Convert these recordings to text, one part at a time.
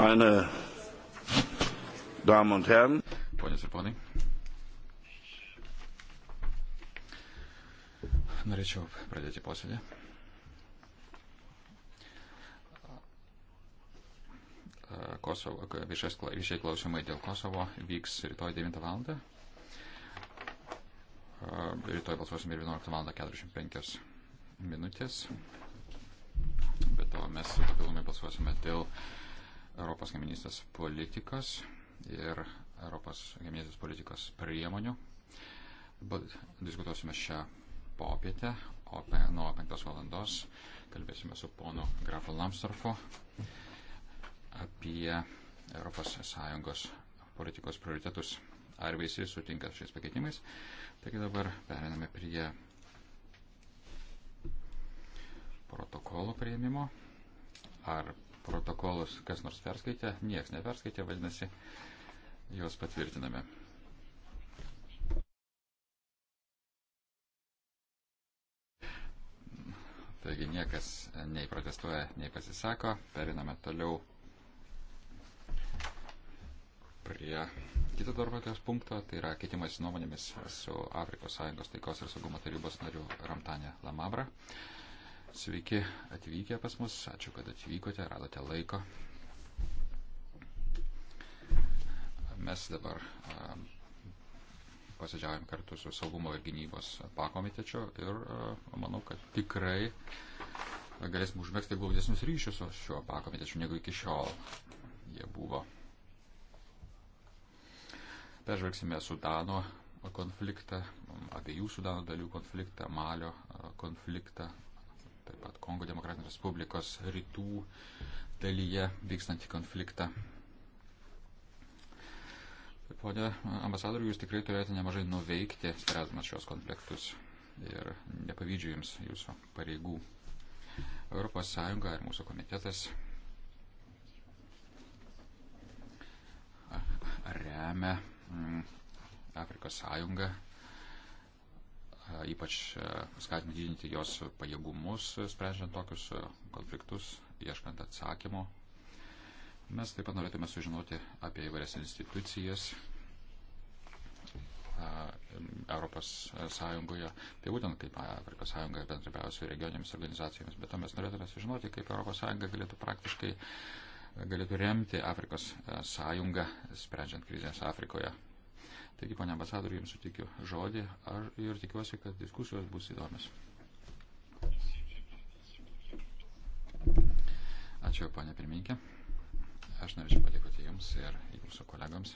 Meine Damen und Herren. Ponios ir ponai. Norėčiau pradėti posėdį. Kosovo, viešiai klausimai dėl Kosovo vyks rytoj 9 val. Rytoj balsuosim ir 11 val. 45 minutės. Bet to mes papildomai balsuosime dėl uh, Europos kaiminystės politikos ir Europos kaiminystės politikos priemonių. Bet diskutuosime šią popietę, o nuo 5 valandos kalbėsime su ponu Grafu Lamstorfu apie ES politikos prioritetus. Ar visi sutinka šiais pakeitimais? Taigi dabar periname prie protokolo prieimimo. Ar protokolus kas nors perskaitė, nieks neperskaitė, vadinasi, juos patvirtiname. Taigi niekas nei protestuoja, nei pasisako. Periname toliau prie kito darbotės punkto, tai yra keitimas nuomonėmis su Afrikos Sąjungos taikos ir saugumo tarybos nariu Ramtanė Lamabra. Sveiki atvykę pas mus, ačiū, kad atvykote, radote laiko. Mes dabar posėdžiavim kartu su saugumo ir gynybos pakomitečiu ir manau, kad tikrai galėsim užmėgsti glaudesnius ryšius su šiuo pakomitečiu negu iki šiol jie buvo. Peržvelgsime Sudano konfliktą, abiejų Sudano dalių konfliktą, Malio konfliktą, taip pat Kongo Demokratinės Respublikos rytų dalyje vykstantį konfliktą. Pone ambasadoriu, jūs tikrai turėjote nemažai nuveikti, spręsdamas šios konfliktus ir nepavydžiu jums jūsų pareigų. ES ir mūsų komitetas remia mm, Afrikos sąjungą ypač skatinti didinti jos pajėgumus, sprendžiant tokius konfliktus, ieškant atsakymo. Mes taip pat norėtume sužinoti apie įvairias institucijas Europos Sąjungoje, tai būtent kaip Afrikos Sąjunga bendrabiavo su regioninėmis organizacijomis, bet to mes norėtume sužinoti, kaip Europos Sąjunga galėtų praktiškai galėtų remti Afrikos Sąjungą, sprendžiant krizės Afrikoje. Taigi, ponia ambasadoriu, jums sutikiu žodį ar, ir tikiuosi, kad diskusijos bus įdomios. Ačiū, ponia pirmininkė. Aš norėčiau padėkoti jums ir jūsų kolegams,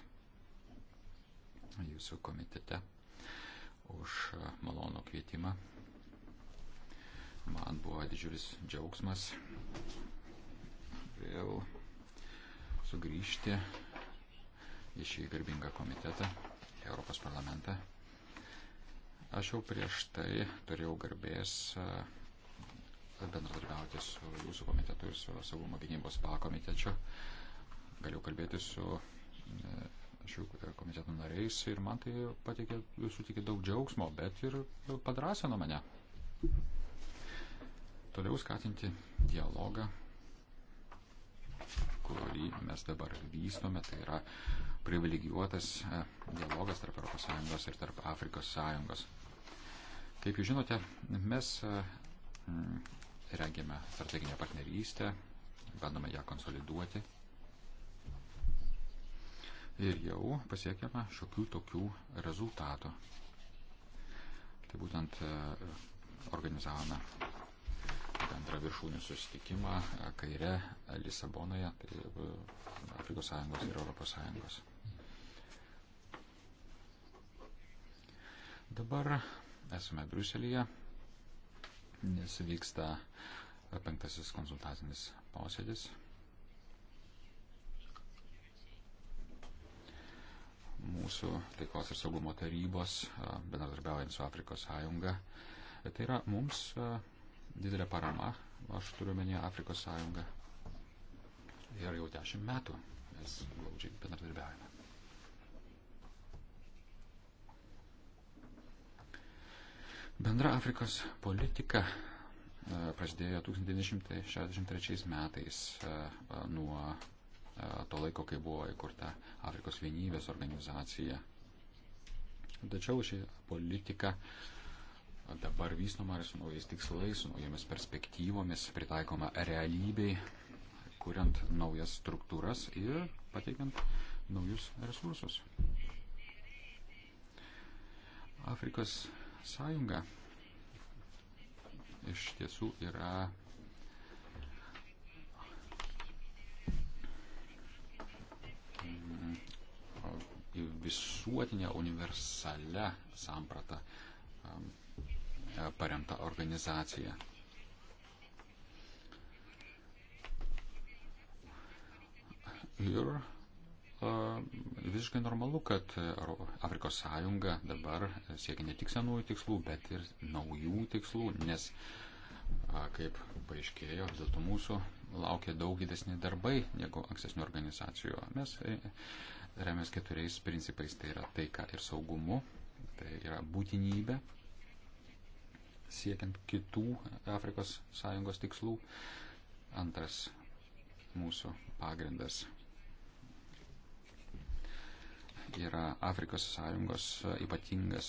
jūsų komitete už malonų kvietimą. Man buvo didžiulis džiaugsmas vėl sugrįžti į šį garbingą komitetą. Europos parlamentą. Aš jau prieš tai turėjau garbės e, bendradarbiauti su jūsų komitetu ir su saugumo gynybos pakomitečiu. Galiu kalbėti su e, šių e, komitetų nariais ir man tai patikė, sutikė daug džiaugsmo, bet ir padrasino mane. Toliau skatinti dialogą kurį mes dabar vystome, tai yra privilegijuotas e, dialogas tarp ES ir tarp Afrikos sąjungos. Kaip jūs žinote, mes e, rengiame strateginę partnerystę, bandome ją konsoliduoti ir jau pasiekiama šiokių tokių rezultatų. Tai būtent e, organizavome antrą viršūnių susitikimą kaire Lisabonoje, tai e, Afrikos Sąjungos ir Europos Sąjungos. Dabar esame Briuselėje, nes vyksta penktasis konsultacinis posėdis. Mūsų taikos ir saugumo tarybos, e, bendradarbiaujant su Afrikos Sąjunga, tai yra mums e, didelė parama, aš turiu menyje Afrikos sąjungą. Ir jau dešimt metų mes glaudžiai bendradarbiavime. Bendra Afrikos politika e, prasidėjo 1963 metais e, e, nuo to laiko, kai buvo įkurta Afrikos vienybės organizacija. Tačiau ši politika uh, dabar vystoma ir su naujais tikslais, su naujomis perspektyvomis, pritaikoma realybei, kuriant naujas struktūras ir pateikiant naujus resursus. Afrikos sąjunga iš tiesų yra visuotinė universalia samprata E, paremta organizacija. Ir e, visiškai normalu, kad Afrikos sąjunga dabar siekia ne tik senųjų tikslų, bet ir naujų tikslų, nes, e, kaip paaiškėjo, vis dėlto mūsų laukia daug didesni darbai negu ankstesnių organizacijų. Mes remės keturiais principais, tai yra taika ir saugumu, tai yra būtinybė, siekiant kitų Afrikos sąjungos tikslų. Antras mūsų pagrindas yra Afrikos sąjungos ypatingas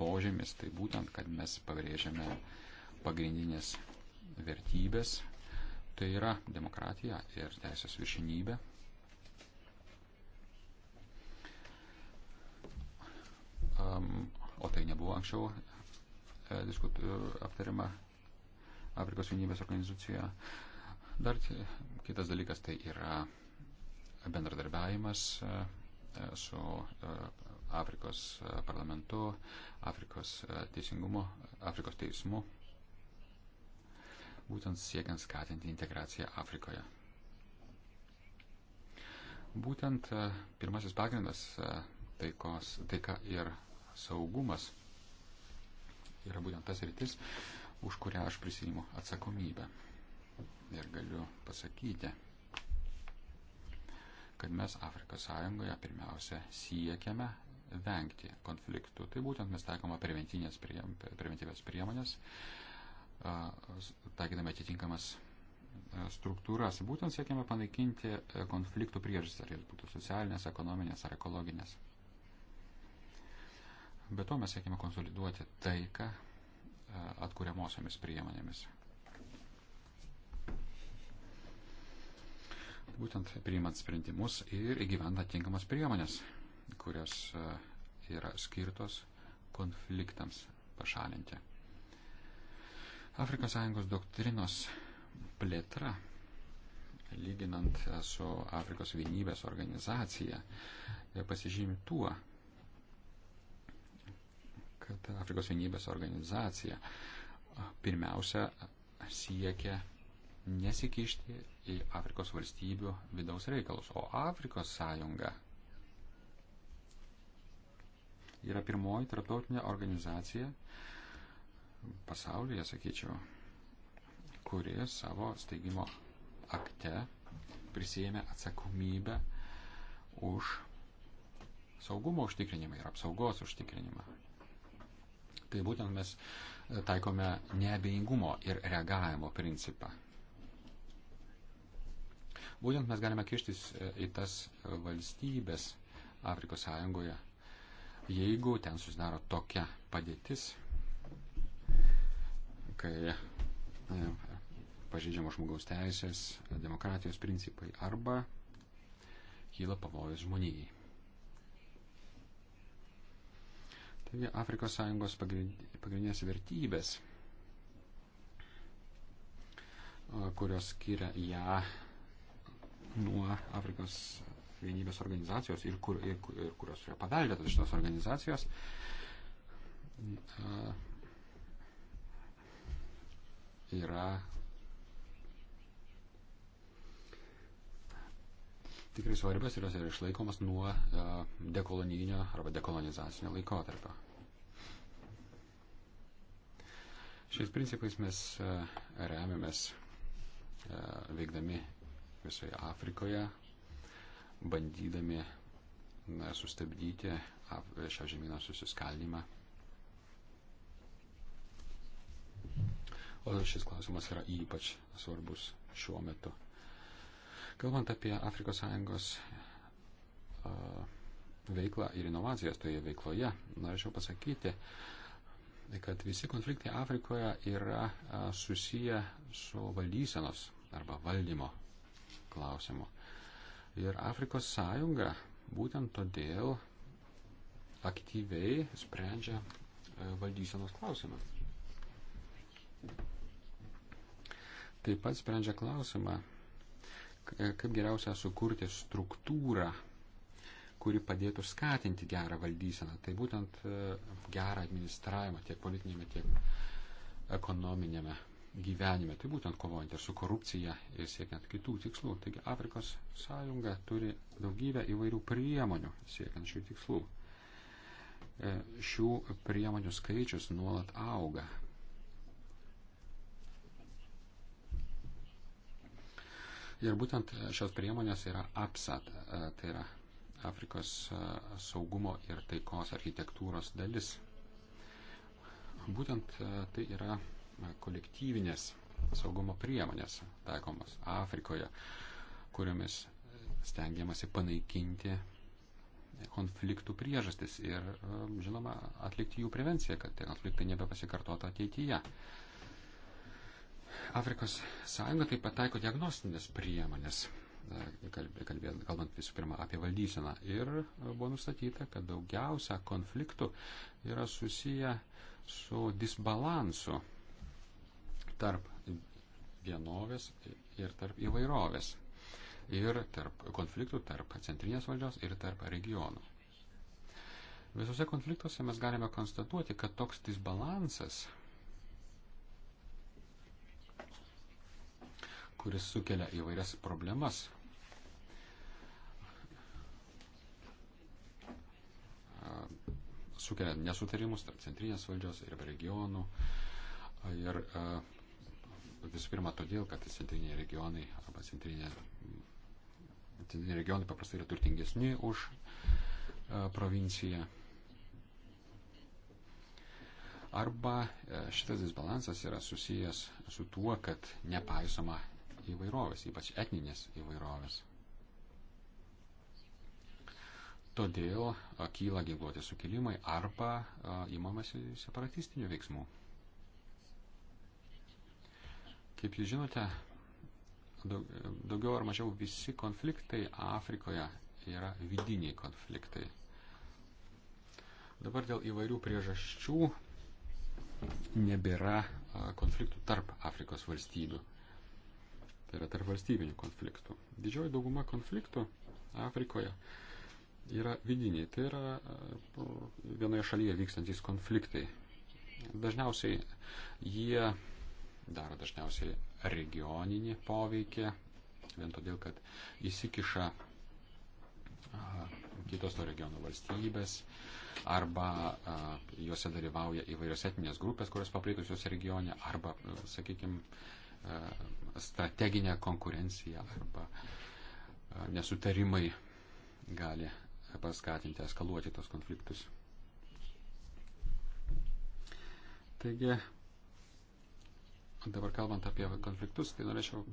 požymis, tai būtent, kad mes pabrėžiame pagrindinės vertybės, tai yra demokratija ir teisės viršinybė. Um, o tai nebuvo anksčiau E, diskut, e, aptariama Afrikos vienybės organizacijoje. Dar kitas dalykas tai yra bendradarbiavimas e, su Afrikos parlamentu, Afrikos teisingumo, Afrikos teismu, būtent siekiant skatinti integraciją Afrikoje. Būtent pirmasis pagrindas taikos, taika ir saugumas yra būtent tas rytis, už kurią aš prisijimu atsakomybę. Ir galiu pasakyti, kad mes Afrikos Sąjungoje pirmiausia siekiame vengti konfliktų. Tai būtent mes taikoma prie, preventyvės priemonės, taikydami atitinkamas struktūras. Būtent siekiame panaikinti konfliktų priežastis, ar jis būtų socialinės, ekonominės ar ekologinės. Be to mes siekime konsoliduoti taiką e, atkuriamosiamis priemonėmis. Būtent priimant sprendimus ir įgyvendant tinkamas priemonės, kurios e, yra skirtos konfliktams pašalinti. Afrikos Sąjungos doktrinos plėtra, lyginant e, su Afrikos vienybės organizacija, pasižymi tuo, kad Afrikos vienybės organizacija pirmiausia siekia nesikišti į Afrikos valstybių vidaus reikalus, o Afrikos sąjunga yra pirmoji tarptautinė organizacija pasaulyje, sakyčiau, kuri savo steigimo akte prisėmė atsakomybę už saugumo užtikrinimą ir apsaugos užtikrinimą. Tai būtent mes e, taikome neabejingumo ir reagavimo principą. Būtent mes galime kištis e, į tas valstybės Afrikos Sąjungoje, jeigu ten susidaro tokia padėtis, kai e, pažeidžiamos žmogaus teisės, demokratijos principai arba kyla pavojus žmonijai. Taigi Afrikos Sąjungos pagrindinės vertybės, kurios skiria ją nuo Afrikos vienybės organizacijos ir, kur, ir, ir kurios yra paveldėtos šitos organizacijos. Yra tikrai svarbios ir jos yra išlaikomas nuo e, dekolonijinio arba dekolonizacinio laikotarpio. Šiais principais mes e, remiamės e, veikdami visoje Afrikoje, bandydami na, sustabdyti šio žemyno susiskaldimą. O šis klausimas yra ypač svarbus šiuo metu. Kalbant apie Afrikos Sąjungos veiklą ir inovacijas toje veikloje, norėčiau pasakyti, kad visi konfliktai Afrikoje yra susiję su valdysenos arba valdymo klausimu. Ir Afrikos sąjunga būtent todėl aktyviai sprendžia valdysenos klausimą. Taip pat sprendžia klausimą E, kaip geriausia sukurti struktūrą, kuri padėtų skatinti gerą valdyseną. Tai būtent e, gerą administravimą tiek politinėme, tiek ekonominėme gyvenime. Tai būtent kovojant ir su korupcija ir siekiant kitų tikslų. Taigi Afrikos sąjunga turi daugybę įvairių priemonių siekiant šių tikslų. E, šių priemonių skaičius nuolat auga. Ir būtent e, šios priemonės yra APSAT, e, tai yra Afrikos e, saugumo ir taikos architektūros dalis. Būtent tai yra kolektyvinės saugumo priemonės taikomos Afrikoje, kuriomis stengiamasi panaikinti konfliktų priežastis ir, žinoma, atlikti jų prevenciją, kad tie konfliktai nebepasikartotų ateityje. Afrikos sąjunga taip pat taiko diagnostinės priemonės, e, kalbėt, kalbant visų pirma apie valdyseną. Ir e, buvo nustatyta, kad daugiausia konfliktų yra susiję su disbalansu tarp vienovės ir tarp įvairovės. Ir tarp konfliktų, tarp centrinės valdžios ir tarp regionų. Visose konfliktuose mes galime konstatuoti, kad toks disbalansas kuris sukelia įvairias problemas. Sukelia nesutarimus tarp centrinės valdžios ir regionų. Ir e, visų pirma todėl, kad centriniai regionai arba centrinės, centriniai regionai paprastai yra turtingesni už e, provinciją. Arba e, šitas disbalansas yra susijęs su tuo, kad nepaisoma įvairovės, ypač etninės įvairovės. Todėl kyla ginkluoti sukilimai arba įmamasi separatistinių veiksmų. Kaip jūs žinote, daugiau ar mažiau visi konfliktai Afrikoje yra vidiniai konfliktai. Dabar dėl įvairių priežasčių nebėra konfliktų tarp Afrikos valstybių tai yra tarp valstybinių konfliktų. Didžioji dauguma konfliktų Afrikoje yra vidiniai, tai yra e, vienoje šalyje vykstantis konfliktai. Dažniausiai jie daro dažniausiai regioninį poveikį, vien todėl, kad įsikiša kitos to regiono valstybės, arba a, juose dalyvauja įvairios etinės grupės, kurios paplitusios regione, arba, sakykime, E, strateginė konkurencija arba e, nesutarimai gali paskatinti eskaluoti tos konfliktus. Taigi, dabar kalbant apie konfliktus, tai norėčiau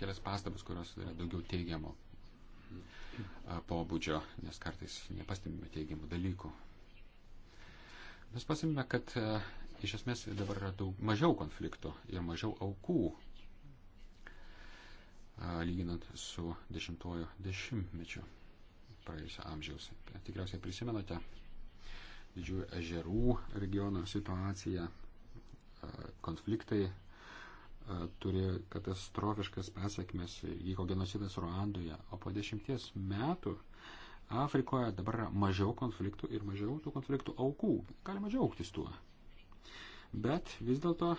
kelias pastabas, kurios yra daugiau teigiamo e, pobūdžio, nes kartais nepastebime teigiamų dalykų. Mes pasimime, kad iš esmės dabar yra daug mažiau konfliktų ir mažiau aukų lyginant su dešimtojo dešimtmečiu praėjusio amžiaus. Tikriausiai prisimenate didžiųjų ežerų regiono situaciją, konfliktai turėjo katastrofiškas pasiekmes, vyko genocidas Ruandoje, o po dešimties metų Afrikoje dabar yra mažiau konfliktų ir mažiau tų konfliktų aukų. Galima džiaugtis tuo. Bet vis dėlto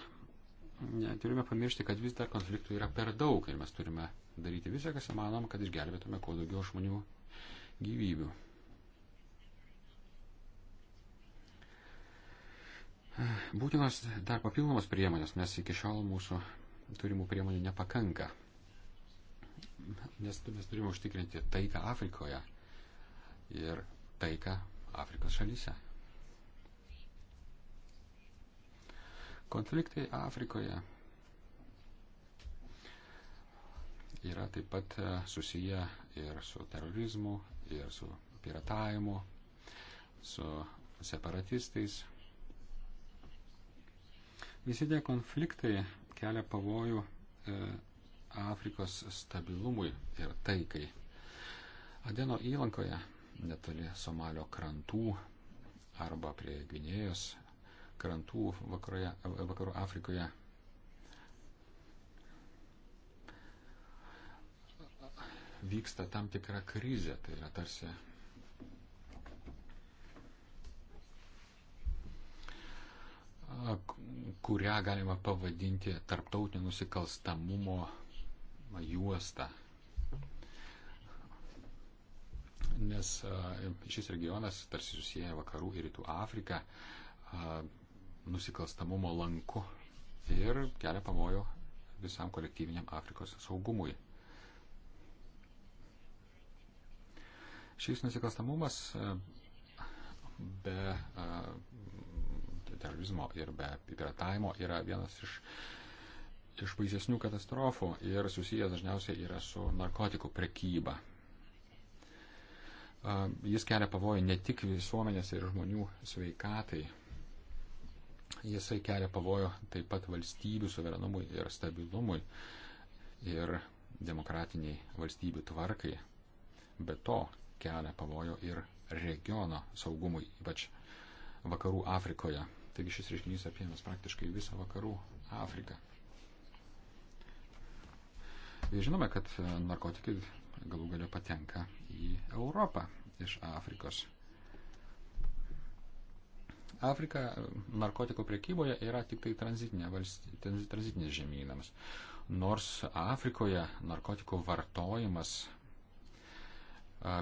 turime pamiršti, kad vis dar konfliktų yra per daug ir mes turime daryti visą, kas įmanom, kad išgelbėtume kuo daugiau žmonių gyvybių. Būtinos dar papildomos priemonės, nes iki šiol mūsų turimų priemonių nepakanka. Nes mes turime užtikrinti taiką Afrikoje ir taiką Afrikos šalyse. Konfliktai Afrikoje yra taip pat e, susiję ir su terorizmu, ir su piratavimu, su separatistais. Visi tie konfliktai kelia pavojų e, Afrikos stabilumui ir taikai. Adeno įlankoje netoli Somalio krantų arba prie Gvinėjos krantų vakaroje, vakarų Afrikoje. Vyksta tam tikra krizė, tai yra tarsi kurią galima pavadinti tarptautinio nusikalstamumo juostą. Nes šis regionas tarsi susiję vakarų ir rytų Afriką, nusikalstamumo lanku ir kelia pavojų visam kolektyviniam Afrikos saugumui. Šis nusikalstamumas e, be e, terorizmo ir be piratavimo yra vienas iš, iš baisesnių katastrofų ir susijęs dažniausiai yra su narkotikų prekyba. E, jis kelia pavojų ne tik visuomenės ir žmonių sveikatai, Jisai kelia pavojo taip pat valstybių suverenumui ir stabilumui ir demokratiniai valstybių tvarkai. Be to kelia pavojo ir regiono saugumui, ypač vakarų Afrikoje. Taigi šis reiškinys apėmės praktiškai visą vakarų Afriką. Žinome, kad narkotikai galų galio patenka į Europą iš Afrikos. Afrika narkotikų priekyboje yra tik tai tranzitinė valstybė, tranzitinis žemynams. Nors Afrikoje narkotikų vartojimas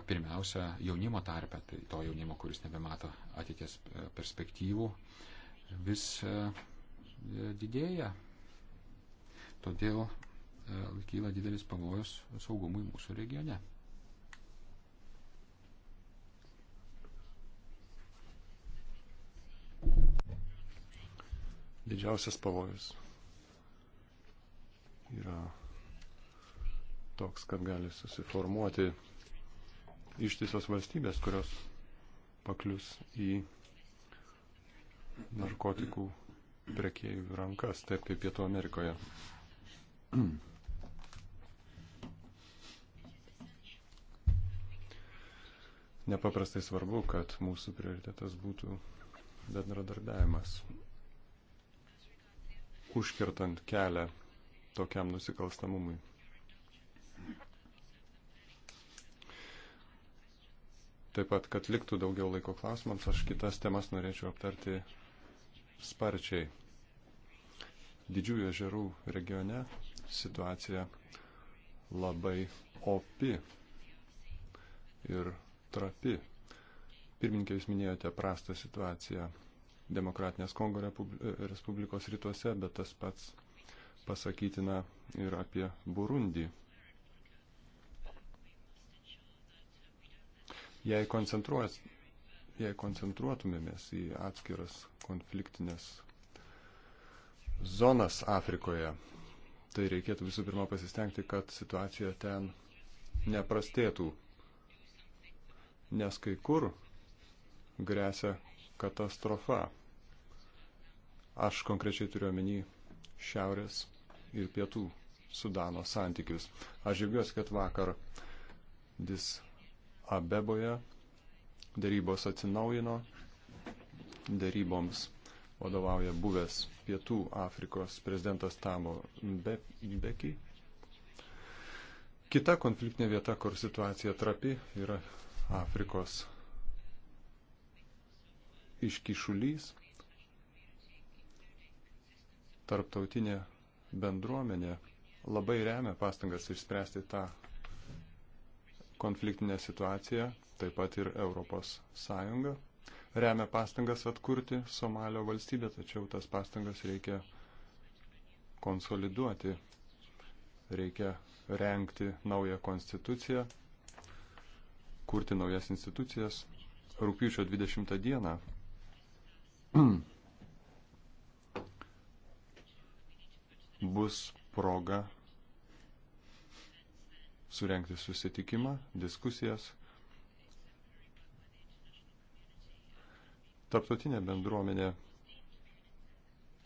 pirmiausia jaunimo tarpe, tai to jaunimo, kuris nebemato ateities e, perspektyvų, vis e, didėja. Todėl e, kyla didelis pavojus saugumui mūsų regione. Didžiausias pavojus yra toks, kad gali susiformuoti ištisos valstybės, kurios paklius į narkotikų prekėjų rankas, taip kaip Pietų Amerikoje. Nepaprastai svarbu, kad mūsų prioritetas būtų bendradarbiavimas užkirtant kelią tokiam nusikalstamumui. Taip pat, kad liktų daugiau laiko klausimams, aš kitas temas norėčiau aptarti sparčiai. Didžiųjų ežerų regione situacija labai opi ir trapi. Pirmininkai, jūs minėjote prastą situaciją Demokratinės Kongo Respublikos rytuose, bet tas pats pasakytina ir apie Burundį. Jei, jei koncentruotumėmės į atskiras konfliktinės zonas Afrikoje, tai reikėtų visų pirma pasistengti, kad situacija ten neprastėtų. Nes kai kur grėsia katastrofa. Aš konkrečiai turiu omeny šiaurės ir pietų Sudano santykius. Aš žiūrėjusi, kad vakar dis Abeboje darybos atsinaujino, daryboms vadovauja buvęs Pietų Afrikos prezidentas Tamo Be Beki. Kita konfliktinė vieta, kur situacija trapi, yra Afrikos iškišulys tarptautinė bendruomenė labai remia pastangas išspręsti tą konfliktinę situaciją, taip pat ir Europos Sąjunga remia pastangas atkurti Somalio valstybę, tačiau tas pastangas reikia konsoliduoti, reikia renkti naują konstituciją, kurti naujas institucijas. Rūpiučio 20 dieną bus proga surenkti susitikimą, diskusijas. Tarptautinė bendruomenė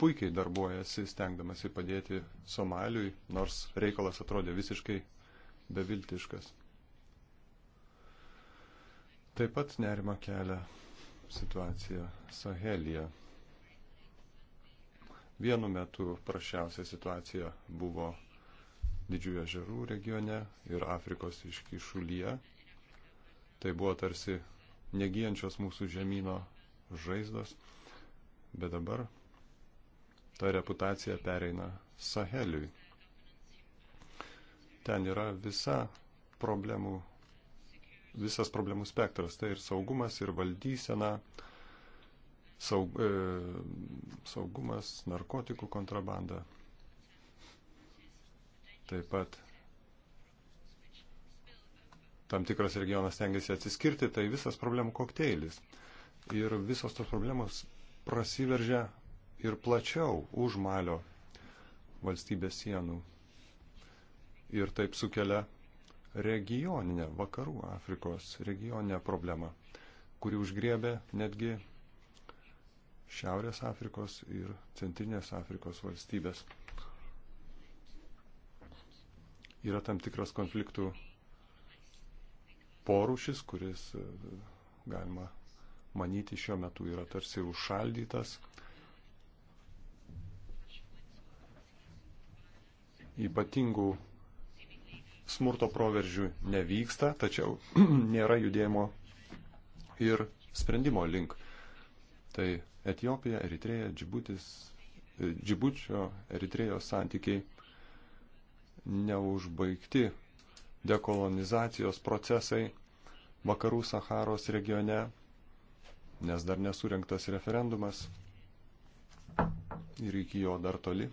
puikiai darbuojasi, stengdamasi padėti Somaliui, nors reikalas atrodė visiškai beviltiškas. Taip pat nerima kelia situacija Sahelija. Vienu metu prašiausia situacija buvo Didžiųjų ežerų regione ir Afrikos iškišulyje. Tai buvo tarsi negyjančios mūsų žemynų žaizdos, bet dabar ta reputacija pereina Saheliui. Ten yra visa problemų, visas problemų spektras, tai ir saugumas, ir valdysena, saug, e, saugumas, narkotikų kontrabanda. Taip pat tam tikras regionas tengiasi atsiskirti, tai visas problemų kokteilis. Ir visos tos problemos prasiveržia ir plačiau už Malio valstybės sienų. Ir taip sukelia regioninę vakarų Afrikos regioninę problemą, kuri užgriebė netgi Šiaurės Afrikos ir Centrinės Afrikos valstybės. Yra tam tikras konfliktų porūšis, kuris, e, galima manyti, šiuo metu yra tarsi užšaldytas. Ypatingų smurto proveržių nevyksta, tačiau nėra judėjimo ir sprendimo link. Tai Etijopija, Eritreja, Džibutis, e, Džibučio, Eritrejos santykiai neužbaigti dekolonizacijos procesai vakarų Saharos regione, nes dar nesurinktas referendumas ir iki jo dar toli,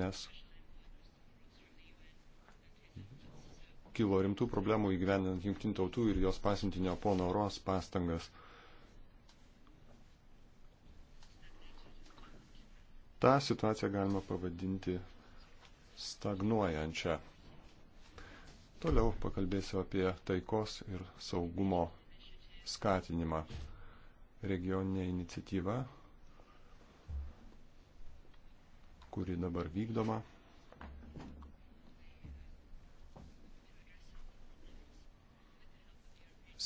nes kilo rimtų problemų įgyvendinant jungtinių tautų ir jos pasiuntinio pono Ros pastangas – tą situaciją galima pavadinti stagnuojančią. Toliau pakalbėsiu apie taikos ir saugumo skatinimą. Regioninė iniciatyva, kuri dabar vykdoma.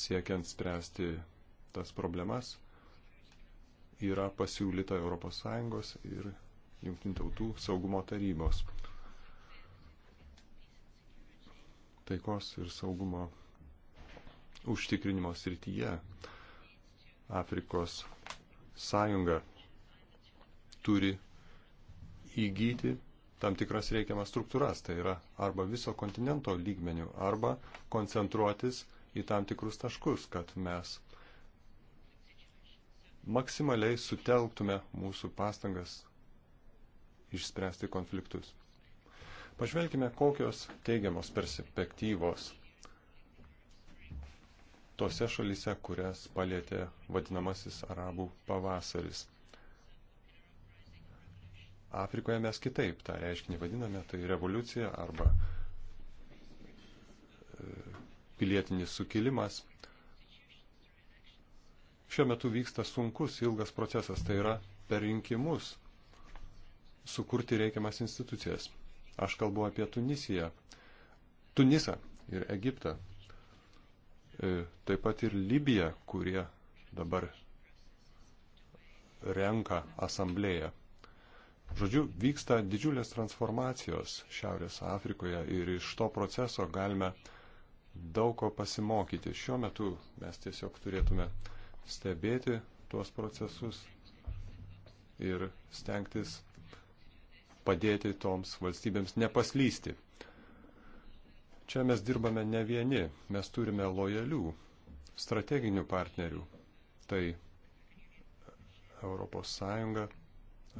Siekiant spręsti tas problemas, yra pasiūlyta ES ir Junktinių tautų saugumo tarybos. Taikos ir saugumo užtikrinimo srityje Afrikos sąjunga turi įgyti tam tikras reikiamas struktūras. Tai yra arba viso kontinento lygmenių, arba koncentruotis į tam tikrus taškus, kad mes maksimaliai sutelktume mūsų pastangas išspręsti konfliktus. Pažvelkime, kokios teigiamos perspektyvos tose šalyse, kurias palėtė vadinamasis arabų pavasaris. Afrikoje mes kitaip tą reiškinį vadiname, tai revoliucija arba e, pilietinis sukilimas. Šiuo metu vyksta sunkus, ilgas procesas, tai yra per rinkimus sukurti reikiamas institucijas. Aš kalbu apie Tunisiją, Tunisą ir Egiptą, e, taip pat ir Libiją, kurie dabar renka asamblėją. Žodžiu, vyksta didžiulės transformacijos Šiaurės Afrikoje ir iš to proceso galime daug ko pasimokyti. Šiuo metu mes tiesiog turėtume stebėti tuos procesus ir stengtis padėti toms valstybėms nepaslysti. Čia mes dirbame ne vieni, mes turime lojalių, strateginių partnerių. Tai ES,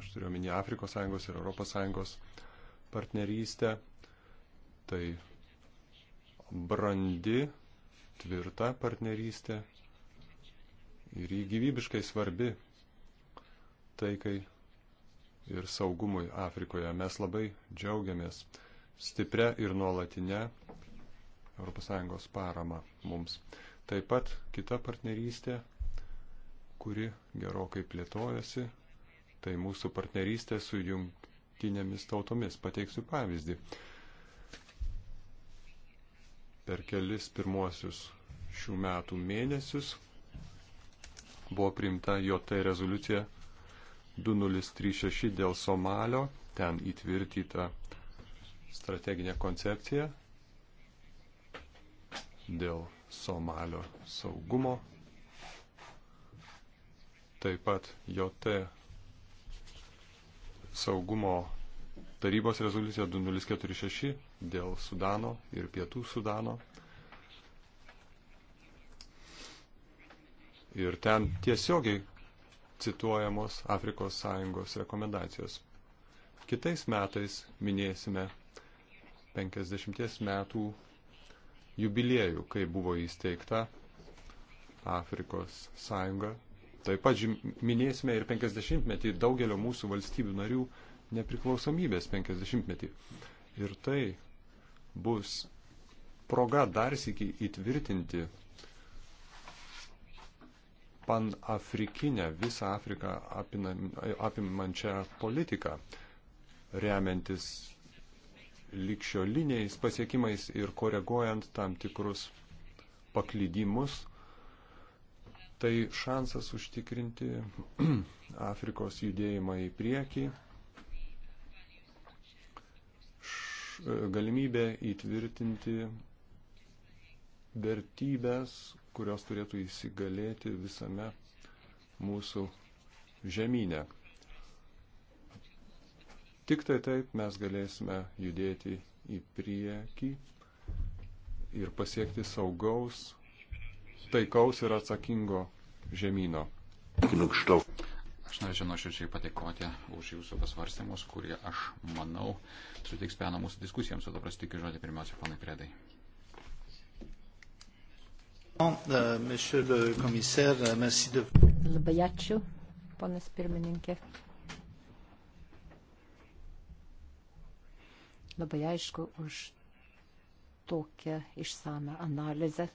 aš turiu omeny Afrikos Sąjungos ir ES partnerystę, tai brandi, tvirta partnerystė ir jį gyvybiškai svarbi taikai ir saugumui Afrikoje. Mes labai džiaugiamės stipria ir nuolatinė ES parama mums. Taip pat kita partnerystė, kuri gerokai plėtojasi, tai mūsų partnerystė su jungtinėmis tautomis. Pateiksiu pavyzdį. Per kelis pirmuosius šių metų mėnesius buvo priimta JT rezoliucija 1987 2036 dėl Somalio, ten įtvirtyta strateginė koncepcija dėl Somalio saugumo. Taip pat JT saugumo tarybos rezoliucija 2046 dėl Sudano ir Pietų Sudano. Ir ten tiesiogiai cituojamos Afrikos Sąjungos rekomendacijos. Kitais metais minėsime 50 metų jubiliejų, kai buvo įsteigta Afrikos Sąjunga. Taip pat minėsime ir 50 metį daugelio mūsų valstybių narių nepriklausomybės 50 metį. Ir tai bus proga dar sėki įtvirtinti panafrikinę, visą Afriką apimančią politiką, remiantis likščioliniais pasiekimais ir koreguojant tam tikrus paklydimus, tai šansas užtikrinti Afrikos judėjimą į priekį, galimybė įtvirtinti vertybės, kurios turėtų įsigalėti visame mūsų žemynė. Tik tai taip mes galėsime judėti į priekį ir pasiekti saugaus, taikaus ir atsakingo žemynų. Aš norėčiau nuoširdžiai patikoti už jūsų pasvarstymus, kurie, aš manau, suteiks peno mūsų diskusijoms, o dabar tikiu žodį pirmiausia, panai Kredai. Euh, euh, labai ačiū, ponas pirmininkė. Labai aišku už tokią išsame analizę.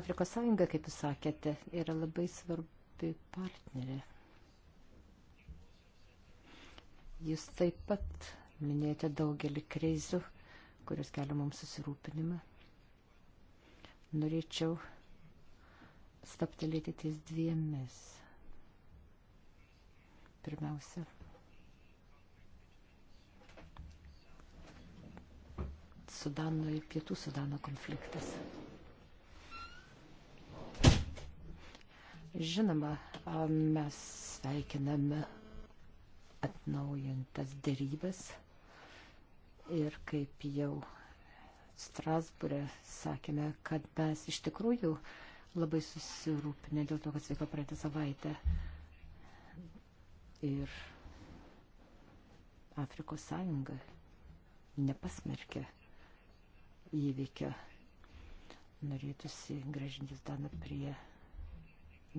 Afrikos sąjunga, kaip jūs sakėte, yra labai svarbi partnerė. Jūs taip pat minėjote daugelį krizių, kurios kelia mums susirūpinimą norėčiau staptelėti ties dviemis. Pirmiausia, Sudano ir Pietų Sudano konfliktas. Žinoma, mes sveikiname atnaujintas dėrybas ir kaip jau Strasbūrė sakėme, kad mes iš tikrųjų labai susirūpinę dėl to, kas vyko praeitą savaitę ir Afrikos sąjunga nepasmerkė įvykio. Norėtųsi gražintis Daną prie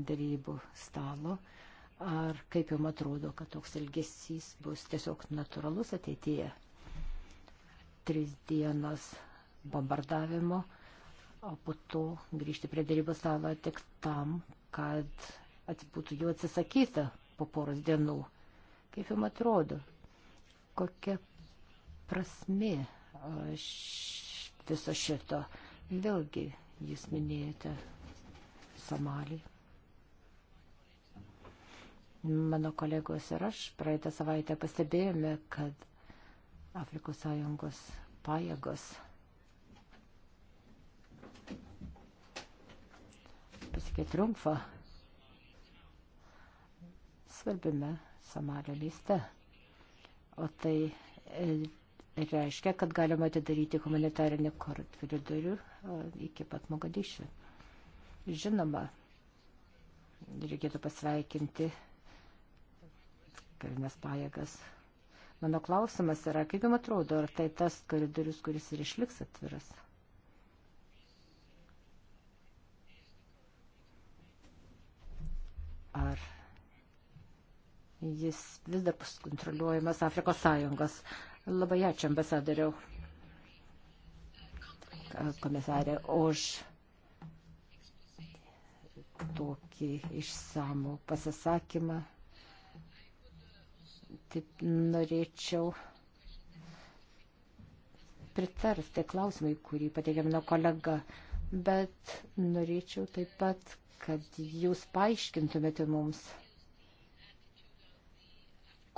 darybų stalo. Ar kaip jums atrodo, kad toks elgesys bus tiesiog natūralus ateityje? Tris dienos bombardavimo, o po to grįžti prie dėrybų stalo tik tam, kad būtų jų atsisakyta po poros dienų. Kaip jums atrodo, kokia prasme viso šito? Vėlgi, jūs minėjote Somalį. Mano kolegos ir aš praeitą savaitę pastebėjome, kad Afrikos Sąjungos pajėgos tokį triumfą svarbiame Samario lyste. O tai e, reiškia, kad galima atidaryti humanitarinį koridorių e, iki pat Mogadišių. Žinoma, reikėtų pasveikinti karinės pajėgas. Mano klausimas yra, kaip jums atrodo, ar tai tas koridorius, kuris ir išliks atviras? ar jis vis dar bus kontroliuojamas Afrikos Sąjungos. Labai ačiū ambasadoriau, komisarė, už tokį išsamų pasisakymą. Taip norėčiau pritarti klausimai, kurį pateikė mano kolega, bet norėčiau taip pat kad jūs paaiškintumėte mums,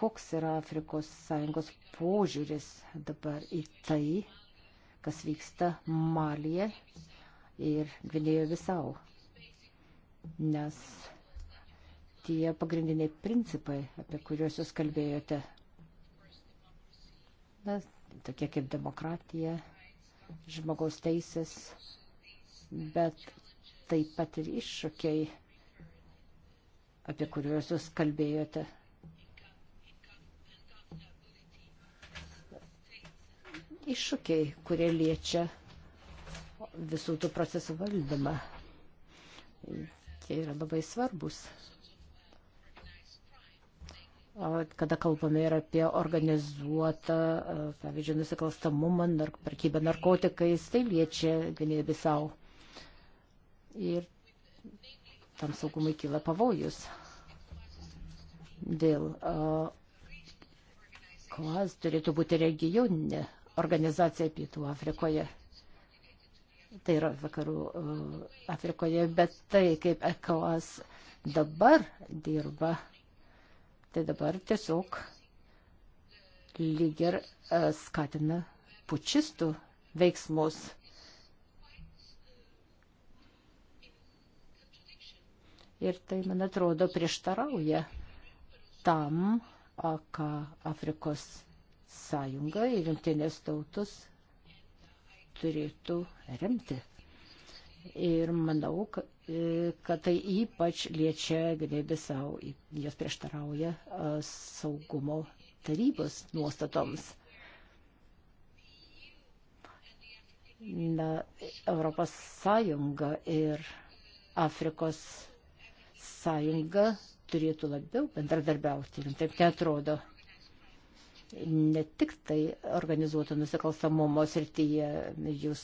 koks yra Afrikos Sąjungos požiūris dabar į tai, kas vyksta Malyje ir Gvinėjo Visau. Nes tie pagrindiniai principai, apie kuriuos jūs kalbėjote, na, tokie kaip demokratija, žmogaus teisės, bet taip pat ir iššūkiai, apie kuriuos jūs kalbėjote. Iššūkiai, kurie liečia visų tų procesų valdymą. Jie yra labai svarbus. O kada kalbame ir apie organizuotą, pavyzdžiui, nusikalstamumą, nar, prekybę narkotikais, tai liečia vienybė savo ir tam saugumui kyla pavojus dėl KOAS turėtų būti regioninė organizacija Pietų Afrikoje. Tai yra vakarų Afrikoje, bet tai, kaip ECOAS dabar dirba, tai dabar tiesiog lyg ir skatina pučistų veiksmus. Ir tai, man atrodo, prieštarauja tam, ką Afrikos sąjunga ir jungtinės tautos turėtų remti. Ir manau, e, kad tai ypač liečia Gvinėbė savo, jos prieštarauja saugumo tarybos nuostatoms. Na, Europos Sąjunga ir Afrikos sąjunga turėtų labiau bendradarbiauti, taip netrodo. Ne tik tai organizuoto nusikalstamumo srityje, jūs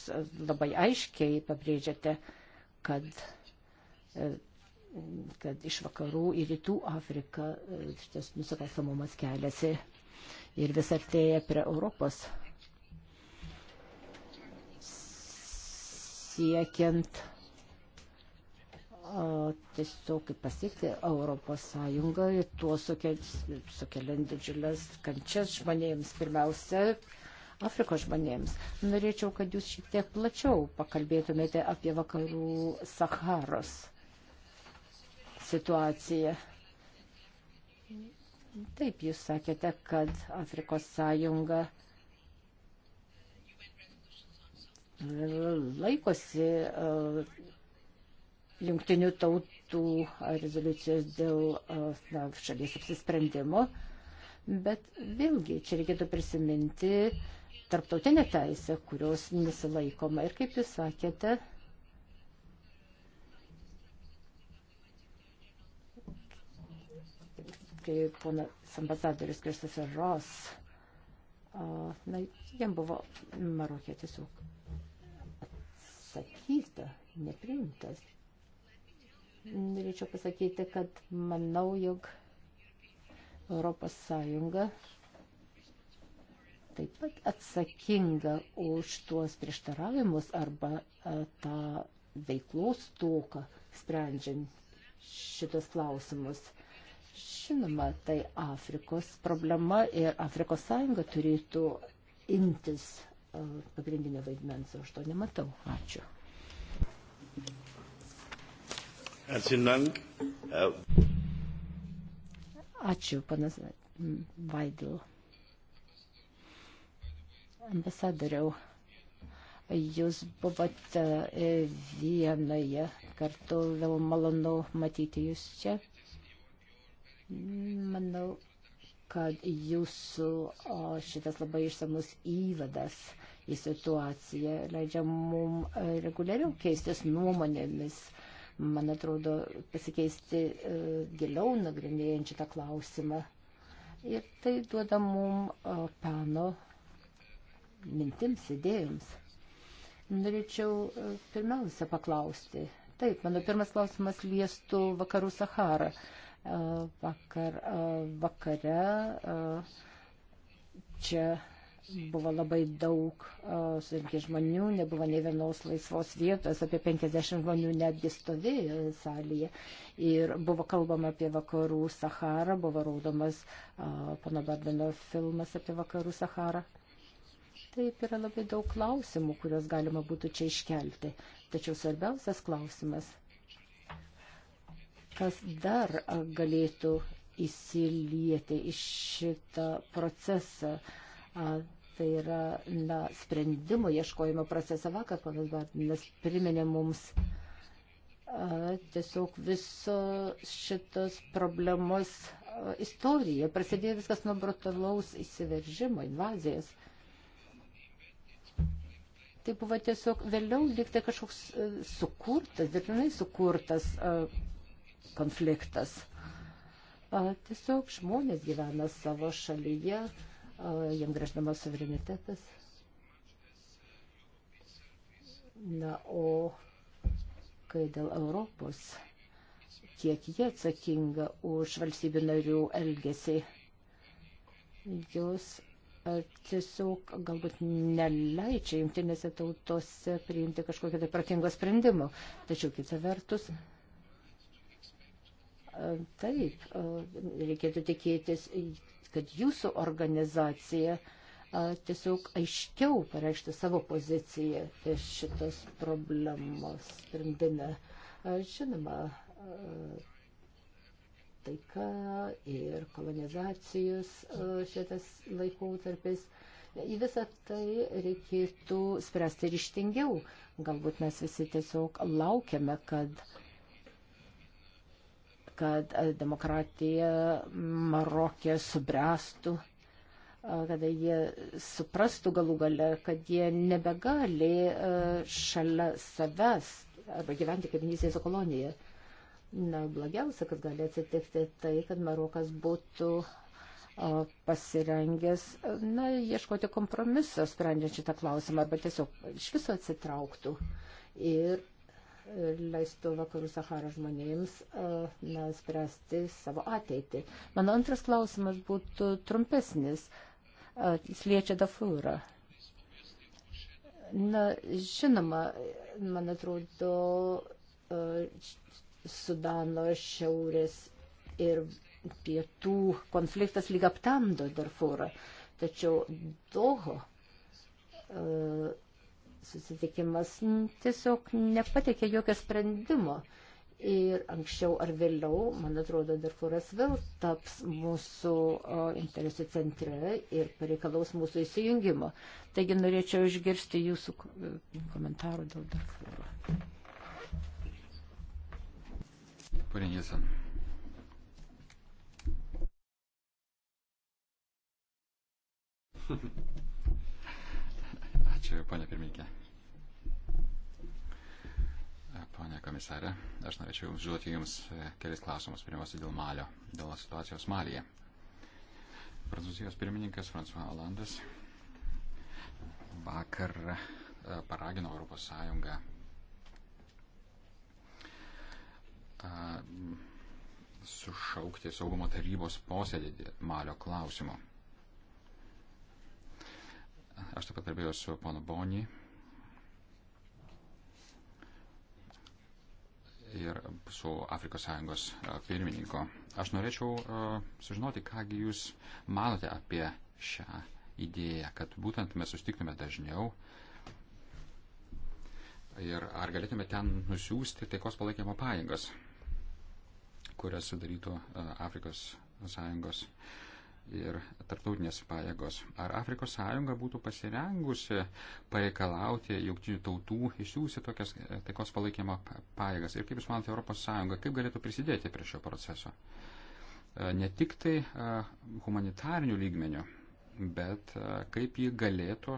labai aiškiai pabrėžiate, kad, e, kad iš vakarų į rytų Afriką e, šitas nusikalstamumas keliasi ir vis artėja prie Europos. Siekiant tiesiog kaip pasiekti Europos Sąjungą ir tuo sukeliant didžiulės kančias žmonėms, pirmiausia, Afrikos žmonėms. Norėčiau, kad jūs šiek tiek plačiau pakalbėtumėte apie vakarų Saharos situaciją. Taip, jūs sakėte, kad Afrikos Sąjunga laikosi uh, jungtinių tautų rezoliucijos dėl na, šalies apsisprendimo. Bet vėlgi čia reikėtų prisiminti tarptautinę teisę, kurios nesilaikoma. Ir kaip jūs sakėte, kaip ponas ambasadorius Kristofer Ros, na, jam buvo Marokė tiesiog atsakyta, nepriimtas norėčiau pasakyti, kad manau, jog Europos Sąjunga taip pat atsakinga už tuos prieštaravimus arba e, tą veiklos toką, sprendžiant šitos klausimus. Žinoma, tai Afrikos problema ir Afrikos sąjunga turėtų imtis e, pagrindinio vaidmens, o aš to nematau. Ačiū. Ačiū, panas Vaidil. Ambasadoriau, jūs buvote e, vienoje kartu, vėl malonu matyti jūs čia. Manau, kad jūsų o, šitas labai išsamus įvadas į situaciją leidžia mums e, reguliariau keistis nuomonėmis. Uh, man atrodo, pasikeisti e, giliau nagrinėjant šitą klausimą. Ir tai duoda mum e, peno mintims, idėjams. Norėčiau e, pirmiausia paklausti. Taip, mano pirmas klausimas liestų vakarų Saharą. Vakar, vakare čia buvo labai daug surinkti žmonių, nebuvo ne vienos laisvos vietos, apie 50 žmonių netgi stovėjo salėje. Ir buvo kalbama apie vakarų Saharą, buvo raudomas pana Bardino filmas apie vakarų Saharą. Taip yra labai daug klausimų, kuriuos galima būtų čia iškelti. Tačiau svarbiausias klausimas, kas dar galėtų įsilieti į šitą procesą tai yra na, sprendimo ieškojimo procesą. Vakar ponas Bartinas priminė mums a, tiesiog visos šitos problemos a, istoriją. Prasidėjo viskas nuo brutalaus įsiveržimo, invazijos. Tai buvo tiesiog vėliau likti kažkoks a, sukurtas, dirbtinai sukurtas konfliktas. Tiesiog žmonės gyvena savo šalyje, jam gražinamas suverenitetas. Na, o kai dėl Europos, kiek jie atsakinga už valstybių narių elgesį, jūs tiesiog galbūt neleidžia jungtinėse tautose priimti kažkokio tai pratingo sprendimo. Tačiau kita vertus, taip, reikėtų tikėtis kad jūsų organizacija tiesiog aiškiau pareikštų savo poziciją šitos problemos sprendime. Žinoma, taika ir kolonizacijos šitas laikotarpis. Į visą tai reikėtų spręsti ryštingiau. Galbūt mes visi tiesiog laukiame, kad uh, kad e, demokratija Marokė subręstų, e, kad jie suprastų galų gale, kad jie nebegali e, šalia savęs arba gyventi kaip Nysėso kolonija. Na, blogiausia, kas gali atsitikti, tai, kad Marokas būtų pasirengęs, na, ieškoti kompromiso, sprendžiant šitą klausimą, arba tiesiog iš viso atsitrauktų. Ir leistų vakarų Sahara žmonėms e, na, spręsti savo ateitį. Mano antras klausimas būtų trumpesnis. E, jis liečia Dafūrą. Na, žinoma, man atrodo, e, Sudano šiaurės ir pietų konfliktas lyg aptamdo Darfūrą. Tačiau Doho susitikimas tiesiog nepateikė jokio sprendimo. Ir anksčiau ar vėliau, man atrodo, Darfūras vėl taps mūsų o, interesų centre ir pareikalaus mūsų įsijungimo. Taigi norėčiau išgirsti jūsų e, komentarų dėl Darfūro. Pane Nilsen. Thank you. Ačiū, ponė pirmininkė. Pone komisarė, aš norėčiau užduoti Jums e, kelis klausimus. Pirmiausia, dėl Malio, dėl situacijos Malyje. Prancūzijos pirmininkas François Hollandas vakar e, paragino Europos Sąjungą e, sušaukti saugumo tarybos posėdį Malio klausimu. Aš taip pat kalbėjau su ponu Boni. Ir su Afrikos Sąjungos e, pirmininko. Aš norėčiau uh, sužinoti, kągi jūs manote apie šią idėją, kad būtent mes sustiktume dažniau. Ir ar galėtume ten nusiųsti taikos palaikymo pajėgas, kurias sudarytų uh, Afrikos Sąjungos uh, ir tarptautinės pajėgos. Ar Afrikos sąjunga būtų pasirengusi pareikalauti jungtinių tautų išsiųsti tokias e, taikos palaikymo pajėgas? Ir kaip Jūs manote, Europos sąjunga kaip galėtų prisidėti prie šio proceso? E, ne tik tai e, humanitarinių lygmenių, bet kaip ji galėtų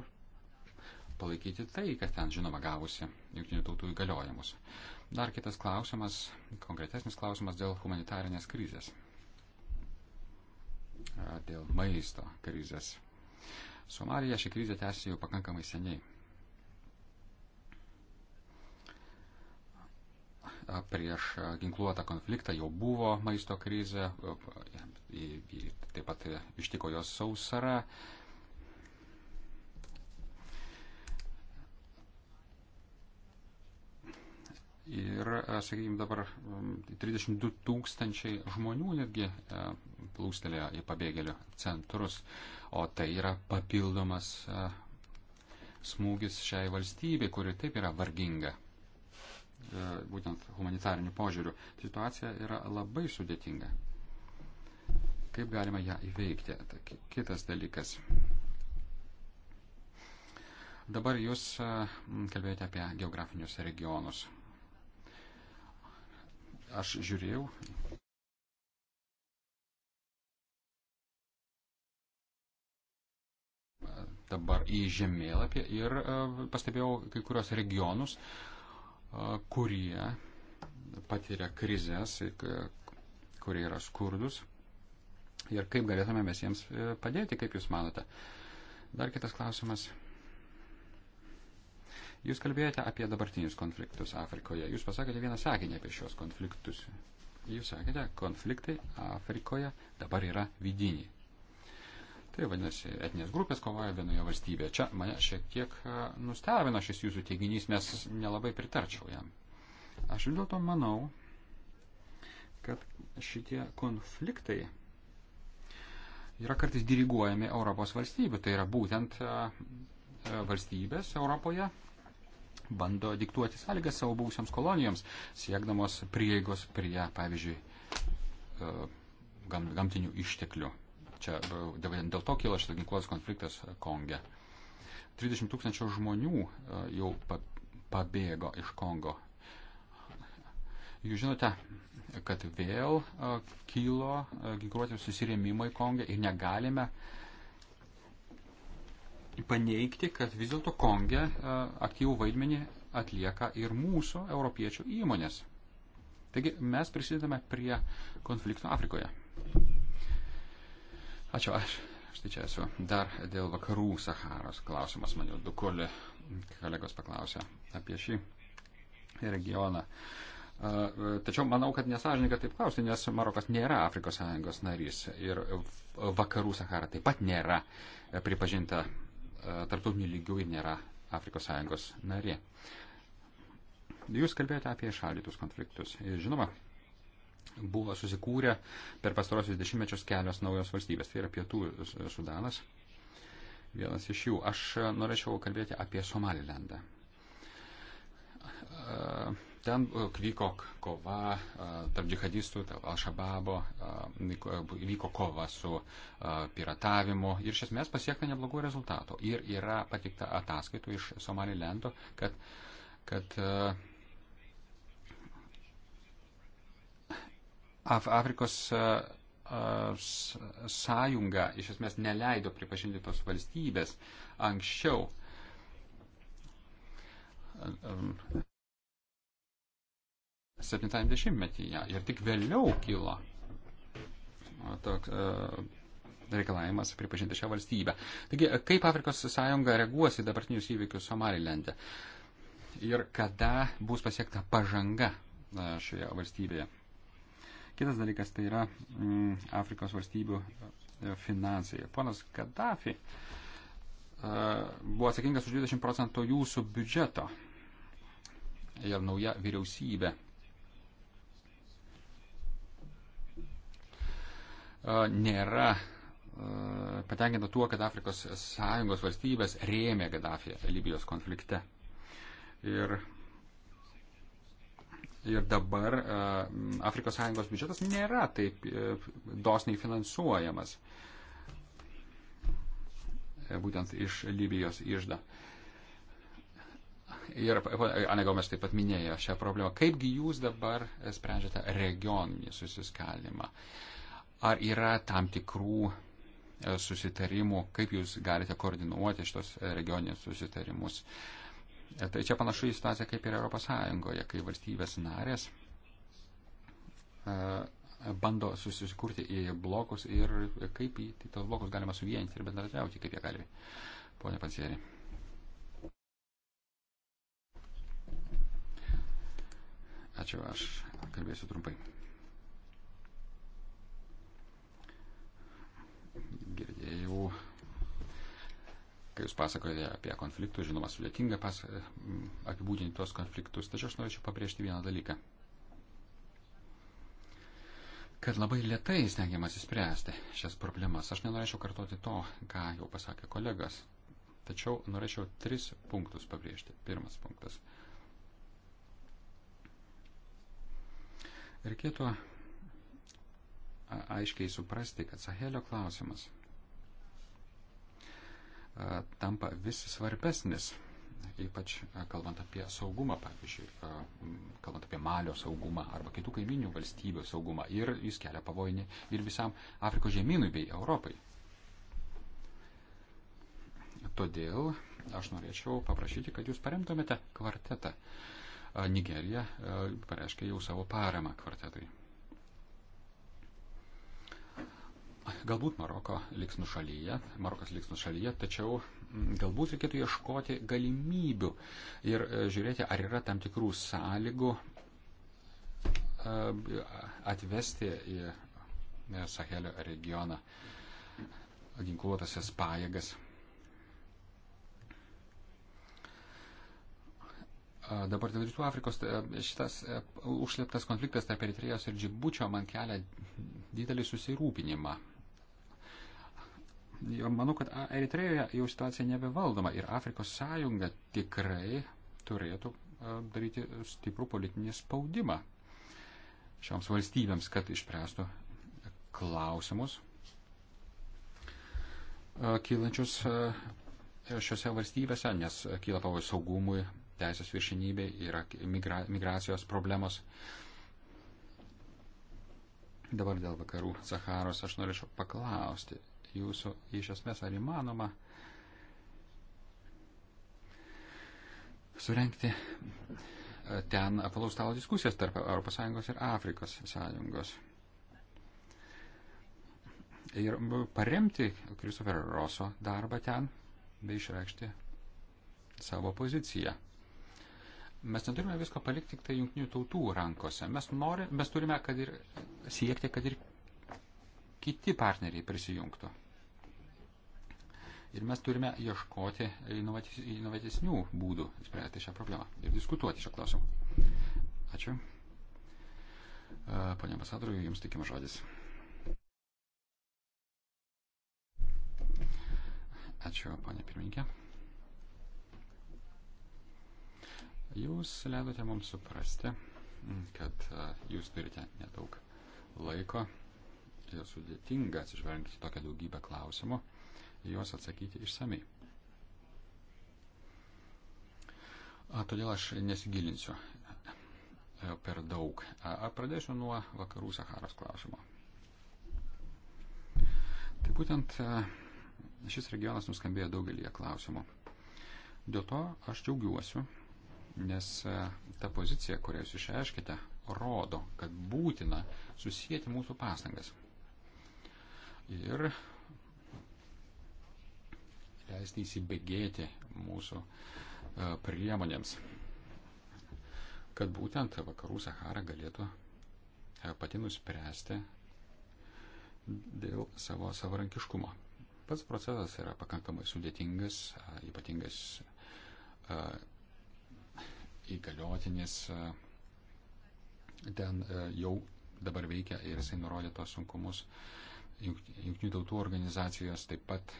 palaikyti tai, kad ten, žinoma, gavusi jungtinių tautų įgaliojimus. Dar kitas klausimas, konkretesnis klausimas dėl humanitarinės krizės dėl maisto krizės. Somalija ši krizė tęsiasi jau pakankamai seniai. Prieš ginkluotą konfliktą jau buvo maisto krizė, taip pat ištiko jos sausara, Ir, e, sakykime, dabar 32 tai tūkstančiai žmonių netgi e, plūstelėjo į pabėgėlių centrus, o tai yra papildomas e, smūgis šiai valstybei, kuri taip yra varginga, būtent humanitariniu požiūriu. Situacija yra labai sudėtinga. Kaip galima ją įveikti? Tai kitas dalykas. Dabar jūs kalbėjote apie geografinius regionus. Aš žiūrėjau. Dabar į žemėlapį ir e, pastebėjau kai kurios regionus, e, kurie patiria krizės, kurie yra skurdus. Ir kaip galėtume mes jiems e, padėti, kaip Jūs manote? Dar kitas klausimas. Jūs kalbėjote apie dabartinius konfliktus Afrikoje. Jūs pasakėte vieną sakinį apie šios konfliktus. Jūs sakėte, konfliktai Afrikoje dabar yra vidiniai. Tai vadinasi, etinės grupės kovoja vienoje valstybėje. Čia mane šiek tiek e, nustebino šis jūsų teiginys, nes nelabai pritarčiau jam. Aš vis dėlto manau, kad šitie konfliktai yra kartais diriguojami Europos valstybių. Tai yra būtent e, e, valstybės Europoje bando diktuoti sąlygas savo buvusiams kolonijoms, siekdamos prieigos prie, pavyzdžiui, e, gam, gamtinių išteklių. Čia e, dėl to kilo šitas ginkluotas konfliktas Konge. 30 tūkstančių žmonių e, jau pabėgo iš Kongo. Jūs žinote, kad vėl kilo ginkluotės susirėmimai Konge ir negalime uh, paneigti, kad vis dėlto Konge e, aktyvų vaidmenį atlieka ir mūsų europiečių įmonės. Taigi mes prisidedame prie konflikto Afrikoje. Ačiū, aš, aš tai čia esu. Dar dėl vakarų Saharos klausimas, man jau du koli kolegos paklausė apie šį regioną. E, tačiau manau, kad nesažininkai taip klausti, nes Marokas nėra Afrikos Sąjungos narys ir vakarų Sahara taip pat nėra pripažinta E, tarptautinių lygių ir nėra Afrikos Sąjungos narė. Jūs kalbėjote apie šalytus konfliktus. Žinoma, buvo susikūrę per pastarosius dešimtmečius kelios naujos valstybės. Tai yra Pietų Sudanas. Vienas iš jų. Aš norėčiau kalbėti apie Somalilendą. E, Ten e, vyko kova e, tarp džihadistų, Al-Shababo, e, vyko kova su piratavimu ir iš esmės pasiekta neblogų rezultatų. Ir yra patikta ataskaitų iš Somalilendo, kad, kad Af Afrikos sąjunga iš esmės neleido pripažinti tos valstybės anksčiau. Um, 70-metyje ir tik vėliau kilo toks e, reikalavimas pripažinti šią valstybę. Taigi, kaip Afrikos sąjunga reaguos į dabartinius įvykius Somalilende ir kada bus pasiekta pažanga e, šioje valstybėje? Kitas dalykas tai yra mm, Afrikos valstybių e, finansai. Ponas Gaddafi buvo atsakingas už 20 procentų jūsų biudžeto ir nauja vyriausybė E, nėra e, patenkinta tuo, kad Afrikos sąjungos valstybės rėmė Gaddafį Libijos konflikte. Ir, ir dabar e, Afrikos sąjungos biudžetas nėra taip dosniai finansuojamas būtent iš Libijos išda. Ir Anegomas taip pat minėjo šią problemą. Kaipgi jūs dabar sprendžiate regioninį susiskaldimą? Uh, Ar yra tam tikrų e, susitarimų, kaip jūs galite koordinuoti šitos e, regioninius susitarimus? E, tai čia panašu į situaciją kaip ir Europos Sąjungoje, kai valstybės narės bando susikurti į blokus ir kaip į tai tos blokus galima suvienyti ir bendradarbiauti, kaip jie gali. Pone Pansierį. Ačiū, aš kalbėsiu trumpai. jų, kai jūs pasakojate apie konfliktus, žinoma, sudėtinga pas, apibūdinti tuos konfliktus, tačiau aš norėčiau pabrėžti vieną dalyką. Kad labai lietai stengiamas įspręsti šias problemas, aš nenorėčiau kartoti to, ką jau pasakė kolegas, tačiau norėčiau tris punktus pabrėžti. Pirmas punktas. Reikėtų aiškiai suprasti, kad Sahelio klausimas tampa vis svarbesnis, ypač kalbant apie saugumą, pavyzdžiui, kalbant apie Malio saugumą arba kitų kaiminių valstybių saugumą. Ir jis kelia pavojinį ir visam Afrikos žemynui bei Europai. Todėl aš norėčiau paprašyti, kad jūs paremtumėte kvartetą. Nigerija pareiškia jau savo paramą kvartetui. Galbūt Maroko liks nušalyje, Marokas liks nušalyje, tačiau mm, galbūt reikėtų ieškoti galimybių ir e, žiūrėti, ar yra tam tikrų sąlygų e, atvesti į e, Sahelio regioną ginkluotasias pajėgas. Dabar dėl Rytų Afrikos šitas užslėptas konfliktas tarp Eritrėjos ir Džibučio man kelia didelį susirūpinimą. Manau, kad Eritrejoje jau situacija nebevaldoma ir Afrikos sąjunga tikrai turėtų daryti stiprų politinį spaudimą šioms valstybėms, kad išspręstų klausimus kylančius šiuose valstybėse, nes kyla pavojus saugumui, teisės viršinybė, yra migra, migracijos problemos. Dabar dėl vakarų Saharos aš norėčiau paklausti, jūsų iš esmės ar įmanoma surenkti e, ten apalaus stalo diskusijas tarp ES ir Afrikos sąjungos. Ir paremti Kristoferio Roso darbą ten, bei išreikšti savo poziciją. Mes neturime visko palikti tik tai jungtinių tautų rankose. Mes, nori, mes turime kad ir siekti, kad ir kiti partneriai prisijungtų. Ir mes turime ieškoti inovatyvesnių būdų spręsti šią problemą ir diskutuoti šią klausimą. Ačiū. E, pane ambasadoriu, jums tikima žodis. Ačiū, pane pirmininkė. Jūs leidote mums suprasti, kad e, jūs turite nedaug laiko tai yra sudėtinga atsižvelgti tokią daugybę klausimų, juos atsakyti išsamei. Todėl aš nesigilinsiu e, per daug. A, pradėsiu nuo vakarų Saharos klausimo. Tai būtent e, šis regionas nuskambėjo daugelį klausimų. Dėl to aš džiaugiuosi, nes e, ta pozicija, kurią jūs išreiškite, rodo, kad būtina susijęti mūsų pastangas ir leisti įsibėgėti mūsų e, priemonėms, kad būtent vakarų Sahara galėtų e, pati nuspręsti dėl savo savarankiškumo. Pats procesas yra pakankamai sudėtingas, e, ypatingas įgaliotinis ten jau dabar veikia ir jisai nurodė tos sunkumus. Uh, Junktinių tautų organizacijos taip pat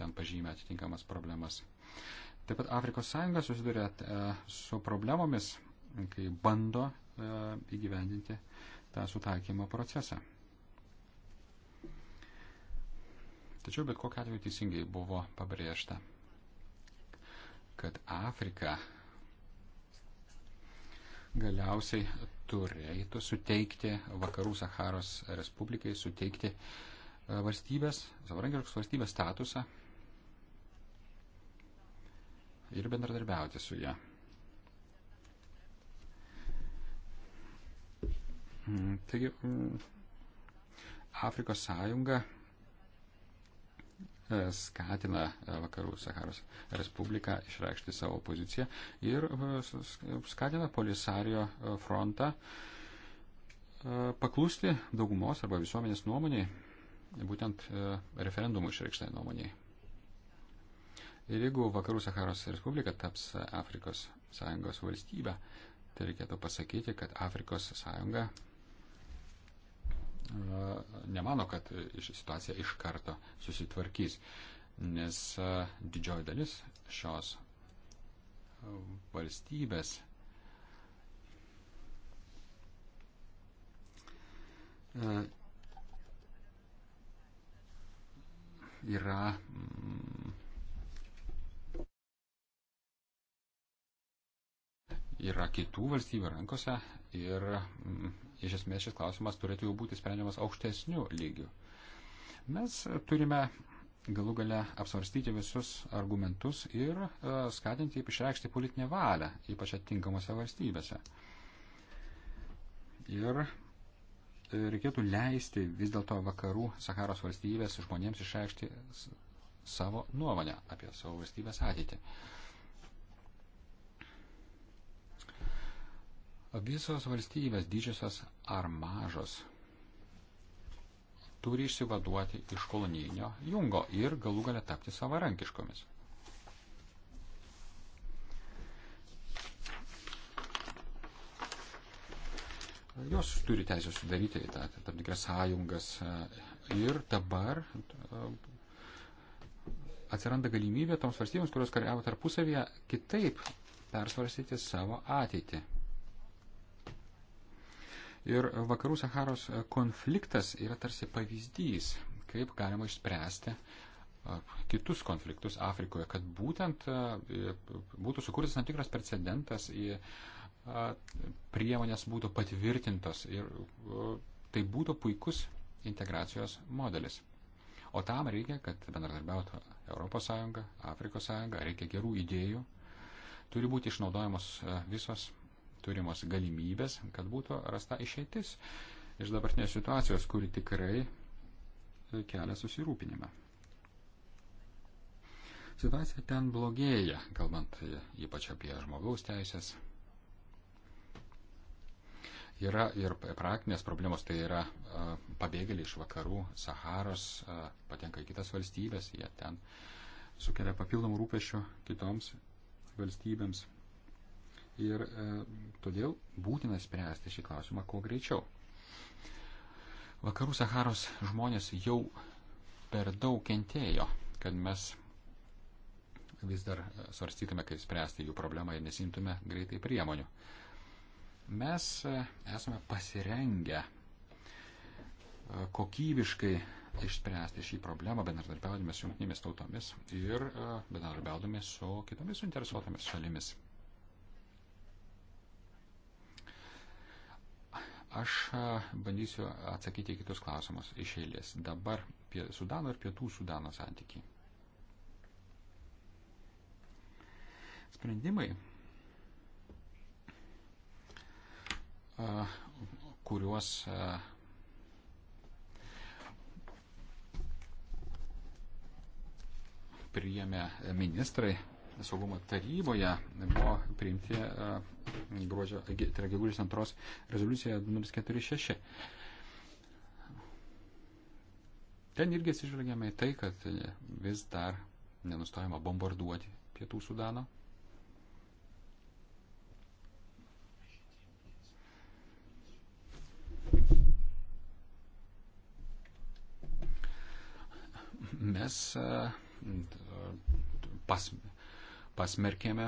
ten pažymė atitinkamas problemas. Taip pat Afrikos Sąjunga susiduria e, su problemomis, kai bando e, įgyvendinti tą sutaikymo procesą. Tačiau bet kokia atveju teisingai buvo pabrėžta, kad Afrika galiausiai turėtų suteikti Vakarų Saharos Respublikai, suteikti e, valstybės, savarankiškos valstybės statusą ir bendradarbiauti su ją. Mm, taigi, mm, Afrikos sąjunga skatina e, Vakarų Saharos Respubliką išreikšti savo poziciją ir e, skatina Polisario e, frontą paklusti daugumos arba visuomenės nuomoniai, būtent referendumų išreikštai nuomoniai. Ir jeigu Vakarų Saharos Respublika taps Afrikos Sąjungos valstybė, tai reikėtų pasakyti, kad Afrikos Sąjunga nemano, kad situacija iš karto susitvarkys, nes e, didžioji dalis šios e, valstybės e, yra yra kitų valstybių rankose ir iš esmės šis klausimas turėtų jau būti sprendžiamas aukštesnių lygių. Mes turime galų gale apsvarstyti visus argumentus ir e, skatinti išreikšti politinę valią, ypač atitinkamose valstybėse. Ir e, reikėtų leisti vis dėlto vakarų Saharos valstybės žmonėms išreikšti savo nuomonę apie savo valstybės ateitį. Visos valstybės, didžiosios ar mažos, turi išsivaduoti iš kolonijinio jungo ir galų gale tapti savarankiškomis. Jos turi teisę sudaryti tą tam tikras sąjungas ir dabar e, atsiranda galimybė toms valstybėms, kurios kariavo tarpusavyje, kitaip persvarstyti savo ateitį. Ir vakarų Saharos konfliktas yra tarsi pavyzdys, kaip galima išspręsti kitus konfliktus Afrikoje, kad būtent būtų sukurtas tam tikras precedentas, priemonės būtų patvirtintos ir tai būtų puikus integracijos modelis. O tam reikia, kad bendradarbiautų ES, Afrikos sąjunga, reikia gerų idėjų, turi būti išnaudojamos visos turimos galimybės, kad būtų rasta išeitis iš dabartinės situacijos, kuri tikrai kelia susirūpinimą. Situacija ten blogėja, kalbant ypač apie žmogaus teisės. Yra ir praktinės problemos, tai yra pabėgėliai iš vakarų, Saharos, patenka į kitas valstybės, jie ten sukelia papildomų rūpešių kitoms valstybėms ir e, todėl būtina spręsti šį klausimą kuo greičiau. Vakarų Saharos žmonės jau per daug kentėjo, kad mes vis dar e, svarstytume, kaip spręsti jų problemą ir nesimtume greitai priemonių. Mes e, esame pasirengę e, kokybiškai išspręsti šį problemą, bendradarbiaudami su jungtinėmis tautomis ir bendradarbiaudami su kitomis suinteresuotomis šalimis. Aš bandysiu atsakyti į kitus klausimus iš eilės. Dabar Sudano ir Pietų Sudano santykiai. Sprendimai, kuriuos priėmė ministrai saugumo taryboje buvo priimti e, gruodžio, tai yra gegužės antros rezoliucija 046. Ten irgi atsižvelgiame į tai, kad vis dar nenustojama bombarduoti pietų Sudano. Mes e, pas, pasmerkėme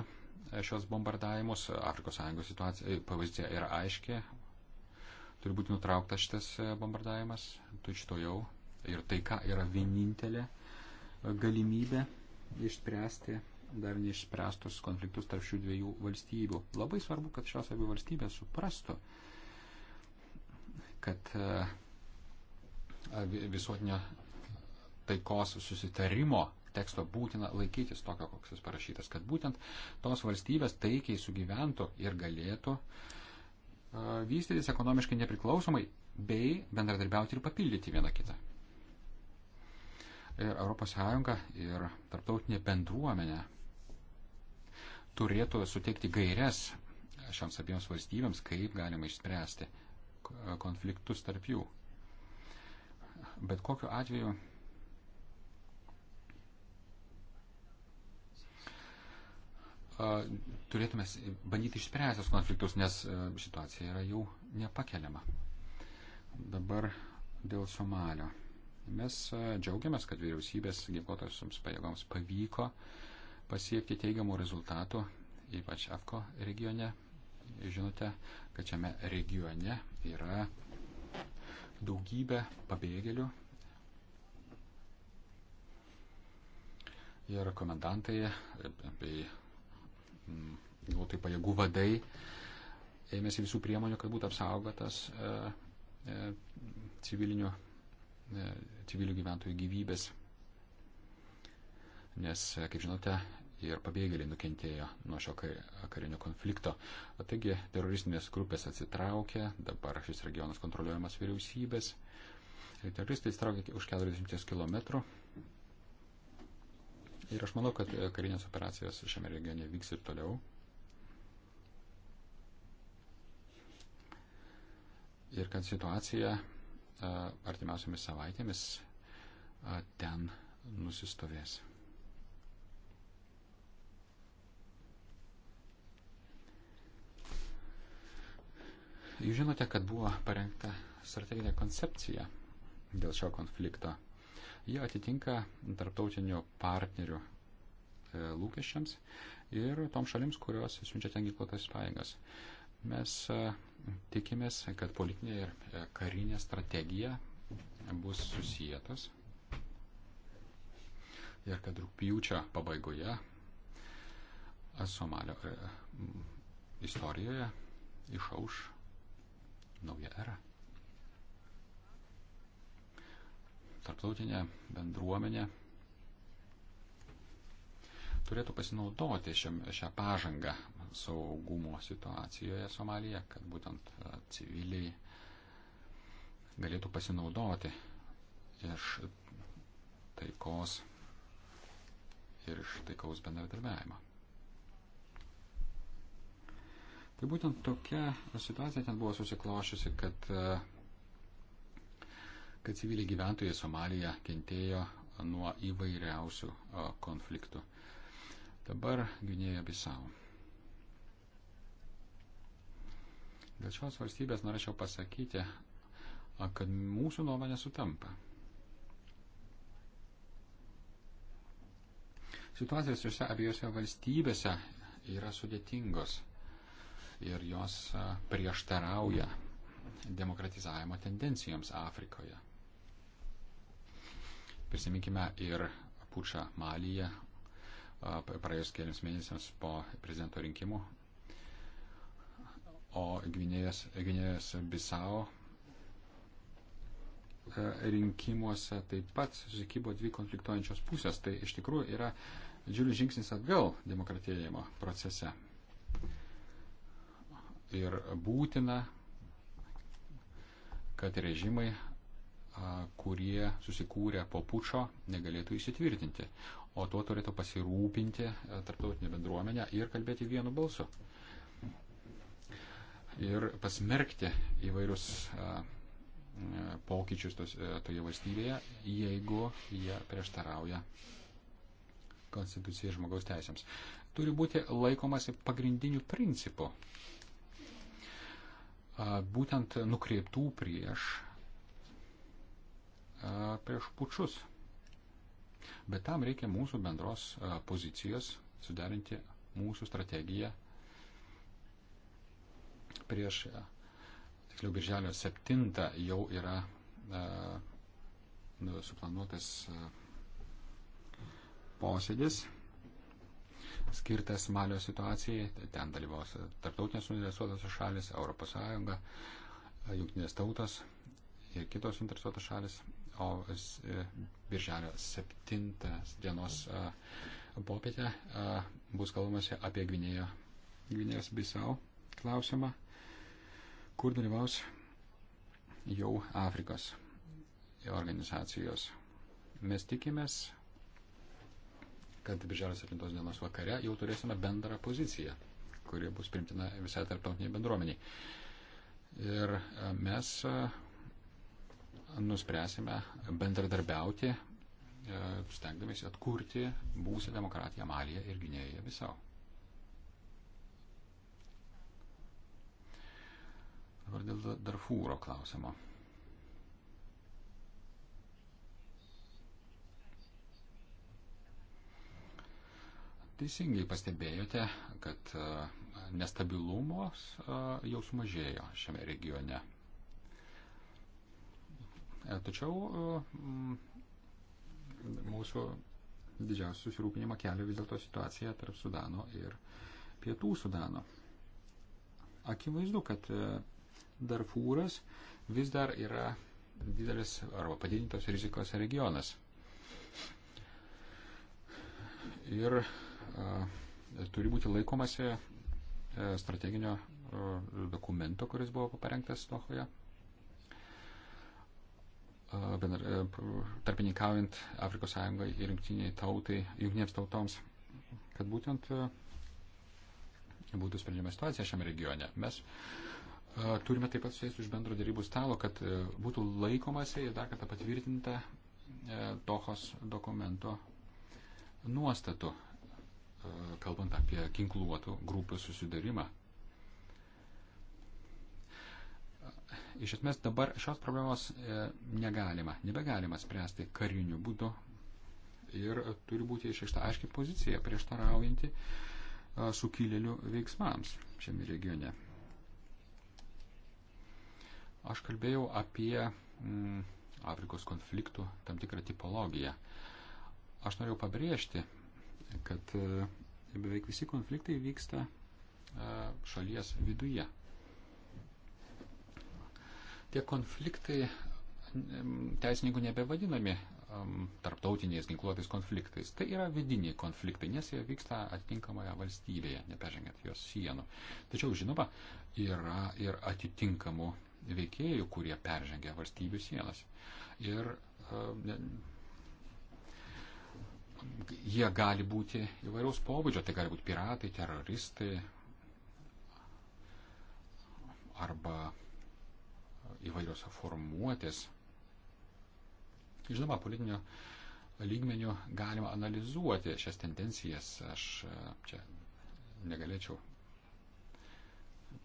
šios bombardavimus. Afrikos Sąjungos situacija, e, pavyzdė yra aiški. Turi būti nutrauktas šitas e, bombardavimas, tu šito jau. Ir tai, ką yra vienintelė e, galimybė išspręsti dar neišspręstus konfliktus tarp šių dviejų valstybių. Labai svarbu, kad šios abi valstybės suprastų, kad visuotinio taikos susitarimo teksto būtina laikytis tokio, koks jis parašytas, kad būtent tos valstybės taikiai sugyventų ir galėtų vystytis ekonomiškai nepriklausomai bei bendradarbiauti ir papildyti vieną kitą. Ir ES ir tarptautinė bendruomenė turėtų suteikti gairias šiams abiems valstybėms, kaip galima išspręsti konfliktus tarp jų. Bet kokiu atveju turėtume bandyti išspręsti konfliktus, nes e, situacija yra jau nepakeliama. Dabar dėl Somalio. Mes e, džiaugiamės, kad vyriausybės ginkluotosioms pajėgoms pavyko pasiekti teigiamų rezultatų, ypač Afko regione. Žinote, kad šiame regione yra daugybė pabėgėlių. Ir komendantai e, bei tai pajėgų vadai ėmėsi visų priemonių, kad būtų apsaugotas e, e, civilinių, e, civilių gyventojų gyvybės. Nes, kaip žinote, ir pabėgėliai nukentėjo nuo šio karinio konflikto. Taigi teroristinės grupės atsitraukė, dabar šis regionas kontroliuojamas vyriausybės. Teroristai atsitraukė už 40 km Ir aš manau, kad e, karinės operacijos šiame regione vyks ir toliau. Ir kad situacija e, artimiausiamis savaitėmis e, ten nusistovės. Jūs žinote, kad buvo parengta strateginė koncepcija dėl šio konflikto Jie atitinka tarptautinių partnerių e, lūkesčiams ir tom šalims, kurios siunčia ten ginkluotas pajėgas. Mes e, tikimės, kad politinė ir e, karinė strategija bus susijėtas ir kad rūpjūčio pabaigoje Somalio istorijoje išauš nauja era. tarptautinė bendruomenė turėtų pasinaudoti šiam, šią pažangą saugumo situacijoje Somalija, kad būtent e, civiliai galėtų pasinaudoti iš taikos ir iš taikaus bendradarbiavimo. Tai būtent tokia situacija ten buvo susiklošusi, kad e, kad civiliai gyventojai Somalija kentėjo nuo įvairiausių konfliktų. Dabar Gvinėja Bisau. Dėl šios valstybės norėčiau pasakyti, kad mūsų nuomonė sutampa. Situacijos šiuose abiejose valstybėse yra sudėtingos ir jos prieštarauja demokratizavimo tendencijoms Afrikoje. Prisiminkime ir pučą Malyje praėjus keliams mėnesiams po prezidento rinkimų. O Gvinėjas, Gvinėjas Bisao e, rinkimuose taip pat susikibo dvi konfliktuojančios pusės. Tai iš tikrųjų yra didžiulis žingsnis atgal demokratėjimo procese. Ir būtina, kad režimai kurie susikūrė po pučio, negalėtų įsitvirtinti. O tuo turėtų pasirūpinti e, tarptautinė bendruomenė ir kalbėti vienu balsu. Ir pasmerkti įvairius e, e, pokyčius tos, toje valstybėje, jeigu jie prieštarauja konstitucijai žmogaus teisėms. Turi būti laikomasi pagrindinių principų, būtent nukreiptų prieš prieš pučius. Bet tam reikia mūsų bendros pozicijos, suderinti mūsų strategiją prieš, tiksliau, birželio 7 jau yra uh, suplanuotas uh, posėdis skirtas Malio situacijai. Ten dalyvaus tarptautinės universituotos šalis, ES, Junktinės tautos ir kitos interesuotos šalis o e, birželio 7 dienos e, popietę e, bus kalbamasi apie Gvinėjo, Gvinėjos Bisau klausimą, kur dalyvaus jau Afrikos organizacijos. Mes tikimės, kad birželio 7 dienos vakare jau turėsime bendrą poziciją, kuri bus primtina visai tarptautiniai bendruomeniai. Ir mes nuspręsime bendradarbiauti, e, stengdamėsi atkurti būsę demokratiją Malyje ir Gynėje visau. Dabar dėl Darfūro klausimo. Teisingai pastebėjote, kad e, nestabilumo e, jau sumažėjo šiame regione. E, tačiau e, mūsų didžiausią susirūpinimą kelia vis dėlto situacija tarp Sudano ir Pietų Sudano. Akivaizdu, kad e, Darfūras vis dar yra didelis arba padidintos rizikos regionas. Ir a, turi būti laikomasi strateginio dokumento, kuris buvo parengtas Stohoje E, tarpininkaujant Afrikos Sąjungai ir jungtiniai tautai, jungtinėms tautoms, kad būtent e, būtų sprendžiama situacija šiame regione. Mes e, turime taip pat sėsti už bendro dėrybų stalo, kad būtų laikomasi ir dar kartą patvirtinta Dohos dokumento nuostatų, kalbant apie ginkluotų grupių susidarimą iš esmės dabar šios problemos e, negalima, nebegalima spręsti kariniu būdu ir turi būti išaišta aiškiai pozicija prieštaraujanti e, sukilėlių veiksmams šiame regione. Aš kalbėjau apie mm, Afrikos konfliktų tam tikrą tipologiją. Aš norėjau pabrėžti, kad e, beveik visi konfliktai vyksta šalies viduje, tie konfliktai teisininkų nebevadinami um, tarptautiniais ginkluotais konfliktais. Tai yra vidiniai konfliktai, nes jie vyksta atitinkamoje valstybėje, neperžengiant jos sienų. Tačiau, žinoma, yra ir atitinkamų veikėjų, kurie peržengia valstybių sienas. Ir um, jie gali būti įvairiaus pobūdžio, tai gali būti piratai, teroristai arba įvairios formuotės. Žinoma, politinio lygmenių galima analizuoti šias tendencijas. Aš e, čia negalėčiau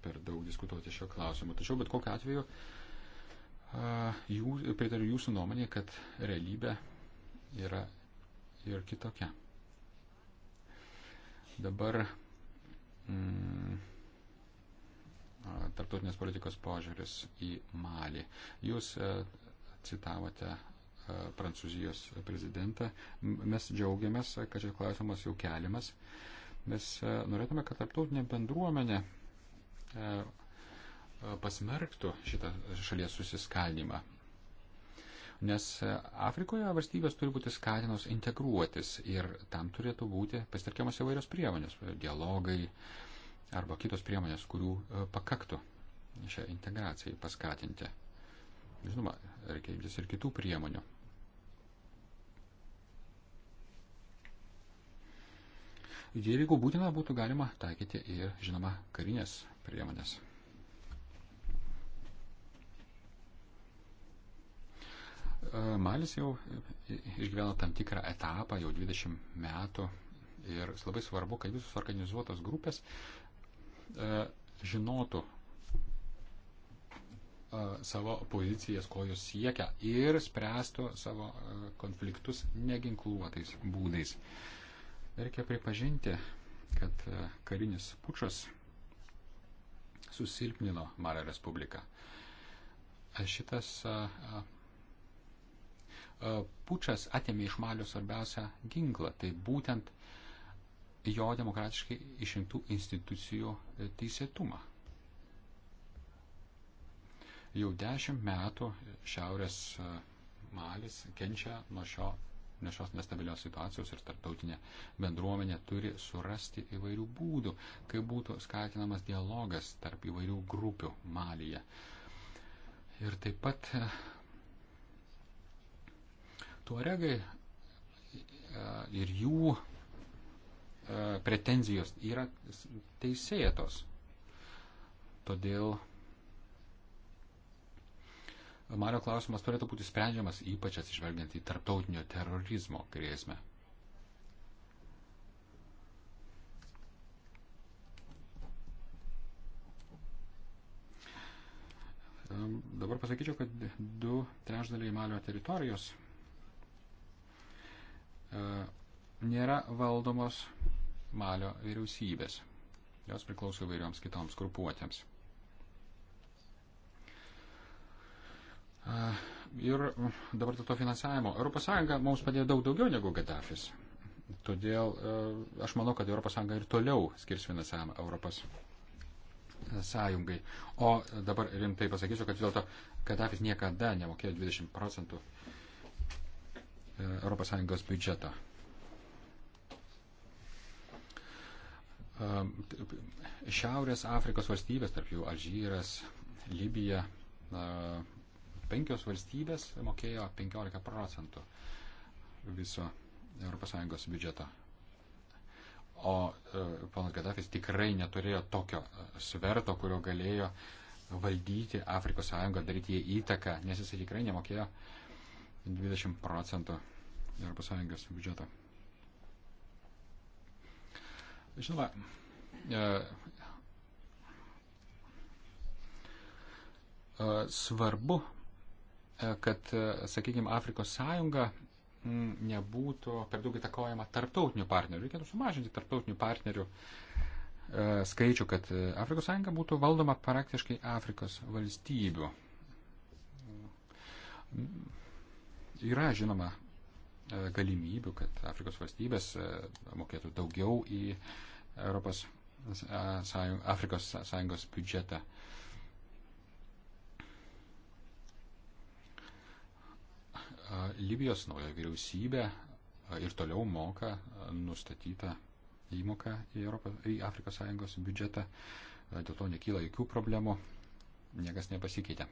per daug diskutuoti šio klausimu. Tačiau bet kokiu atveju e, jūs, pritariu jūsų nuomonė, kad realybė yra ir kitokia. Dabar mm, tarptautinės politikos požiūris į Malį. Jūs e, citavote e, Prancūzijos prezidentą. Mes džiaugiamės, kad šis klausimas jau keliamas. Mes e, norėtume, kad tarptautinė bendruomenė pasmerktų šitą šalies susiskaldimą. Nes Afrikoje valstybės turi būti skatinos integruotis ir tam turėtų būti pasitelkiamas įvairios priemonės - dialogai, uh, arba kitos priemonės, kurių e, pakaktų šią integraciją paskatinti. Žinoma, reikia imtis ir kitų priemonių. Jeigu būtina, būtų galima taikyti ir, žinoma, karinės priemonės. E, Malis jau išgyveno tam tikrą etapą, jau 20 metų. Ir labai svarbu, kad visos organizuotos grupės E, žinotų e, savo pozicijas, ko jūs siekia ir spręstų savo e, konfliktus neginkluotais būdais. Reikia pripažinti, kad karinis pučas susilpnino Marą Respubliką. Šitas pučas atėmė iš Malio svarbiausią ginklą, tai būtent jo demokratiškai išrinktų institucijų e, teisėtumą. Jau dešimt metų Šiaurės e, Malis kenčia nuo šio, nuo šios nestabilios situacijos ir tarptautinė bendruomenė turi surasti įvairių būdų, kaip būtų skatinamas dialogas tarp įvairių grupių Malyje. Ir taip pat e, tuoregai ir jų E, pretenzijos yra teisėtos. Todėl Mario klausimas turėtų būti sprendžiamas ypač atsižvelgiant į tarptautinio terorizmo grėsmę. Dabar pasakyčiau, kad du trešdaliai Malio teritorijos e, nėra valdomos Malio vyriausybės. Jos priklauso įvairioms kitoms grupuotėms. Ir dabar dėl to finansavimo. ES mums padėjo daug daugiau negu Gaddafis. Todėl aš manau, kad ES ir toliau skirs finansavimą Europos sąjungai. O dabar rimtai pasakysiu, kad vis dėlto Gaddafis niekada nemokėjo 20 procentų ES biudžeto Ehm, Šiaurės Afrikos valstybės, tarp jų Alžyras, Libija, ehm, penkios valstybės mokėjo 15 procentų viso ES biudžeto. O ehm, ponas Gaddafis tikrai neturėjo tokio sverto, kurio galėjo valdyti Afrikos sąjungą, daryti jai įtaką, nes jisai tikrai nemokėjo 20 procentų ES biudžeto. Žinoma, e, e, svarbu, e, kad, sakykime, Afrikos sąjunga nebūtų per daug įtakojama tarptautinių partnerių. Reikėtų sumažinti tarptautinių partnerių skaičių, kad Afrikos sąjunga būtų valdoma praktiškai Afrikos valstybių. Yra, žinoma, E, galimybių, kad Afrikos valstybės e, mokėtų daugiau į Europos, e, sąjung, Afrikos sąjungos biudžetą. Libijos nauja vyriausybė ir toliau moka nustatytą įmoką į, Europą, į Afrikos sąjungos biudžetą. Dėl to nekyla jokių problemų, niekas nepasikeitė.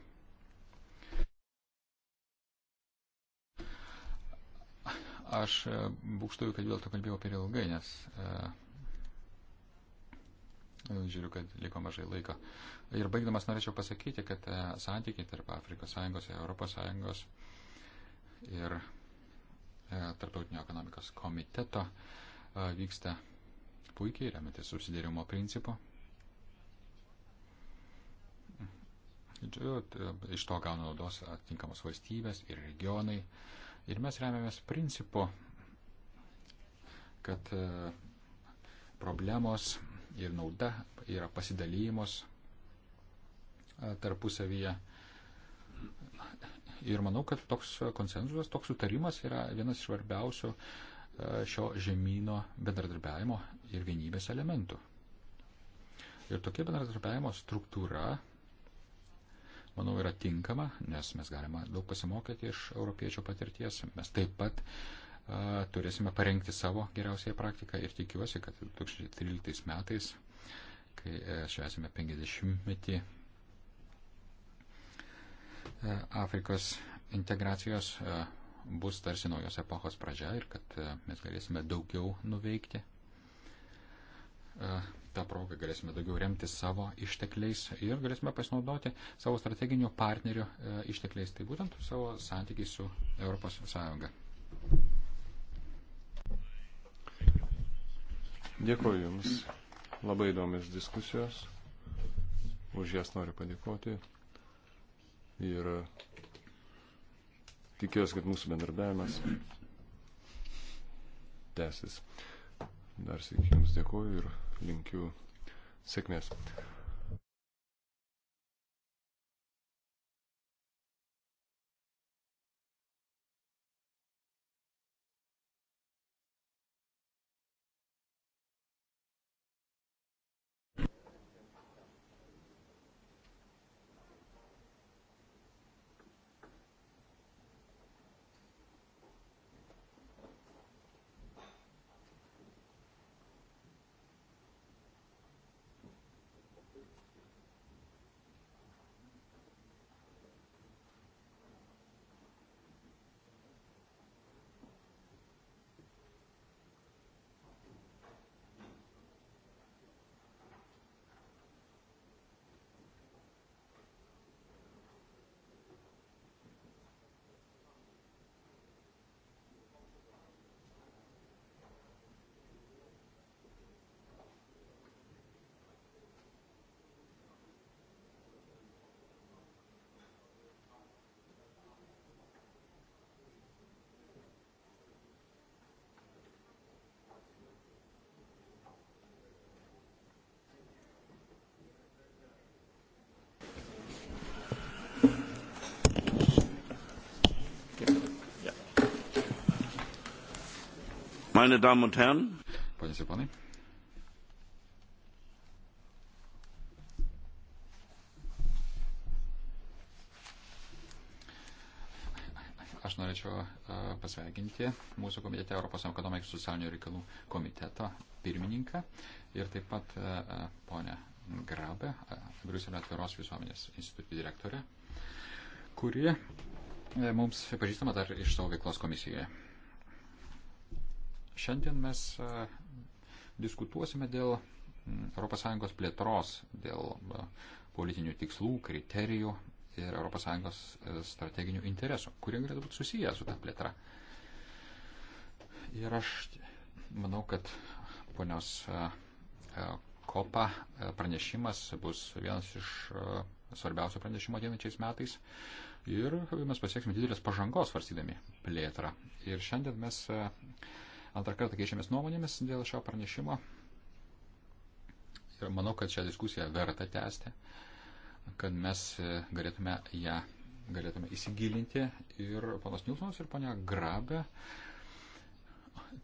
Aš e, būkštoju, kad vėl to kalbėjau per ilgai, nes e, e, žiūriu, kad liko mažai laiko. Ir baigdamas norėčiau pasakyti, kad santykiai tarp Afrikos Sąjungos, Europos Sąjungos ir Tartautinio ekonomikos komiteto vyksta puikiai, remiantis susidėrimo principu. Iš to gauna naudos atitinkamos valstybės ir regionai. Uh, Ir mes remiamės principu, kad e, problemos ir nauda yra pasidalymos e, tarpusavyje. Ir manau, kad toks konsensusas, toks sutarimas yra vienas iš svarbiausių e, šio žemynų bendradarbiavimo ir vienybės elementų. Ir tokia bendradarbiavimo struktūra manau, yra tinkama, nes mes galime daug pasimokyti iš europiečių patirties. Mes taip pat a, turėsime parengti savo geriausią praktiką ir tikiuosi, kad 2013 metais, kai e, švesime 50-metį e, Afrikos integracijos, a, e, bus tarsi naujos epochos pradžia ir kad a, mes galėsime daugiau nuveikti. A, tą progą galėsime daugiau remti savo ištekliais ir galėsime pasinaudoti savo strateginių partnerių e, ištekliais, tai būtent savo santykiai su Europos Sąjunga. Dėkuoju Jums. Labai įdomios diskusijos. Už jas noriu padėkoti. Ir tikiuosi, kad mūsų bendradavimas tęsis. Dar sėkiu Jums dėkuoju ir linkiu sėkmės. Meine Damen und Herren. Ponios ir ponai. Aš norėčiau e, pasveikinti mūsų komitete Europos ekonomikos socialinių reikalų komiteto pirmininką ir taip pat e, e, ponę Grabę, Briuselio atviros visuomenės institutų direktorę, kuri mums pažįstama dar iš savo veiklos komisijoje. Šiandien mes e, diskutuosime dėl mm, ES plėtros, dėl e, politinių tikslų, kriterijų ir ES e, strateginių interesų, kurie galėtų būti susiję su ta plėtra. Ir aš manau, kad ponios Kopa pranešimas bus vienas iš svarbiausių pranešimų ateinančiais metais. Ir mes pasieksime didelės pažangos varstydami plėtrą. Ir šiandien mes Antrą kartą keičiamės nuomonėmis dėl šio pranešimo. Ir manau, kad šią diskusiją verta tęsti, kad mes galėtume ją galėtume įsigilinti. Ir panas Nilsonas ir ponia Grabe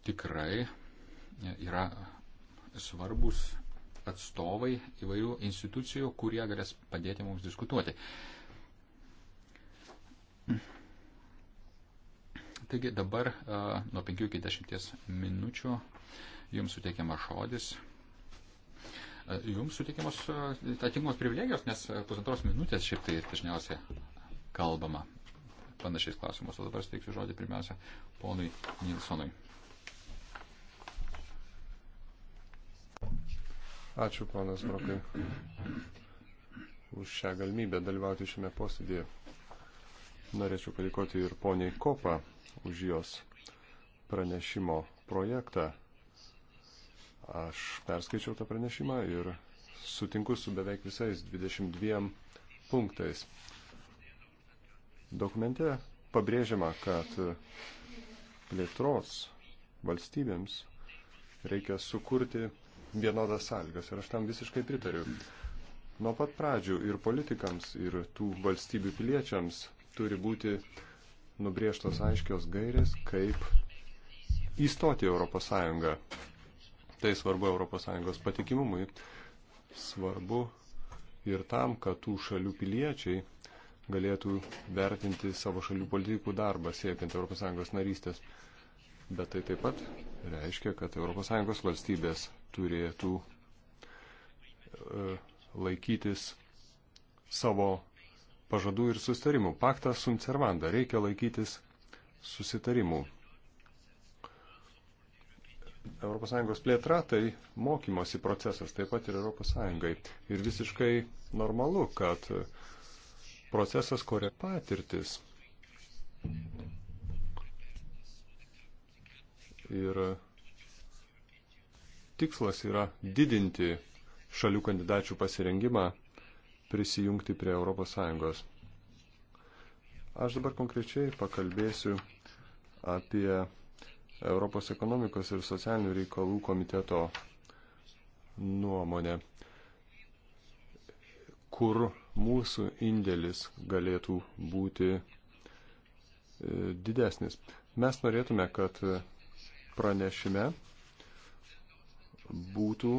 tikrai yra svarbus atstovai įvairių institucijų, kurie galės padėti mums diskutuoti. Mm. Taigi dabar nuo 5 iki 10 minučių jums suteikiamas žodis. Jums suteikiamas atitinkamos privilegijos, nes pusantros minutės šiaip tai dažniausiai kalbama panašiais klausimus. O dabar steiksiu žodį pirmiausia ponui Nilsonui. Ačiū, ponas Brokai, už šią galimybę dalyvauti šiame posėdėje. Norėčiau padėkoti ir poniai Kopa už jos pranešimo projektą. Aš perskaičiau tą pranešimą ir sutinku su beveik visais 22 punktais. Dokumente pabrėžiama, kad plėtros valstybėms reikia sukurti vienodas sąlygas ir aš tam visiškai pritariu. Nuo pat pradžių ir politikams, ir tų valstybių piliečiams turi būti uh, nubriežtos aiškios gairės, kaip įstoti Europos Sąjungą. Tai svarbu Europos Sąjungos patikimumui, svarbu ir tam, kad tų šalių piliečiai galėtų vertinti savo šalių politikų darbą siekiant ES narystės. Bet tai taip pat reiškia, kad ES valstybės turėtų e, laikytis savo pažadų ir sustarimų. Paktą sunt servanda, reikia laikytis susitarimų. ES plėtra tai mokymosi procesas, taip pat ir ES. Ir visiškai normalu, kad procesas kuria patirtis. Ir tikslas yra didinti šalių kandidačių pasirengimą prisijungti prie ES. Aš dabar konkrečiai pakalbėsiu apie Europos ekonomikos ir socialinių reikalų komiteto nuomonę, kur mūsų indėlis galėtų būti e, didesnis. Mes norėtume, kad pranešime būtų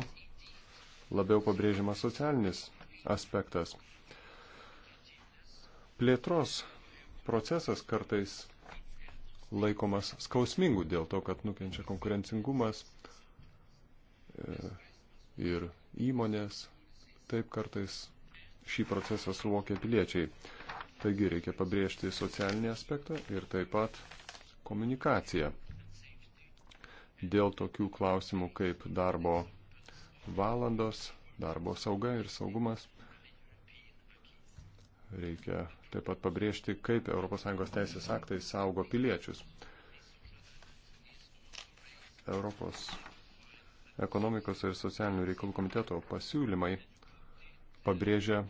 labiau pabrėžiamas socialinis aspektas. Plėtros procesas kartais laikomas skausmingu dėl to, kad nukenčia konkurencingumas e, ir įmonės. Taip kartais šį procesą suvokia piliečiai. Taigi reikia pabrėžti socialinį aspektą ir taip pat komunikaciją. Dėl tokių klausimų kaip darbo valandos darbo sauga ir saugumas. Reikia taip pat pabrėžti, kaip ES teisės aktai saugo piliečius. Europos ekonomikos ir socialinių reikalų komiteto pasiūlymai pabrėžia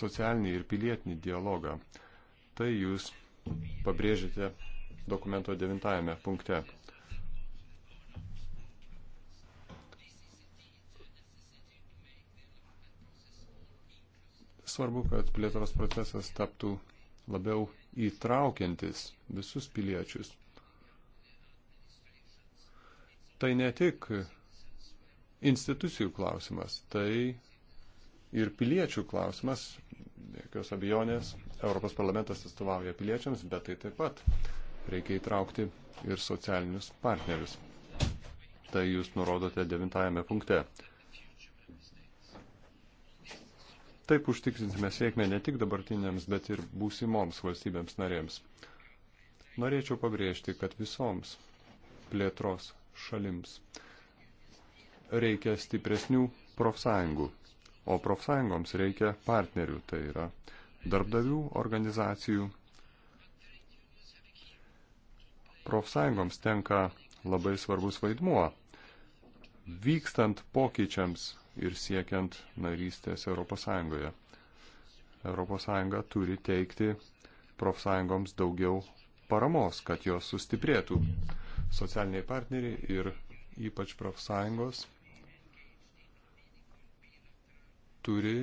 socialinį ir pilietinį dialogą. Tai jūs pabrėžite dokumento devintajame punkte. Svarbu, kad plėtros procesas taptų labiau įtraukiantis visus piliečius. Tai ne tik institucijų klausimas, tai ir piliečių klausimas, jokios abejonės, Europos parlamentas atstovauja piliečiams, bet tai taip pat reikia įtraukti ir socialinius partnerius. Tai jūs nurodote devintajame punkte. Taip užtikrinsime sėkmę ne tik dabartiniams, bet ir būsimoms valstybėms narėms. Norėčiau pabrėžti, kad visoms plėtros šalims reikia stipresnių profsąjungų, o profsąjungoms reikia partnerių, tai yra darbdavių organizacijų. Profsąjungoms tenka labai svarbus vaidmuo. Vykstant pokyčiams ir siekiant narystės ES. ES turi teikti profsąjungoms daugiau paramos, kad jos sustiprėtų. Socialiniai partneriai ir ypač profsąjungos turi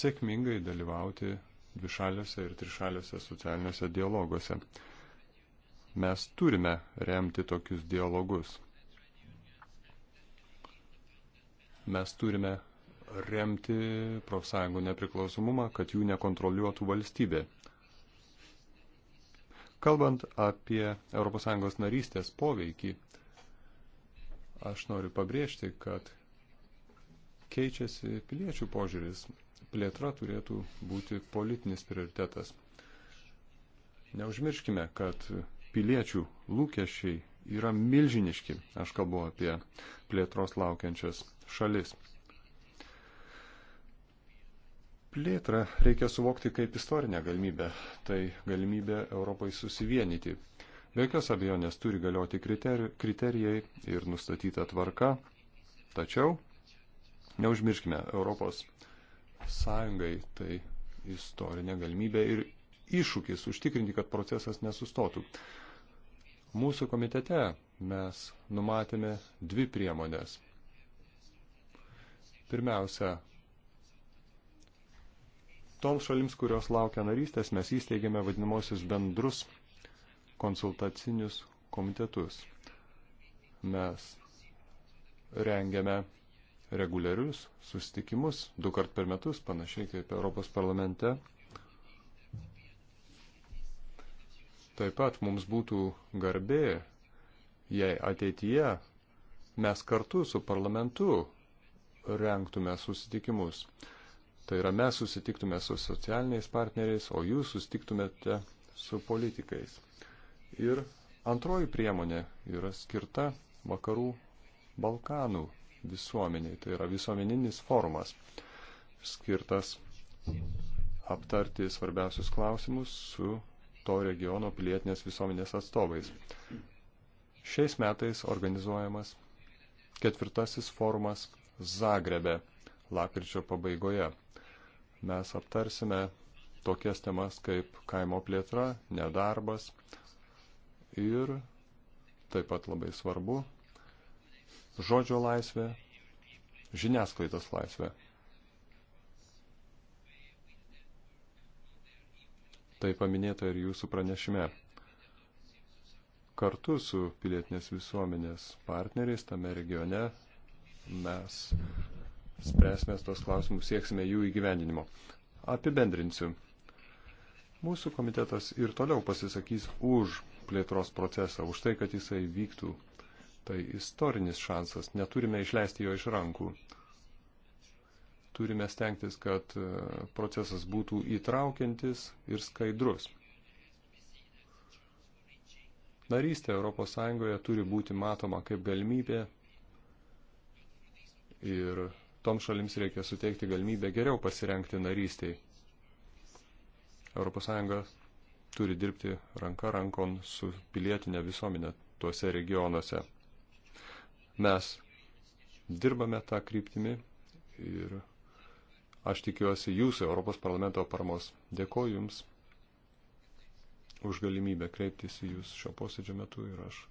sėkmingai dalyvauti dvišaliuose ir trišaliuose socialiniuose dialoguose. Mes turime remti tokius dialogus. Mes turime remti profsąjungų nepriklausomumą, kad jų nekontroliuotų valstybė. Kalbant apie ES narystės poveikį, aš noriu pabrėžti, kad keičiasi piliečių požiūris. Plėtra turėtų būti politinis prioritetas. Neužmirškime, kad piliečių lūkesčiai yra milžiniški. Aš kalbu apie plėtros laukiančias šalis. Plėtrą reikia suvokti kaip istorinę galimybę, tai galimybę Europai susivienyti. Be jokios abejonės turi galioti kriterijai ir nustatyta tvarka, tačiau neužmirškime, Europos Sąjungai tai istorinė galimybė ir iššūkis užtikrinti, kad procesas nesustotų. Mūsų komitete mes numatėme dvi priemonės Pirmiausia, toms šalims, kurios laukia narystės, mes įsteigėme vadinamosius bendrus konsultacinius komitetus. Mes rengiame reguliarius sustikimus du kart per metus, panašiai kaip Europos parlamente. Taip pat mums būtų garbė, jei ateityje mes kartu su parlamentu renktume susitikimus. Tai yra mes susitiktume su socialiniais partneriais, o jūs susitiktumėte su politikais. Ir antroji priemonė yra skirta vakarų Balkanų visuomeniai. Tai yra visuomeninis formas skirtas aptarti svarbiausius klausimus su to regiono pilietinės visuomenės atstovais. Šiais metais organizuojamas ketvirtasis formas Zagrebe lapkričio pabaigoje. Mes aptarsime tokias temas kaip kaimo plėtra, nedarbas ir taip pat labai svarbu žodžio laisvė, žiniasklaidos laisvė. Tai paminėta ir jūsų pranešime. Kartu su pilietinės visuomenės partneriais tame regione mes spręsime tos klausimus, sieksime jų įgyvendinimo. Apibendrinsiu. Mūsų komitetas ir toliau pasisakys už plėtros procesą, už tai, kad jisai vyktų. Tai istorinis šansas, neturime išleisti jo iš rankų. Turime stengtis, kad e, procesas būtų įtraukiantis ir skaidrus. Narystė ES turi būti matoma kaip galimybė ir tom šalims reikia suteikti galimybę geriau pasirenkti narystiai. ES turi dirbti ranka rankon su pilietinė visuomenė tuose regionuose. Mes dirbame tą kryptimį ir aš tikiuosi jūsų Europos parlamento paramos. Dėkoju Jums už galimybę kreiptis į Jūs šio posėdžio metu ir aš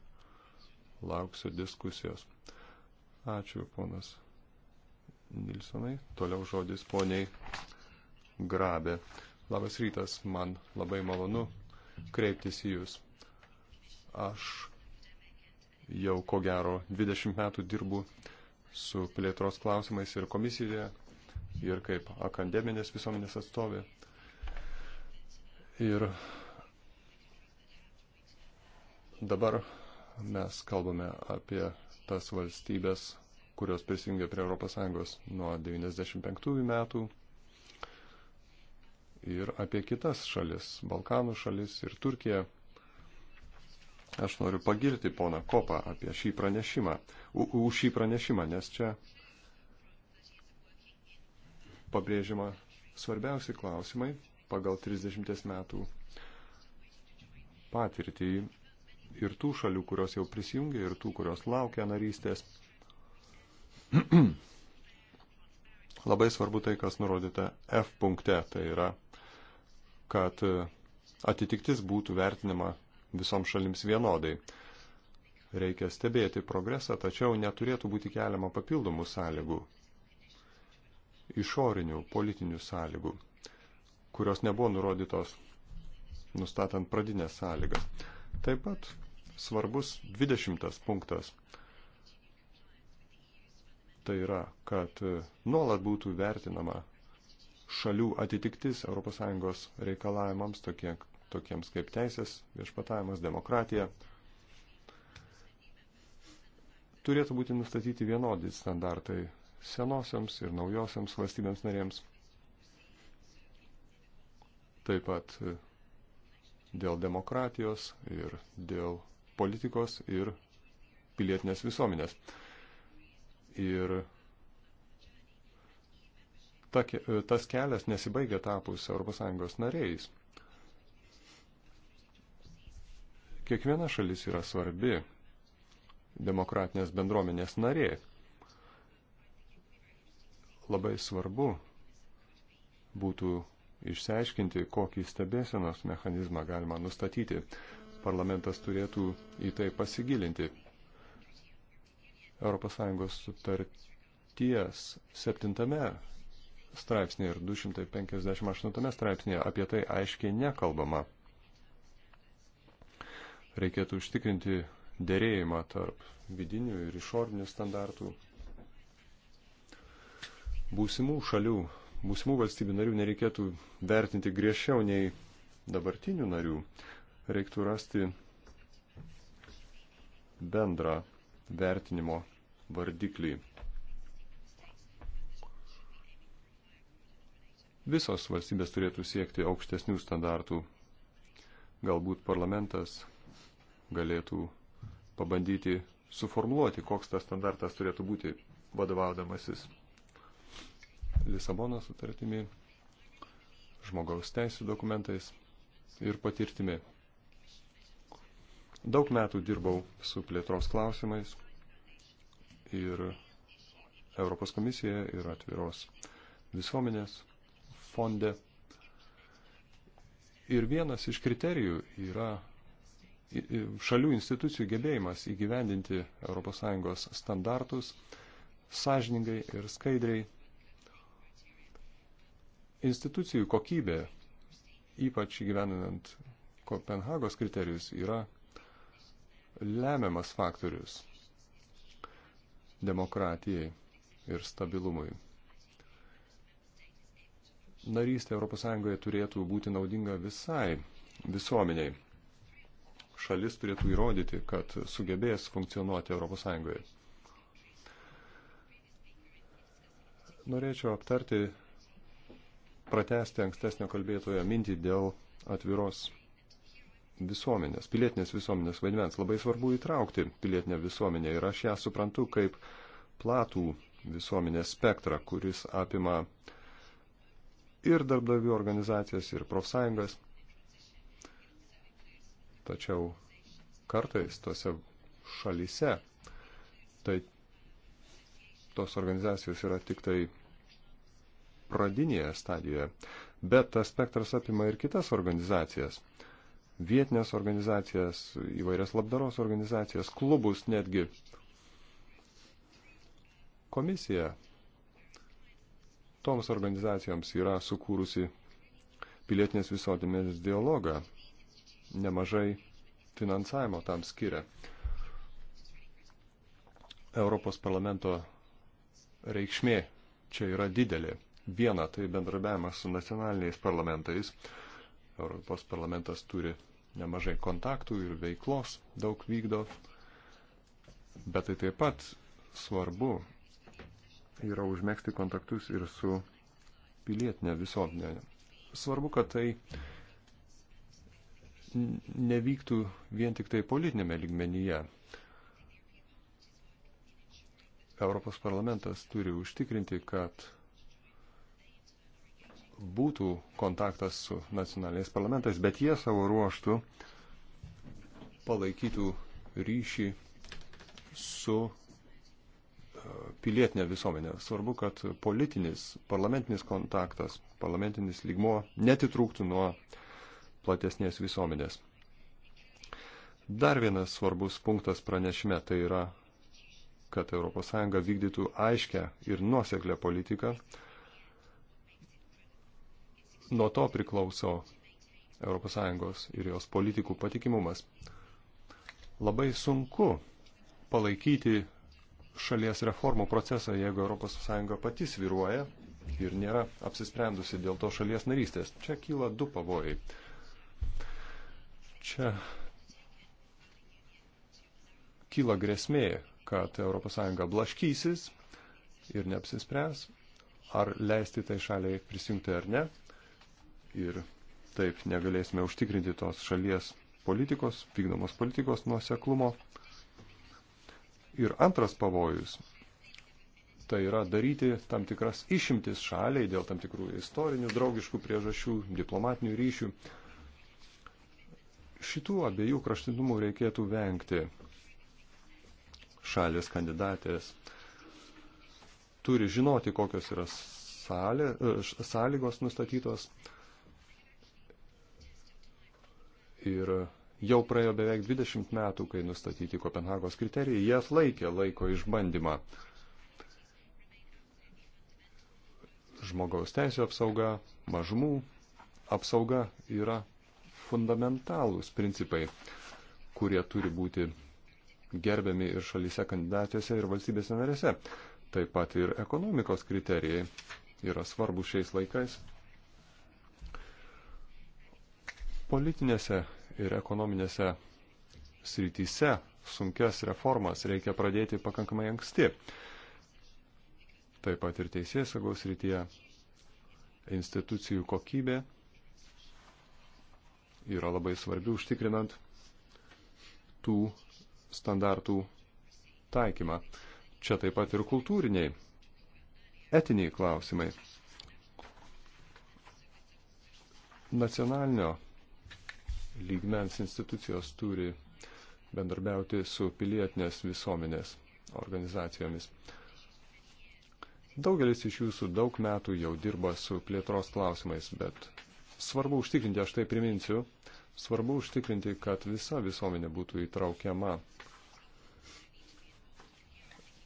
lauksiu diskusijos. Ačiū, ponas Nilsonai. Toliau žodis poniai Grabė. Labas rytas, man labai malonu kreiptis į Jūs. Aš jau ko gero 20 metų dirbu su plėtros klausimais ir komisijoje, ir kaip akademinės visuomenės atstovė. Ir dabar mes kalbame apie tas valstybės kurios prisijungė prie ES nuo 95 metų ir apie kitas šalis, Balkanų šalis ir Turkiją. Aš noriu pagirti poną Kopą apie šį pranešimą, u, už šį pranešimą, nes čia pabrėžima svarbiausi klausimai pagal 30 metų patirtį ir tų šalių, kurios jau prisijungė, ir tų, kurios laukia narystės. Labai svarbu tai, kas nurodyta F punkte, tai yra, kad atitiktis būtų vertinama visom šalims vienodai. Reikia stebėti progresą, tačiau neturėtų būti keliama papildomų sąlygų, išorinių politinių sąlygų, kurios nebuvo nurodytos nustatant pradinės sąlygas. Taip pat svarbus 20 punktas. Tai yra, kad nuolat būtų vertinama šalių atitiktis ES reikalavimams, tokie, tokiems kaip teisės, viešpatavimas, demokratija. Turėtų būti nustatyti vienodi standartai senosiams ir naujosiams valstybėms narėms. Taip pat dėl demokratijos ir dėl politikos ir pilietinės visuomenės. Ir ta, tas kelias nesibaigia tapus ES nariais. Kiekviena šalis yra svarbi demokratinės bendruomenės narė. Labai svarbu būtų išsiaiškinti, kokį stebėsenos mechanizmą galima nustatyti. Parlamentas turėtų į tai pasigilinti. ES sutarties 7 straipsnėje ir 258 straipsnėje apie tai aiškiai nekalbama. Reikėtų užtikrinti dėrėjimą tarp vidinių ir išorinių standartų. Būsimų šalių, būsimų valstybių narių nereikėtų vertinti griežčiau nei dabartinių narių. Reiktų rasti bendrą vertinimo vardiklį. Visos valstybės turėtų siekti aukštesnių standartų. Galbūt parlamentas galėtų pabandyti suformuoluoti, koks tas standartas turėtų būti vadovaudamasis Lisabono sutartimi, žmogaus teisų dokumentais ir patirtimi. Daug metų dirbau su plėtros klausimais ir Europos komisija, ir atviros visuomenės fonde. Ir vienas iš kriterijų yra šalių institucijų gebėjimas įgyvendinti ES standartus sąžiningai ir skaidriai. Institucijų kokybė, ypač įgyvendinant Kopenhagos kriterijus, yra lemiamas faktorius demokratijai ir stabilumui. Narystė ES turėtų būti naudinga visai visuomeniai. Šalis turėtų įrodyti, kad sugebės funkcionuoti ES. Norėčiau aptarti, pratesti ankstesnio kalbėtojo mintį dėl atviros visuomenės, pilietinės visuomenės vaidmens. Labai svarbu įtraukti pilietinę visuomenę ir aš ją suprantu kaip platų visuomenės spektrą, kuris apima ir darbdavių organizacijas, ir profsąjungas. Tačiau kartais tose šalyse tai tos organizacijos yra tik tai pradinėje stadijoje, bet tas spektras apima ir kitas organizacijas – vietinės organizacijas, įvairias labdaros organizacijas, klubus netgi. Komisija toms organizacijoms yra sukūrusi pilietinės visuotinės dialogą, nemažai finansavimo tam skiria. Europos parlamento reikšmė čia yra didelė. Viena tai bendrabiavimas su nacionaliniais parlamentais. Europos parlamentas turi nemažai kontaktų ir veiklos daug vykdo, bet tai taip pat svarbu yra užmėgsti kontaktus ir su pilietinė visuomenė. Svarbu, kad tai nevyktų vien tik tai politinėme ligmenyje. Europos parlamentas turi užtikrinti, kad būtų kontaktas su nacionaliniais parlamentais, bet jie savo ruoštų palaikytų ryšį su e, pilietinė visuomenė. Svarbu, kad politinis, parlamentinis kontaktas, parlamentinis lygmo netitrūktų nuo platesnės visuomenės. Dar vienas svarbus punktas pranešime tai yra, kad ES vykdytų aiškę ir nuoseklę politiką, Nuo to priklauso ES ir jos politikų patikimumas. Labai sunku palaikyti šalies reformų procesą, jeigu ES pati sviruoja ir nėra apsisprendusi dėl to šalies narystės. Čia kyla du pavojai. Čia kyla grėsmė, kad ES blaškysis ir neapsispręs, ar leisti tai šaliai prisijungti ar ne ir taip negalėsime užtikrinti tos šalies politikos, vykdomos politikos nuoseklumo. Ir antras pavojus - tai yra daryti tam tikras išimtis šaliai dėl tam tikrų istorinių, draugiškų priežasčių, diplomatinių ryšių. Šitų abiejų kraštinumų reikėtų vengti. Šalis kandidatės turi žinoti, kokios yra salė, sąlygos nustatytos Ir jau praėjo beveik 20 metų, kai nustatyti Kopenhagos kriterijai, jie atlaikė laiko išbandymą. Žmogaus teisų apsauga, mažumų apsauga yra fundamentalūs principai, kurie turi būti gerbiami ir šalyse kandidatėse ir valstybėse narėse. Taip pat ir ekonomikos kriterijai yra svarbu šiais laikais politinėse ir ekonominėse srityse sunkias reformas reikia pradėti pakankamai anksti. Taip pat ir teisės saugos srityje institucijų kokybė yra labai svarbi užtikrinant tų standartų taikymą. Čia taip pat ir kultūriniai, etiniai klausimai. Nacionalinio lygmens institucijos turi bendarbiauti su pilietinės visuomenės organizacijomis. Daugelis iš jūsų daug metų jau dirba su plėtros klausimais, bet svarbu užtikrinti, aš tai priminsiu, svarbu užtikrinti, kad visa visuomenė būtų įtraukiama.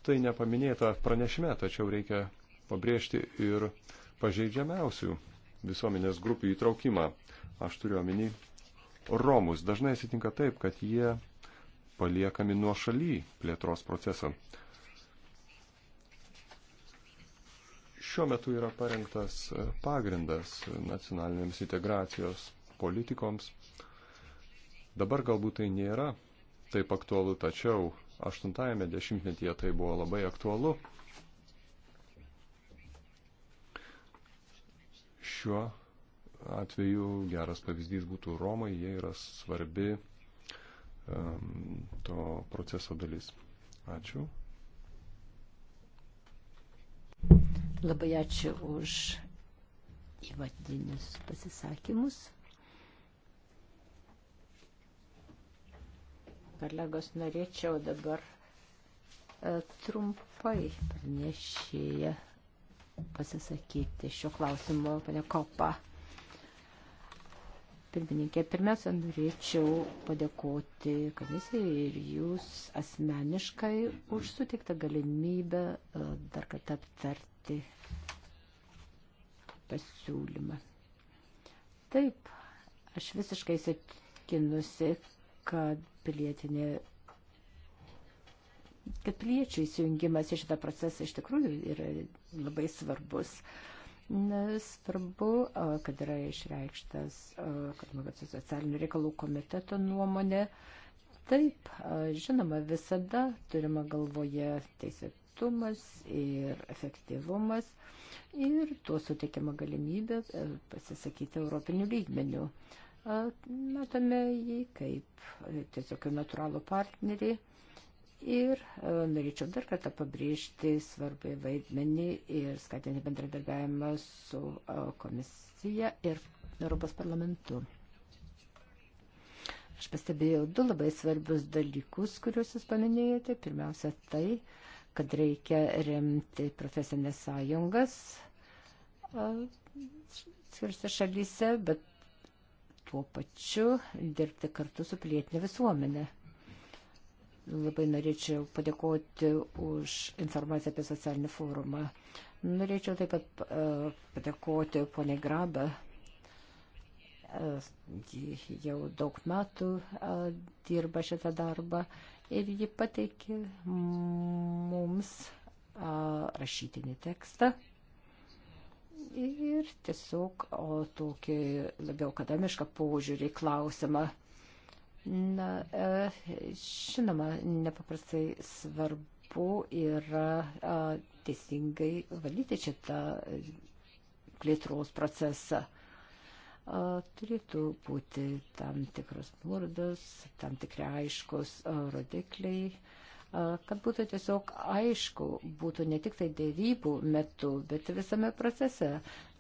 Tai nepaminėta pranešime, tačiau reikia pabrėžti ir pažeidžiamiausių visuomenės grupių įtraukimą. Aš turiu omeny Romus. Dažnai atsitinka taip, kad jie paliekami nuo šaly plėtros procesą. Šiuo metu yra parengtas pagrindas nacionalinėms integracijos politikoms. Dabar galbūt tai nėra taip aktualu, tačiau 80-ame dešimtmetyje tai buvo labai aktualu. Šiuo atveju geras pavyzdys būtų Romai, jie yra svarbi um, to proceso dalis. Ačiū. Labai ačiū už įvadinius pasisakymus. Kolegos, norėčiau dabar e, trumpai pranešėję pasisakyti šio klausimo, pane Kopa pirmininkė. Pirmiausia, norėčiau padėkoti komisijai ir jūs asmeniškai už sutiktą galimybę e, dar kartą aptarti pasiūlymą. Taip, aš visiškai įsitikinusi, kad pilietinė kad piliečių įsijungimas į šitą procesą iš tikrųjų yra labai svarbus. Uh, Svarbu, kad yra išreikštas, kad magat socialinių reikalų komiteto nuomonė. Taip, žinoma, visada turima galvoje teisėtumas ir efektyvumas ir tuo suteikiama galimybė pasisakyti europinių lygmenių. Matome jį kaip tiesiog natūralų partnerį Ir e, norėčiau dar kartą pabrėžti svarbį vaidmenį ir skatinti bendradarbiavimą su e, komisija ir Europos parlamentu. Aš pastebėjau du labai svarbius dalykus, kuriuos jūs paminėjote. Pirmiausia, tai, kad reikia remti profesinės sąjungas e, skirsti šalyse, bet tuo pačiu dirbti kartu su pilietinė visuomenė. Labai norėčiau padėkoti už informaciją apie socialinį forumą. Norėčiau taip pat e, padėkoti poniai Grabą. E, ji jau daug metų e, dirba šitą darbą ir ji pateikė mums rašytinį tekstą ir tiesiog o tokį labiau akademišką požiūrį į klausimą. Na, e, žinoma, nepaprastai svarbu yra e, teisingai valyti šitą plėtros procesą e, turėtų būti tam tikros nuorodos, tam tikri aiškus rodikliai, kad būtų tiesiog aišku, būtų ne tik tai dėrybų metu, bet visame procese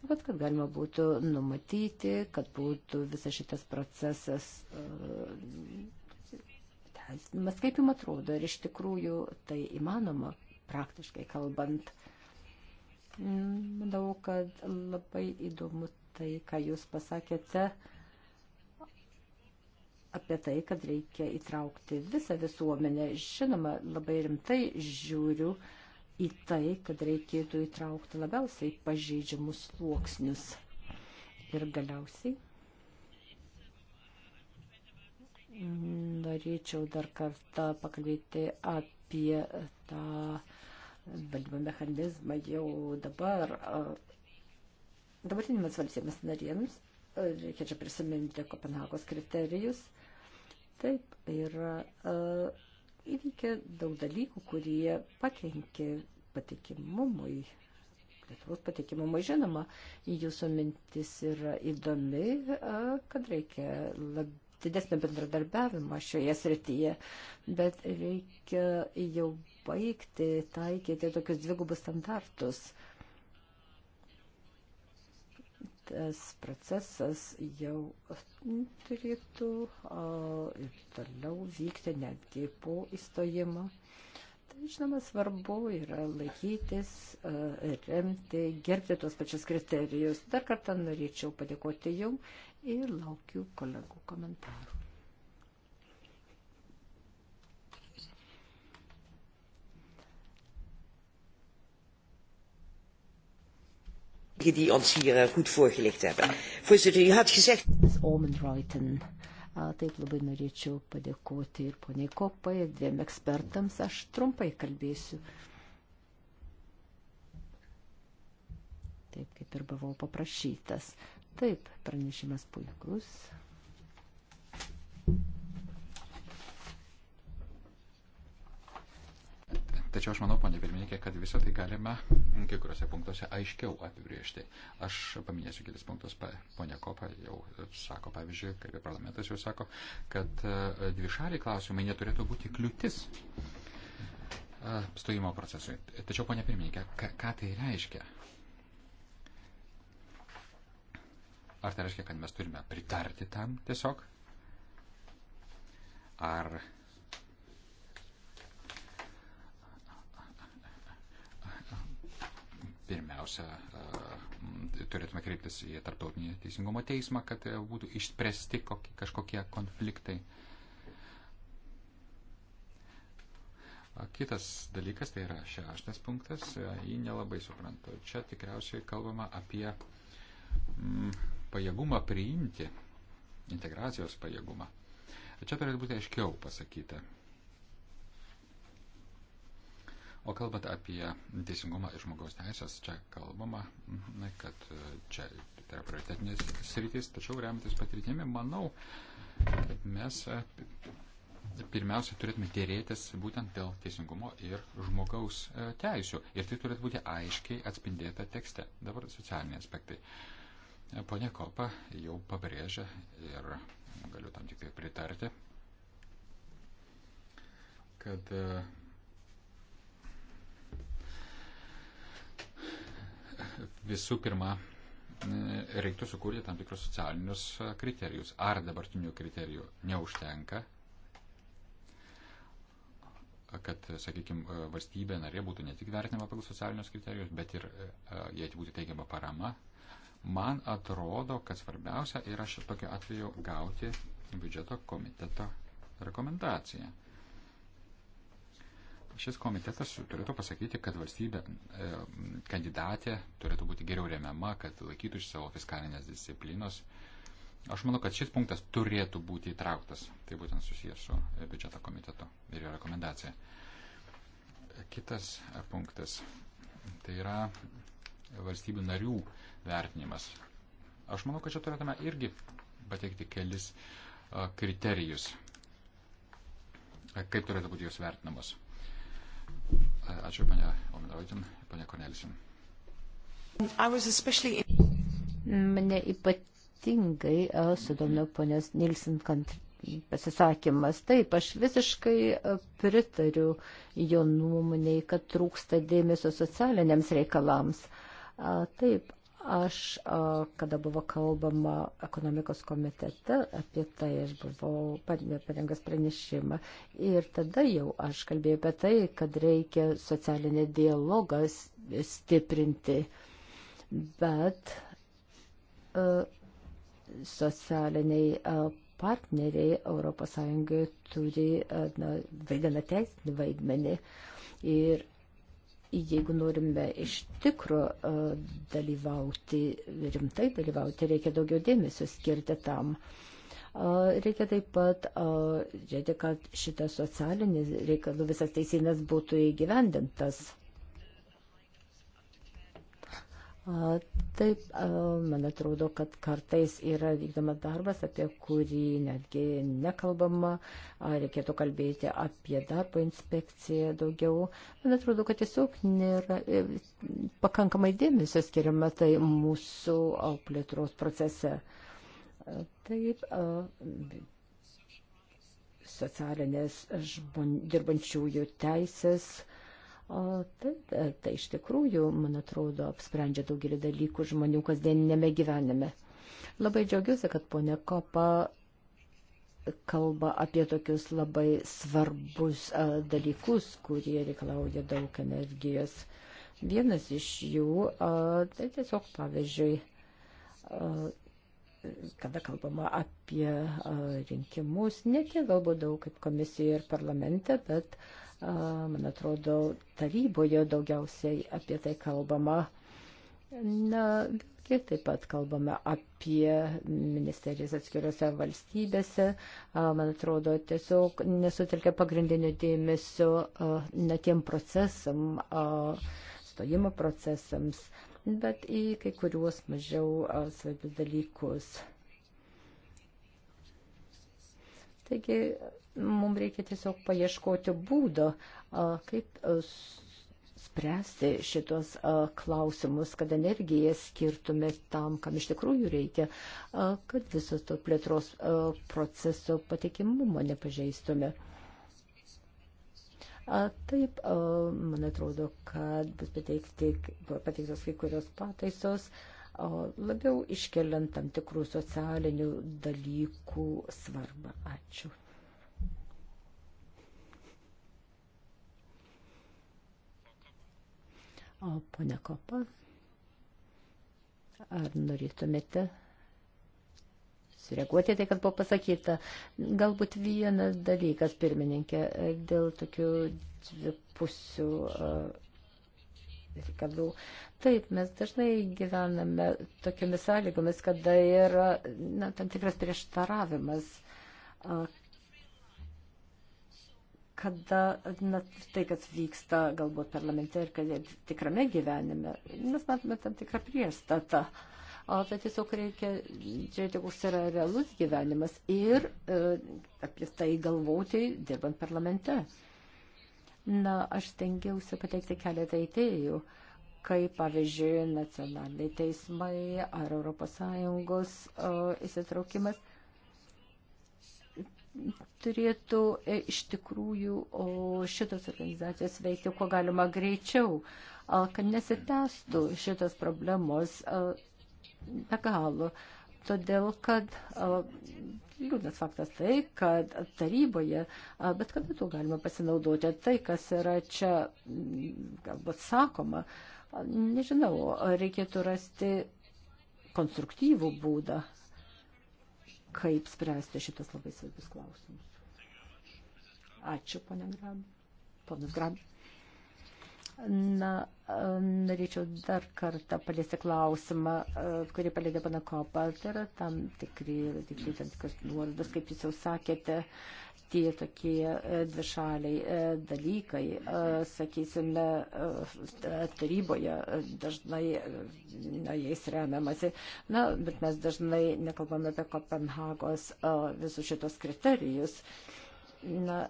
bet kad galima būtų numatyti, kad būtų visas šitas procesas e, teisinimas, kaip jums atrodo, ar iš tikrųjų tai įmanoma praktiškai kalbant. Manau, kad labai įdomu tai, ką jūs pasakėte apie tai, kad reikia įtraukti visą visuomenę. Žinoma, labai rimtai žiūriu uh, į tai, kad reikėtų įtraukti labiausiai pažeidžiamus sluoksnius. Ir galiausiai norėčiau dar kartą pakalbėti apie tą valdymo mechanizmą jau dabar. Dabartinėmis valstybėmis narėms reikia čia prisiminti Kopenhagos kriterijus. Taip, yra uh, įvykė daug dalykų, kurie pakenkė patikimumui. Lietuvos patikimumui žinoma, jūsų mintis yra įdomi, kad reikia lab, didesnio bendradarbiavimo šioje srityje, bet reikia jau baigti taikyti tokius dvigubus standartus. Uh, tas procesas jau turėtų ir toliau vykti netgi po įstojimo. Tai žinoma svarbu yra laikytis, remti, gerbti tuos pačius kriterijus. Dar kartą norėčiau padėkoti jum ir laukiu kolegų komentarų. diegenen die ons hier eh, goed voorgelicht hebben. Voorzitter, u had gezegd... Taip labai norėčiau padėkoti ir poniai Kopai, ir dviem ekspertams. Aš trumpai kalbėsiu. Taip, kaip ir buvau paprašytas. Taip, pranešimas puikus. Tačiau aš manau, ponė pirmininkė, kad visą tai galime kai kuriuose punktuose aiškiau apibriežti. Aš paminėsiu kelis punktus. Ponė Kopa jau sako, pavyzdžiui, kaip parlamentas jau sako, kad e, dvišaliai klausimai neturėtų būti kliūtis e, stojimo procesui. Tačiau, ponė pirmininkė, ką tai reiškia? Ar tai reiškia, kad mes turime pritarti tam tiesiog? Ar pirmiausia, e, turėtume kreiptis į Tarptautinį teisingumo teismą, kad e, būtų išspręsti kažkokie konfliktai. Kitas dalykas, tai yra šeštas punktas, e, jį nelabai suprantu. Čia tikriausiai kalbama apie mm, pajėgumą priimti, integracijos pajėgumą. Čia turėtų būti aiškiau pasakyta. O kalbant apie teisingumą ir žmogaus teisės, čia kalbama, kad e, čia tai yra prioritetinės sritys, tačiau remiantis patirtimi, manau, kad mes e, pirmiausia turėtume dėrėtis būtent dėl teisingumo ir žmogaus e, teisų. Ir tai turėtų būti aiškiai atspindėta tekste. Dabar socialiniai aspektai. Pone Kopa jau pabrėžė ir galiu tam tikrai pritarti, kad visų pirma, e, reiktų sukurti tam tikrus socialinius e, kriterijus. Ar dabartinių kriterijų neužtenka, kad, e, sakykime, valstybė narė būtų ne tik vertinama pagal socialinius kriterijus, bet ir jai būtų teigiama parama. Man atrodo, kad svarbiausia yra šitokiu atveju gauti biudžeto komiteto rekomendaciją šis komitetas turėtų pasakyti, kad valstybė e, kandidatė turėtų būti geriau remiama, kad laikytų iš savo fiskalinės disciplinos. Aš manau, kad šis punktas turėtų būti įtrauktas. Tai būtent susijęs su e, biudžeto komitetu ir jo rekomendacija. Kitas e, punktas. Tai yra valstybių narių vertinimas. Aš manau, kad čia turėtume irgi pateikti kelis e, kriterijus, kaip turėtų būti jos vertinamos. Ačiū, ponia Ominoraitin, ponia Kornelisin. Especially... Mane ypatingai sudomino ponios Nilsin pasisakymas. Taip, aš visiškai pritariu jo nuomonėj, kad trūksta dėmesio socialiniams reikalams. Taip, Aš, kada buvo kalbama ekonomikos komitete, apie tai aš buvau parengęs pranešimą. Ir tada jau aš kalbėjau apie tai, kad reikia socialinį dialogą stiprinti. Bet uh, socialiniai uh, partneriai ES turi, uh, na, vaidina teisinį vaidmenį. Ir jeigu norime iš tikro e, dalyvauti, rimtai dalyvauti, reikia daugiau dėmesio skirti tam. E, reikia taip pat žiūrėti, e, kad šitas socialinis reikalų visas teisynas būtų įgyvendintas. Taip, man atrodo, kad kartais yra vykdomas darbas, apie kurį netgi nekalbama, reikėtų kalbėti apie darbo inspekciją daugiau. Man atrodo, kad tiesiog nėra e, pakankamai dėmesio skiriama tai mūsų plėtros procese. Taip, socialinės žmon, dirbančiųjų teisės O tai, tai, tai iš tikrųjų, man atrodo, apsprendžia daugelį dalykų žmonių kasdieninėme gyvenime. Labai džiaugiuosi, kad ponia Kopa kalba apie tokius labai svarbus a, e, dalykus, kurie reikalauja daug energijos. Vienas iš jų, a, e, tai tiesiog pavyzdžiui, a, kada kalbama apie a, rinkimus, ne tiek galbūt daug kaip komisija ir parlamente, bet a, man atrodo, taryboje daugiausiai apie tai kalbama. Na, ir taip pat kalbame apie ministerijas atskiriuose valstybėse. Man atrodo, tiesiog nesutelkia pagrindinio dėmesio ne tiem procesam, stojimo procesams, bet į kai kuriuos mažiau svarbius dalykus. Taigi, Mums reikia tiesiog paieškoti būdo, kaip spręsti šitos klausimus, kad energiją skirtume tam, kam iš tikrųjų reikia, kad visos to plėtros proceso patikimumo nepažeistume. A, taip, a, man atrodo, kad bus pateikti, pateiktos kai kurios pataisos, a, labiau iškeliant tam tikrų socialinių dalykų svarbą. Ačiū. O ponia Kopa, ar norėtumėte sureaguoti tai, kas buvo pasakyta? Galbūt vienas dalykas, pirmininkė, dėl tokių dvipusių reikalų. Taip, mes dažnai gyvename tokiamis sąlygomis, kada yra na, tam tikras prieštaravimas kada na, tai, kas vyksta galbūt parlamente ir kad tikrame gyvenime, mes matome tam tikrą priestatą. O tai tiesiog reikia žiūrėti, koks yra realus gyvenimas ir e, apie tai galvoti, dirbant parlamente. Na, aš stengiausi pateikti keletą idėjų, kaip pavyzdžiui nacionaliniai teismai ar ES e, įsitraukimas. E, turėtų e, iš tikrųjų šitos organizacijos veikti kuo galima greičiau, kad nesitestų šitos problemos be galo. Todėl, kad liūdnas faktas tai, kad taryboje bet kada to galima pasinaudoti. Tai, kas yra čia galbūt sakoma, nežinau, reikėtų rasti konstruktyvų būdą kaip spręsti šitas labai svarbus klausimus. Ačiū, ponė Grab. Ponas Grab. Na, norėčiau dar kartą paliesti klausimą, e, kurį palėdė pana Kopa. Tai yra tam tikri, tikrai tam tikras nuorodas, kaip jūs jau sakėte, tie tokie e, dvišaliai e, dalykai, sakysime, taryboje dažnai na, jais remiamasi. Na, bet mes dažnai nekalbame apie Kopenhagos visus šitos kriterijus. Na,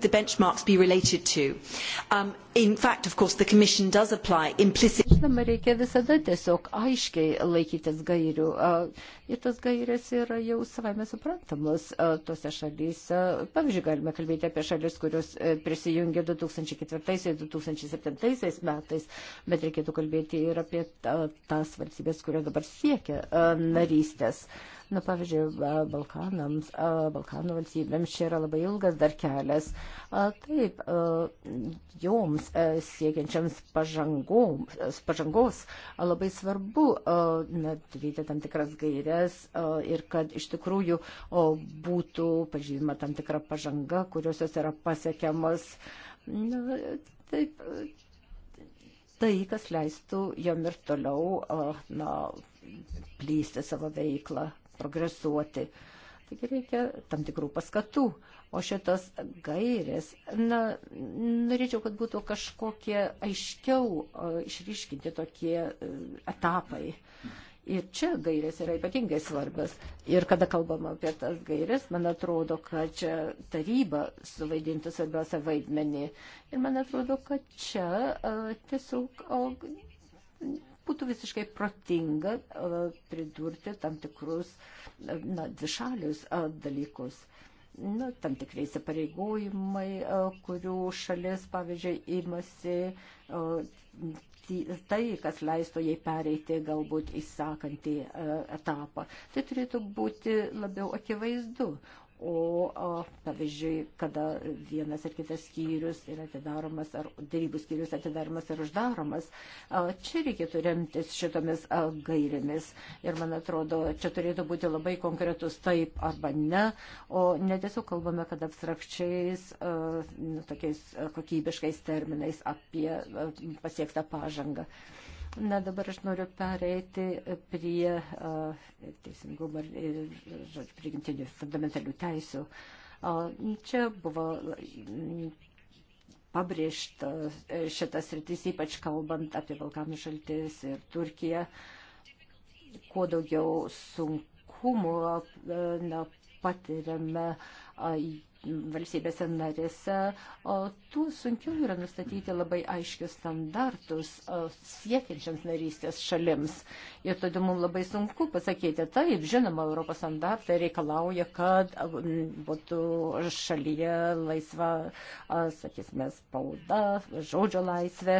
the benchmarks be related to. Um, in fact, of course, the Commission does apply implicit. Žinoma, reikia visada tiesiog aiškiai laikytis gairių. Ir tos gairės yra jau savame suprantamos tose šalyse. Pavyzdžiui, galime kalbėti apie šalis, kurios e, prisijungė 2004-2007 metais, bet reikėtų kalbėti ir apie tas valstybės, kurios dabar siekia narystės. Na, pavyzdžiui, Balkanams, Balkanų valstybėms čia yra labai ilgas dar kelias. Taip, joms siekiančiams pažangos, pažangos labai svarbu na, turėti tam tikras gairias ir kad iš tikrųjų būtų pažymima tam tikra pažanga, kurios jos yra pasiekiamas. Na, taip, tai, kas leistų jom ir toliau na, plysti savo veiklą progresuoti. Taigi reikia tam tikrų paskatų. O šitas gairės, na, norėčiau, kad būtų kažkokie aiškiau išryškinti tokie e, etapai. Ir čia gairės yra ypatingai svarbios. Ir kada kalbama apie tas gairės, man atrodo, kad čia taryba suvaidintų svarbiausią vaidmenį. Ir man atrodo, kad čia a, e, tiesiog a, būtų visiškai protinga e, pridurti tam tikrus e, na, dvišalius e, dalykus. Na, tam tikrai įsipareigojimai, kurių šalis, pavyzdžiui, imasi tai, kas leistų jai pereiti galbūt į sekantį etapą. Tai turėtų būti labiau akivaizdu, O, o pavyzdžiui, kada vienas ar kitas skyrius yra atidaromas, ar darybų skyrius atidaromas ar uždaromas, a, čia reikėtų remtis šitomis a, gairėmis. Ir man atrodo, čia turėtų būti labai konkretus taip arba ne, o ne tiesiog kalbame, kad abstrakčiais, a, nu, tokiais kokybiškais terminais apie pasiektą pažangą. A, Na dabar aš noriu pereiti prie uh, teisingumo ir, žodžiu, prigimtinių fundamentalių teisų. Uh, čia buvo pabrėžta e, šitas rytis, ypač kalbant apie Balkanų šaltis ir Turkiją, kuo daugiau sunkumų na, patiriame valstybėse narėse, tų sunkiau yra nustatyti labai aiškius standartus siekiančiams narystės šalims. Ir todėl mums labai sunku pasakyti, taip, žinoma, Europos standartai reikalauja, kad būtų šalyje laisva, sakysime, spauda, žodžio laisvė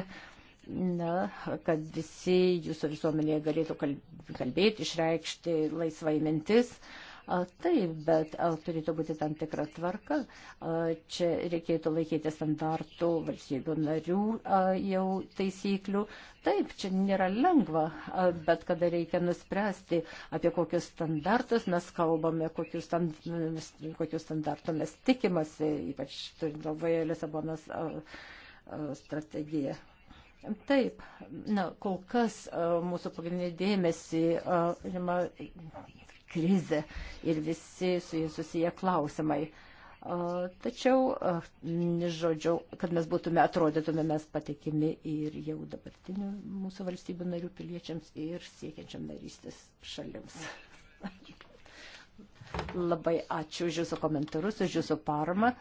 na, kad visi jūsų visuomenėje galėtų kalbėti, išreikšti laisvai mintis. Uh, Taip, bet turėtų būti tam tikra tvarka. Čia reikėtų laikyti standartų valstybių narių jau taisyklių. Taip, čia nėra lengva, bet kada reikia nuspręsti, apie kokius standartus mes kalbame, kokius, stand, kokius standartų mes tikimasi, ypač turint galvoje Lisabonas strategiją. Taip, na, kol kas mūsų pagrindinė dėmesį krizė ir visi su jais susiję klausimai. Tačiau, žodžiu, kad mes būtume, atrodytume mes patikimi ir jau dabartinių mūsų valstybių narių piliečiams ir siekiančiam narystės šalims. Labai ačiū už Jūsų komentarus, už Jūsų paramą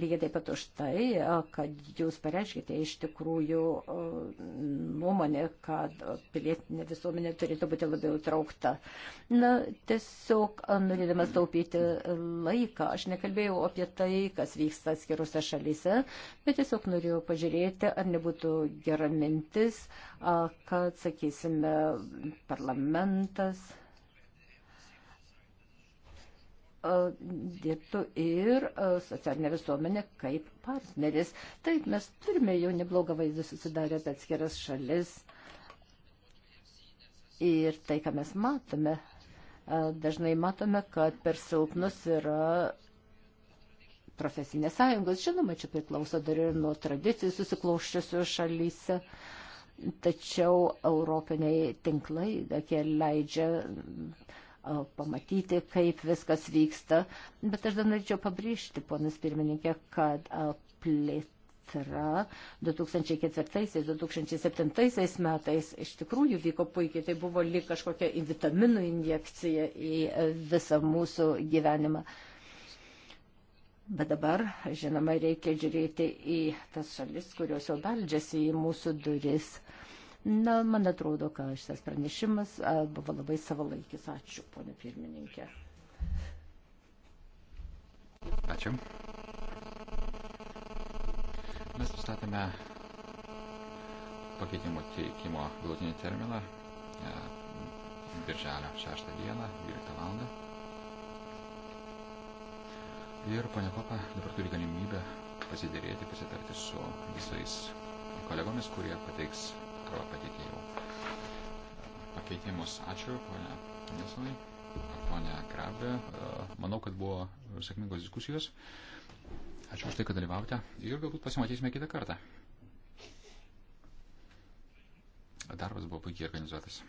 lygiai taip pat už tai, kad jūs pareiškite iš tikrųjų nuomonę, kad pilietinė visuomenė turėtų būti labiau traukta. Na, tiesiog norėdamas taupyti laiką, aš nekalbėjau apie tai, kas vyksta atskirose šalyse, bet tiesiog norėjau pažiūrėti, ar nebūtų gera mintis, kad, sakysime, parlamentas dirbtų ir socialinė visuomenė kaip partneris. Taip, mes turime jau neblogą vaizdą susidarę apie atskiras šalis. Ir tai, ką mes matome, dažnai matome, kad per silpnus yra profesinės sąjungos. Žinoma, čia priklauso dar ir nuo tradicijų susiklauščiusių šalyse. Tačiau europiniai tinklai leidžia pamatyti, kaip viskas vyksta. Bet aš dar norėčiau pabrėžti, ponas pirmininkė, kad plėtra 2004-2007 metais iš tikrųjų vyko puikiai. Tai buvo lyg kažkokia vitaminų injekcija į e, visą mūsų gyvenimą. Bet dabar, žinoma, reikia žiūrėti į tas šalis, kurios jau beldžiasi į mūsų duris. Uh, Na, man atrodo, kad šitas pranešimas buvo labai savalaikis. Ačiū, ponė pirmininkė. Ačiū. Mes nustatėme pakeitimo teikimo galutinį terminą e, birželio 6 dieną, 12 val. Ir ponia Kopa dabar turi galimybę pasidėrėti, pasitarti su visais kolegomis, kurie pateiks pateikėjau pakeitimus. Ačiū, ponia Neslai, ponia Krabė. E, manau, kad buvo sėkmingos diskusijos. Ačiū už tai, kad dalyvavote ir galbūt pasimatysime kitą kartą. Darbas buvo puikiai organizuotas.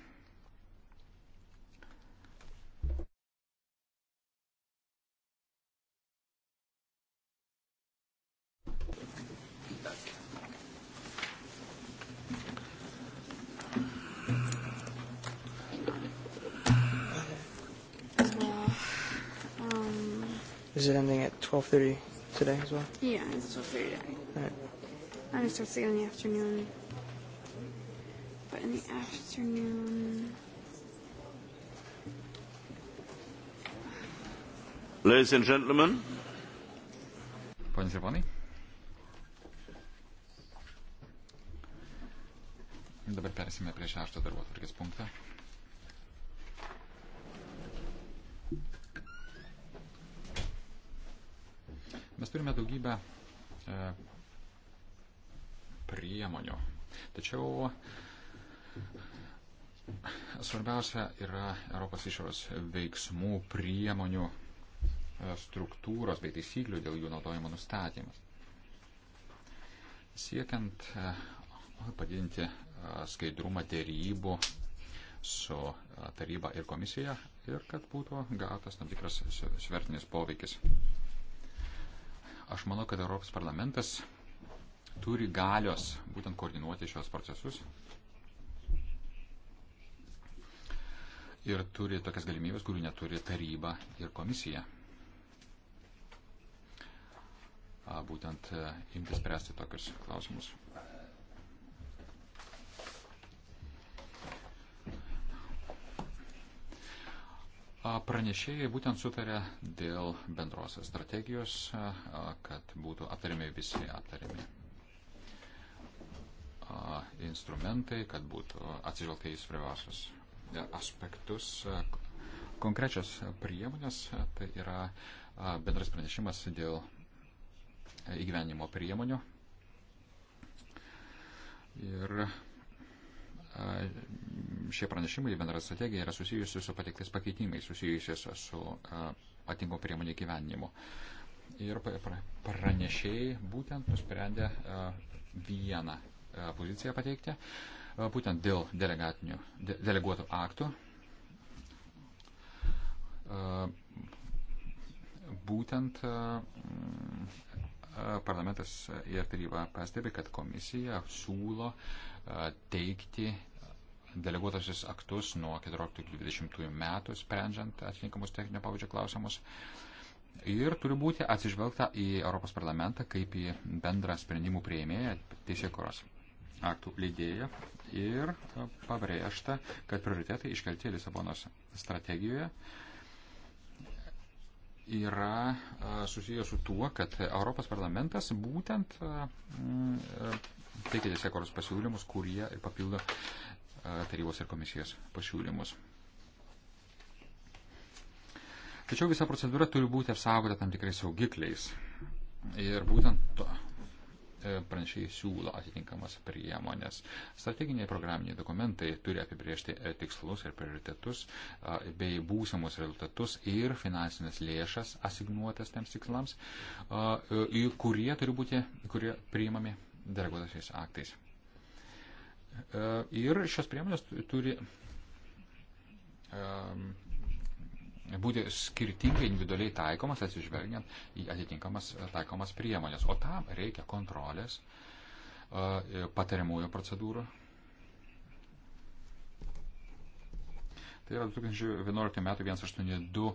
Is it ending at 12.30 today as well? Yeah, it's 12.30 today. All right. And it starts again in the afternoon. But in the afternoon... Ladies and gentlemen. Ponies ir ponai. Dabar persime prie šešto darbo atvarkės punktą. turime daugybę e, priemonių. Tačiau svarbiausia yra Europos išorės veiksmų priemonių e, struktūros bei taisyklių dėl jų naudojimo nustatymas. Siekiant e, padidinti e, skaidrumą dėrybų su taryba ir komisija ir kad būtų gautas tam tikras svertinis poveikis Aš manau, kad Europos parlamentas turi galios būtent koordinuoti šios procesus ir turi tokias galimybės, kurių neturi taryba ir komisija. Būtent e, imtis spręsti tokius klausimus. Pranešėjai būtent sutarė dėl bendros strategijos, kad būtų aptariami visi aptariami instrumentai, kad būtų atsižvelgta į svarbiausius e, aspektus. Konkrečios priemonės tai yra bendras pranešimas dėl įgyvenimo priemonių. Ir šie pranešimai, bendra strategija yra susijusi su patiktais pakeitimais, susijusiais su atingo priemonė gyvenimu. Ir pranešėjai būtent nusprendė vieną poziciją pateikti, būtent dėl de, deleguotų aktų. Būtent parlamentas ir taryba pastebi, kad komisija siūlo teikti deleguotasius aktus nuo 14-20 metų, sprendžiant atitinkamus techninio pavadžio klausimus. Ir turi būti atsižvelgta į Europos parlamentą kaip į bendrą sprendimų prieimėją teisėkoros aktų leidėją ir pabrėžta, kad prioritetai iškelti Lisabonos strategijoje uh, yra susijęs su tuo, kad Europos parlamentas būtent teikia teisėkoros pasiūlymus, kurie papildo tarybos ir komisijos pasiūlymus. Tačiau visa procedūra turi būti apsaugota tam tikrais saugikliais. Ir būtent to, E, pranešėjai siūlo atitinkamas priemonės. Strateginiai programiniai dokumentai turi apibriežti e, tikslus ir prioritetus bei būsimus rezultatus ir finansinės lėšas asignuotas tiems tikslams, e, kurie turi būti, kurie priimami deleguotasiais aktais. Ir šios priemonės turi būti skirtingai individualiai taikomas, atsižvelgiant į atitinkamas e, taikomas priemonės. O tam reikia kontrolės, e, e, patariamųjų procedūrų. Tai yra 2011 m. 182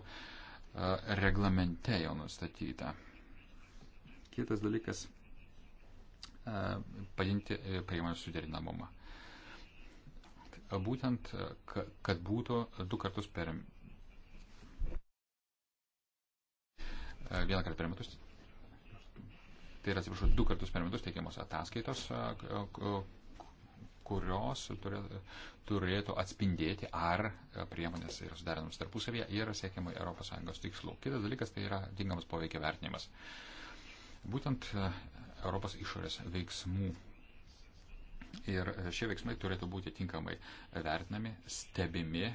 reglamente jau nustatyta. Kitas dalykas - padinti priemonių suderinamumą. Būtent, kad būtų du kartus per vieną kartą per metus, tai yra, atsiprašau, du kartus per metus teikiamos ataskaitos, kurios turėtų atspindėti, ar priemonės yra sudarinamos tarpusavėje ir siekiamai ES tikslų. Kitas dalykas tai yra dingamas poveikio vertinimas. Būtent Europos išorės veiksmų. Ir šie veiksmai turėtų būti tinkamai vertinami, stebimi,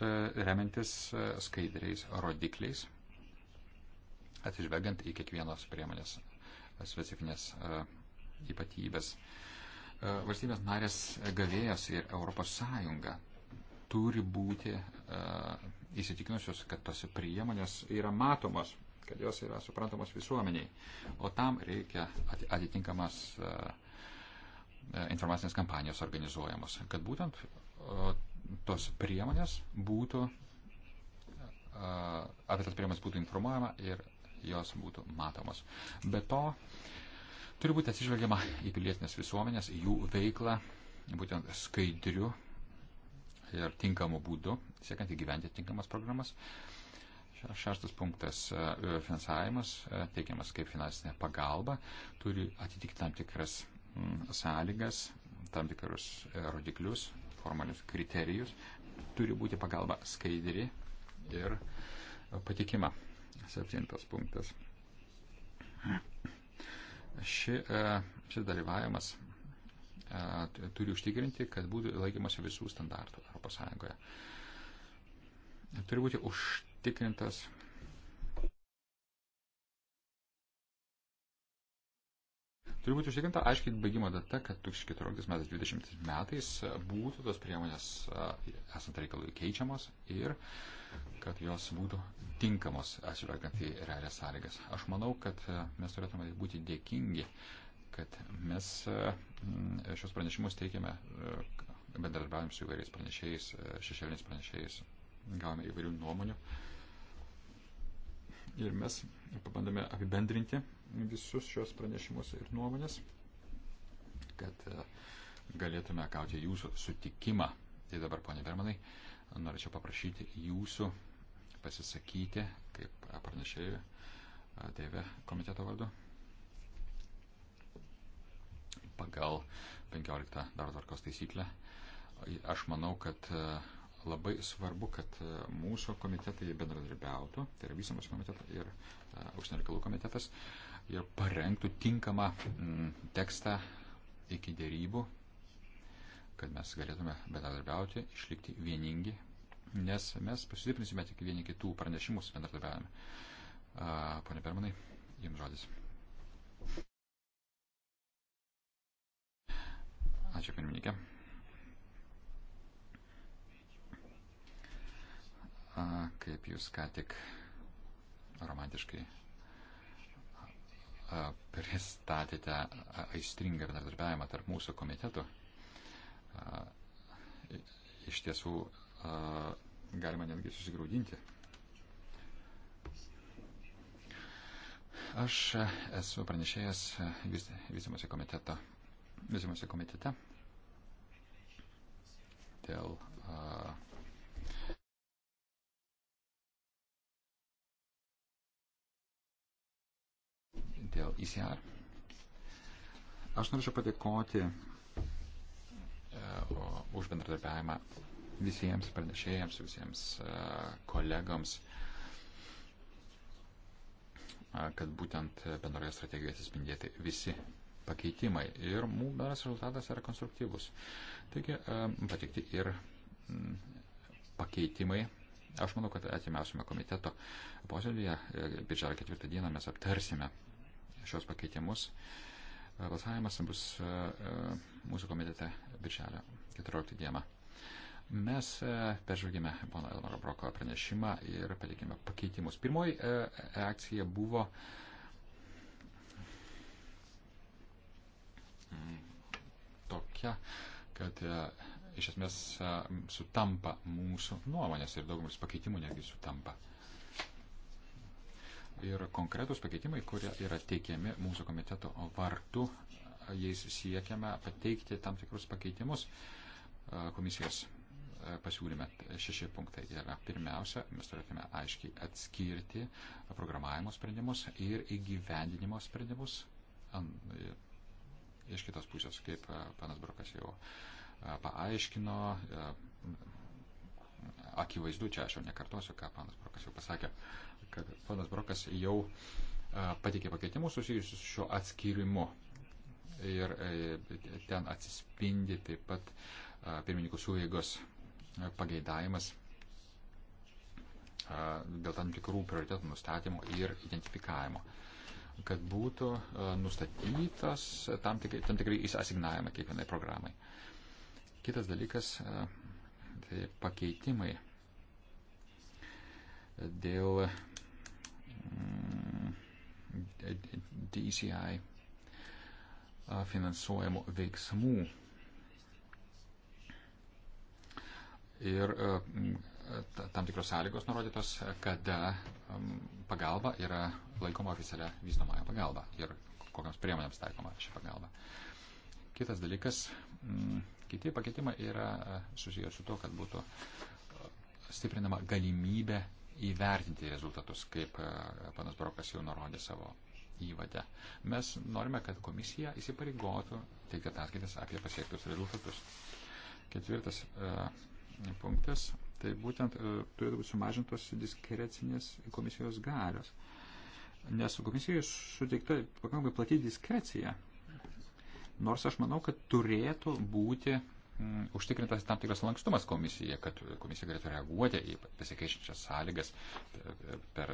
remiantis skaidriais rodikliais, atsižvelgiant į kiekvienos priemonės specifinės e, ypatybės. E, valstybės narės e, gavėjas ir ES turi būti įsitikinusios, kad tos priemonės yra matomos, kad jos yra suprantamos visuomeniai. O tam reikia atitinkamas informacinės kampanijos organizuojamos, kad būtent tos priemonės būtų, apie tas priemonės būtų informuojama ir jos būtų matomos. Be to, turi būti atsižvelgiama į pilietinės visuomenės, jų veiklą, būtent skaidriu ir tinkamu būdu, siekiant įgyventi tinkamas programas. Šeštas punktas e, - finansavimas, e, teikiamas kaip finansinė pagalba, turi atitikti tam tikras sąlygas, tam tikrus e, rodiklius, formalius kriterijus, turi būti pagalba skaidri ir patikima. Septintas punktas. Ši, e, šis dalyvavimas e, turi užtikrinti, kad būtų laikymasi visų standartų ES. Turi būti užtikrintas Turi būti užtikrinta aiškiai baigimo data, kad 2014 metais 20 e, metais būtų tos priemonės esant reikalui keičiamos ir uh, kad jos būtų tinkamos atsižvelgiant į realias sąlygas. Aš manau, kad e, mes turėtume būti dėkingi, kad mes e, šios pranešimus teikiame e, bendradarbiavim su įvairiais pranešėjais, šešėliniais pranešėjais, gavome įvairių nuomonių. Ir mes pabandome apibendrinti visus šios pranešimus ir nuomonės, kad galėtume gauti jūsų sutikimą. Tai dabar, ponė Bermanai, uh, norėčiau paprašyti jūsų pasisakyti kaip pranešėjų Dėvė komiteto vardu. Pagal 15 darbo tvarkos taisyklę aš manau, kad labai svarbu, kad mūsų komitetai bendradarbiautų, tai yra visamas komitetas ir užsienio reikalų komitetas, ir parengtų tinkamą tekstą iki dėrybų kad mes galėtume bendradarbiauti, išlikti vieningi, nes mes pasistiprinsime tik vieni kitų pranešimus bendradarbiavime. Pone Permanai, jums žodis. Ačiū, pirmininkė. Kaip jūs ką tik romantiškai pristatėte aistringą bendradarbiavimą tarp mūsų komitetų, iš tiesų galima netgi susigraudinti. Aš esu pranešėjęs vystimosi komiteto, vystimosi komitete dėl a, dėl ICR. E Aš norėčiau padėkoti E, už bendradarbiavimą visiems pranešėjams, visiems e, kolegams, e, kad būtent bendroje strategijoje atsispindėti visi pakeitimai. Ir mūsų bendras rezultatas yra konstruktyvus. Taigi patikti ir pakeitimai. Aš manau, kad atimiausiame komiteto posėdėje, birželio ketvirtą dieną, mes aptarsime šios pakeitimus. Balsavimas bus mūsų komitete birželio 14 dieną. Mes e, peržvelgėme pono Elmaro Broko pranešimą ir pateikėme pakeitimus. Pirmoji e, reakcija buvo mm, tokia, kad e, iš esmės sutampa mūsų nuomonės ir daugumas pakeitimų netgi sutampa. Ir konkretus pakeitimai, kurie yra teikiami mūsų komiteto vartų, jais siekiame pateikti tam tikrus pakeitimus e, komisijos e, pasiūlyme. Tai šeši punktai yra. Pirmiausia, mes turėtume aiškiai atskirti programavimo sprendimus ir įgyvendinimo sprendimus. E, iš kitos pusės, kaip panas Brukas jau paaiškino, akivaizdu, čia aš jau nekartosiu, ką panas Brokas jau pasakė, kad panas Brokas jau pateikė pakeitimus susijusius su šiuo atskirimu ir e, ten atsispindi taip pat pirmininkų suveigos e, pageidavimas dėl tam tikrų prioritetų nustatymo ir identifikavimo kad būtų nustatytas tam tikrai, tam tikrai asignavimai kiekvienai programai. Kitas dalykas - tai pakeitimai dėl mm, DCI finansuojamų veiksmų. Ir e, tam tikros sąlygos nurodytos, kada pagalba yra laikoma oficialia vystomąją pagalba ir kokiams priemonėms taikoma ši pagalba. Kitas dalykas, kiti pakeitimai yra e, susijęs su to, kad būtų e, stiprinama galimybė įvertinti rezultatus, kaip panas Brokas jau nurodė savo įvadę. Mes norime, kad komisija įsipareigotų teikti ataskaitas apie pasiektus rezultatus. Ketvirtas e, punktas, tai būtent e, turėtų būti sumažintos diskrecinės komisijos galios. Nes komisijai suteikta pakankamai plati diskrecija. Nors aš manau, kad turėtų būti Mm, užtikrintas tam tikras lankstumas komisija, kad komisija galėtų reaguoti į pasikeičiančias sąlygas per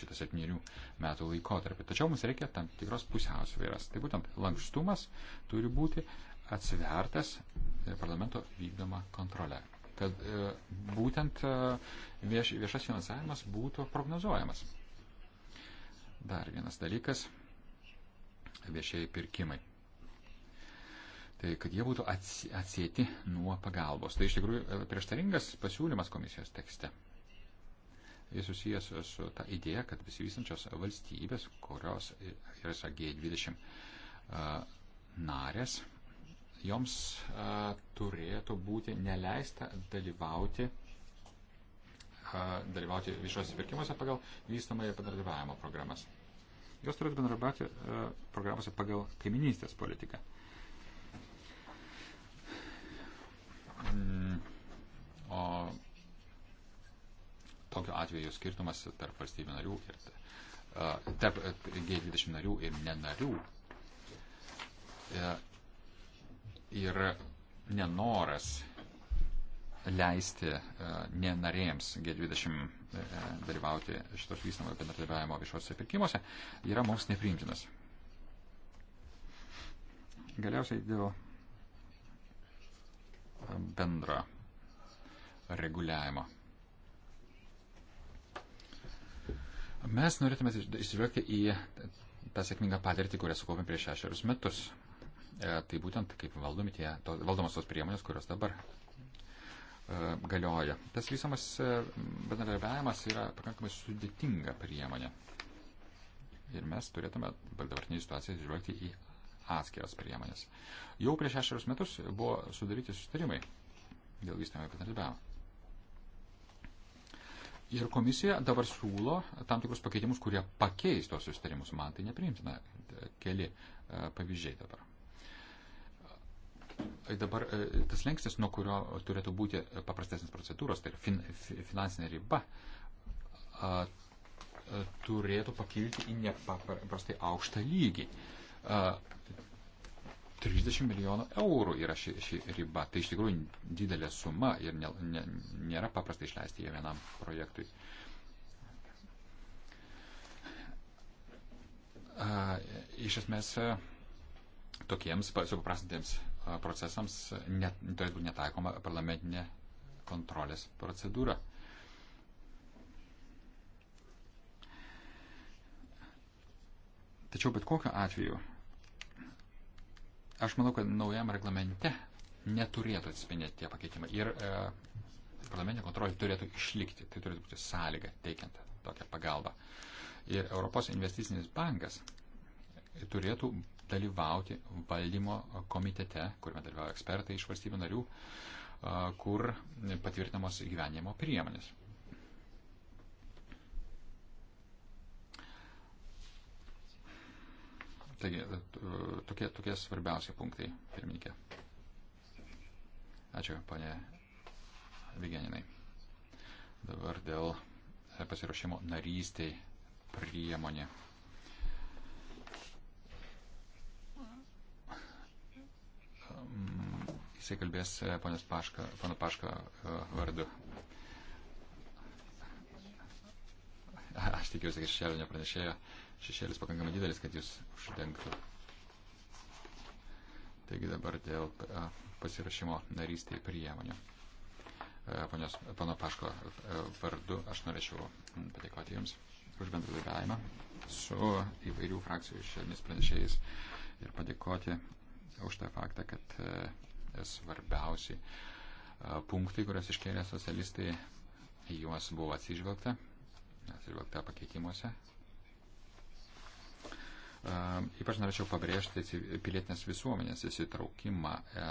šitą septynių metų laikotarpį. Tačiau mums reikia tam tikros pusiausvėras. Tai būtent lankstumas turi būti atsivertas parlamento vykdoma kontrolė. Kad e, būtent e, vieš, viešas finansavimas būtų prognozuojamas. Dar vienas dalykas - viešieji pirkimai tai kad jie būtų atsėti nuo pagalbos. Tai iš tikrųjų e, prieštaringas pasiūlymas komisijos tekste. Jis susijęs su ta idėja, kad besivystančios valstybės, kurios yra G20 e, narės, joms e, turėtų būti neleista dalyvauti dalyvauti viešuose pirkimuose pagal vystamąją bendradarbiavimo programas. Jos turėtų bendradarbiauti programuose pagal kaiminystės politiką. Mm, o tokiu atveju skirtumas tarp valstybių narių ir e, tarp G20 narių ir nenarių e, ir nenoras leisti e, nenarėjams G20 dalyvauti šitos vystamojo bendradarbiavimo viešuose pirkimuose yra mums nepriimtinas. Galiausiai dėl bendrą reguliavimą. Mes norėtume išsižvelgti į tą sėkmingą patirtį, kurią sukaupėm prieš šešerius metus. E, tai būtent kaip valdomi tie, to, valdomos tos priemonės, kurios dabar e, galioja. Tas visamas e, bendradarbiavimas yra pakankamai sudėtinga priemonė. Ir mes turėtume dabartinį situaciją žvelgti į atskiras priemonės. Jau prieš šešerius metus buvo sudaryti sustarimai dėl vystymo bendradarbiavimo. Ir komisija dabar siūlo tam tikrus pakeitimus, kurie pakeis tos sustarimus. Man tai nepriimtina keli e, pavyzdžiai dabar. E, dabar e, tas lenkstis, nuo kurio turėtų būti paprastesnis procedūros, tai fin, finansinė riba, turėtų pakilti į nepaprastai aukštą lygį. 30 milijonų eurų yra ši, ši riba. Tai iš tikrųjų didelė suma ir ne, ne, nėra paprasta išleisti ją vienam projektui. A, iš esmės, tokiems supaprastintiems procesams net, turėtų būti netaikoma parlamentinė kontrolės procedūra. Tačiau bet kokiu atveju Aš manau, kad naujam reglamente neturėtų atspindėti tie pakeitimai. Ir e, parlamentinė kontrolė turėtų išlikti. Tai turėtų būti sąlyga teikiant tokią pagalbą. Ir Europos investicinis bankas turėtų dalyvauti valdymo komitete, kuriame dalyvauja ekspertai iš valstybių narių, kur patvirtinamos įgyvenimo priemonės. Taigi, e, tokie, tokie svarbiausi punktai, pirmininkė. Ačiū, ponė Vigeninai. Dabar dėl pasiruošimo narystiai priemonė. Jisai kalbės e, ponas Paška, pono Paška e, vardu. Aš tikiuosi, kad šešėlinio pranešėjo šešėlis pakankamai didelis, kad jis uždengtų. Taigi dabar dėl pasirašymo narystėje priemonių. Ponios, pano Paško vardu aš norėčiau padėkoti Jums už bendradarbiavimą su įvairių frakcijų šiomis pranešėjais ir padėkoti už tą faktą, kad e, svarbiausi punktai, kuriuos iškėlė socialistai, juos buvo atsižvelgta, atsižvelgta pakeitimuose, Ypač norėčiau pabrėžti pilietinės visuomenės įsitraukimą e,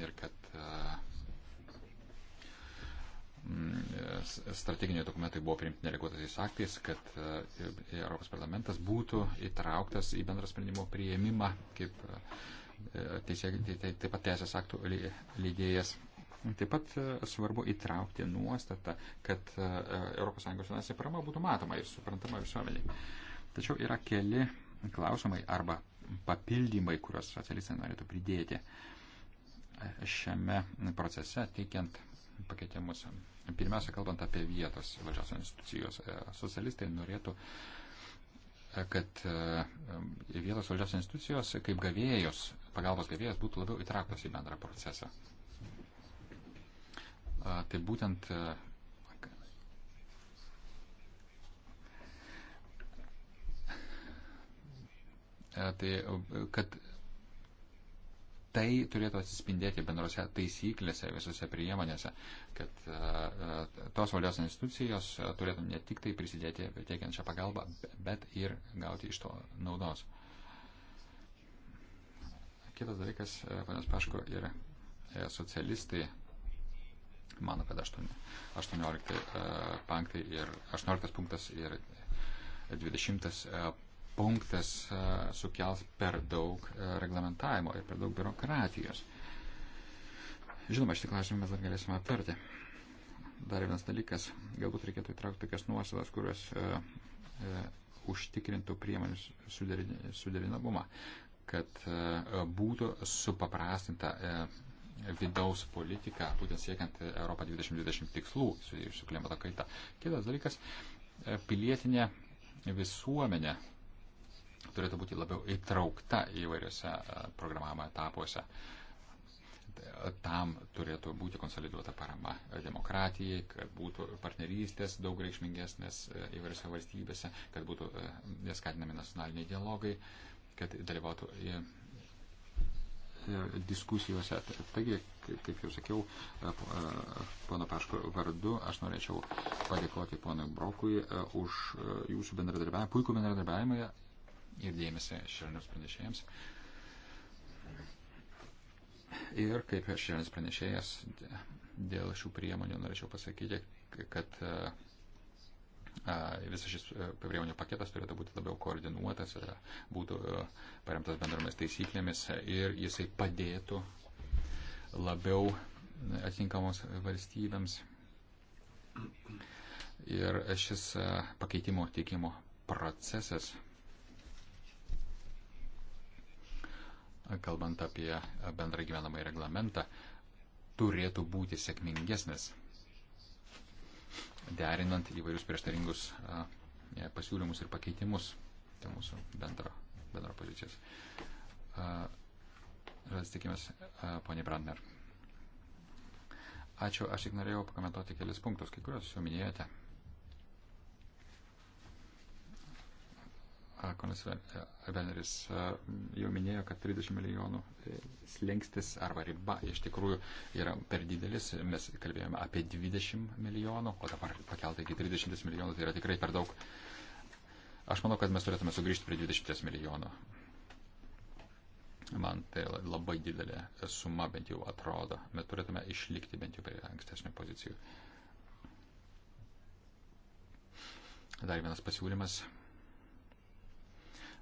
ir kad e, mm, strateginiai dokumentai buvo priimti neleguotaisiais aktais, kad e, Europos parlamentas būtų įtrauktas į bendrą sprendimo prieimimą kaip teisė, tai- tai- taip pat teisės aktų lydėjas. Taip pat svarbu įtraukti nuostatą, kad ES finansinė parama būtų matoma ir suprantama visuomeniai. Tačiau yra keli klausimai arba papildymai, kuriuos socialistai norėtų pridėti šiame procese, teikiant pakeitimus. Pirmiausia, kalbant apie vietos valdžios institucijos, e, socialistai norėtų, e, kad e, vietos valdžios institucijos kaip gavėjos, pagalbos gavėjos būtų labiau įtrauktos į bendrą procesą. Tai būtent E, tai e, kad tai turėtų atsispindėti bendrose taisyklėse, visose priemonėse, kad e, tos valdžios institucijos turėtų ne tik tai prisidėti tiekiančią pagalbą, bet ir gauti iš to naudos. Kitas dalykas, panas Paško ir socialistai, mano, kad 18, 5 ir 18 punktas ir 20 punktas e, sukels per daug e, reglamentavimo ir per daug biurokratijos. Žinoma, šitą klausimą mes dar galėsime aptarti. Dar vienas dalykas, galbūt reikėtų įtraukti tokias nuosadas, kurios e, e, užtikrintų priemonių suderinamumą, kad e, būtų supaprastinta e, vidaus politika, būtent siekiant Europą 2020 tikslų su, su klimato kaita. Kitas dalykas, e, pilietinė visuomenė turėtų būti labiau įtraukta įvairiose e, programavimo etapuose. Tai, e, tam turėtų būti konsoliduota parama demokratijai, kad būtų partnerystės daug reikšmingesnės e, įvairiose valstybėse, kad būtų neskatinami nacionaliniai dialogai, kad dalyvautų diskusijose. Taigi, kaip jau sakiau, pono Paško vardu, aš norėčiau padėkoti ponui Brokui už jūsų bendradarbiavimą, puikų bendradarbiavimą ir dėmesį šešėliniams pranešėjams. Ir kaip šešėlinis pranešėjas dėl šių priemonių norėčiau pasakyti, kad visas šis priemonių paketas turėtų būti labiau koordinuotas, būtų paremtas bendromis taisyklėmis ir jisai padėtų labiau atinkamos valstybėms. Ir šis pakeitimo teikimo procesas kalbant apie bendrą gyvenamąjį reglamentą, turėtų būti sėkmingesnis, derinant įvairius prieštaringus e, pasiūlymus ir pakeitimus tai mūsų bendro, bendro pozicijos. Žodis tikimės, ponė Brandner. Ačiū, aš tik norėjau pakomentuoti kelis punktus, kai kuriuos jūs jau minėjote. Konas Veneris e, jau minėjo, kad 30 milijonų e, slengstis arba riba iš tikrųjų yra per didelis. Mes kalbėjome apie 20 milijonų, o dabar pakelta iki 30 milijonų, tai yra tikrai per daug. Aš manau, kad mes turėtume sugrįžti prie 20 milijonų. Man tai labai didelė suma bent jau atrodo. Mes turėtume išlikti bent jau prie ankstesnių pozicijų. Dar vienas pasiūlymas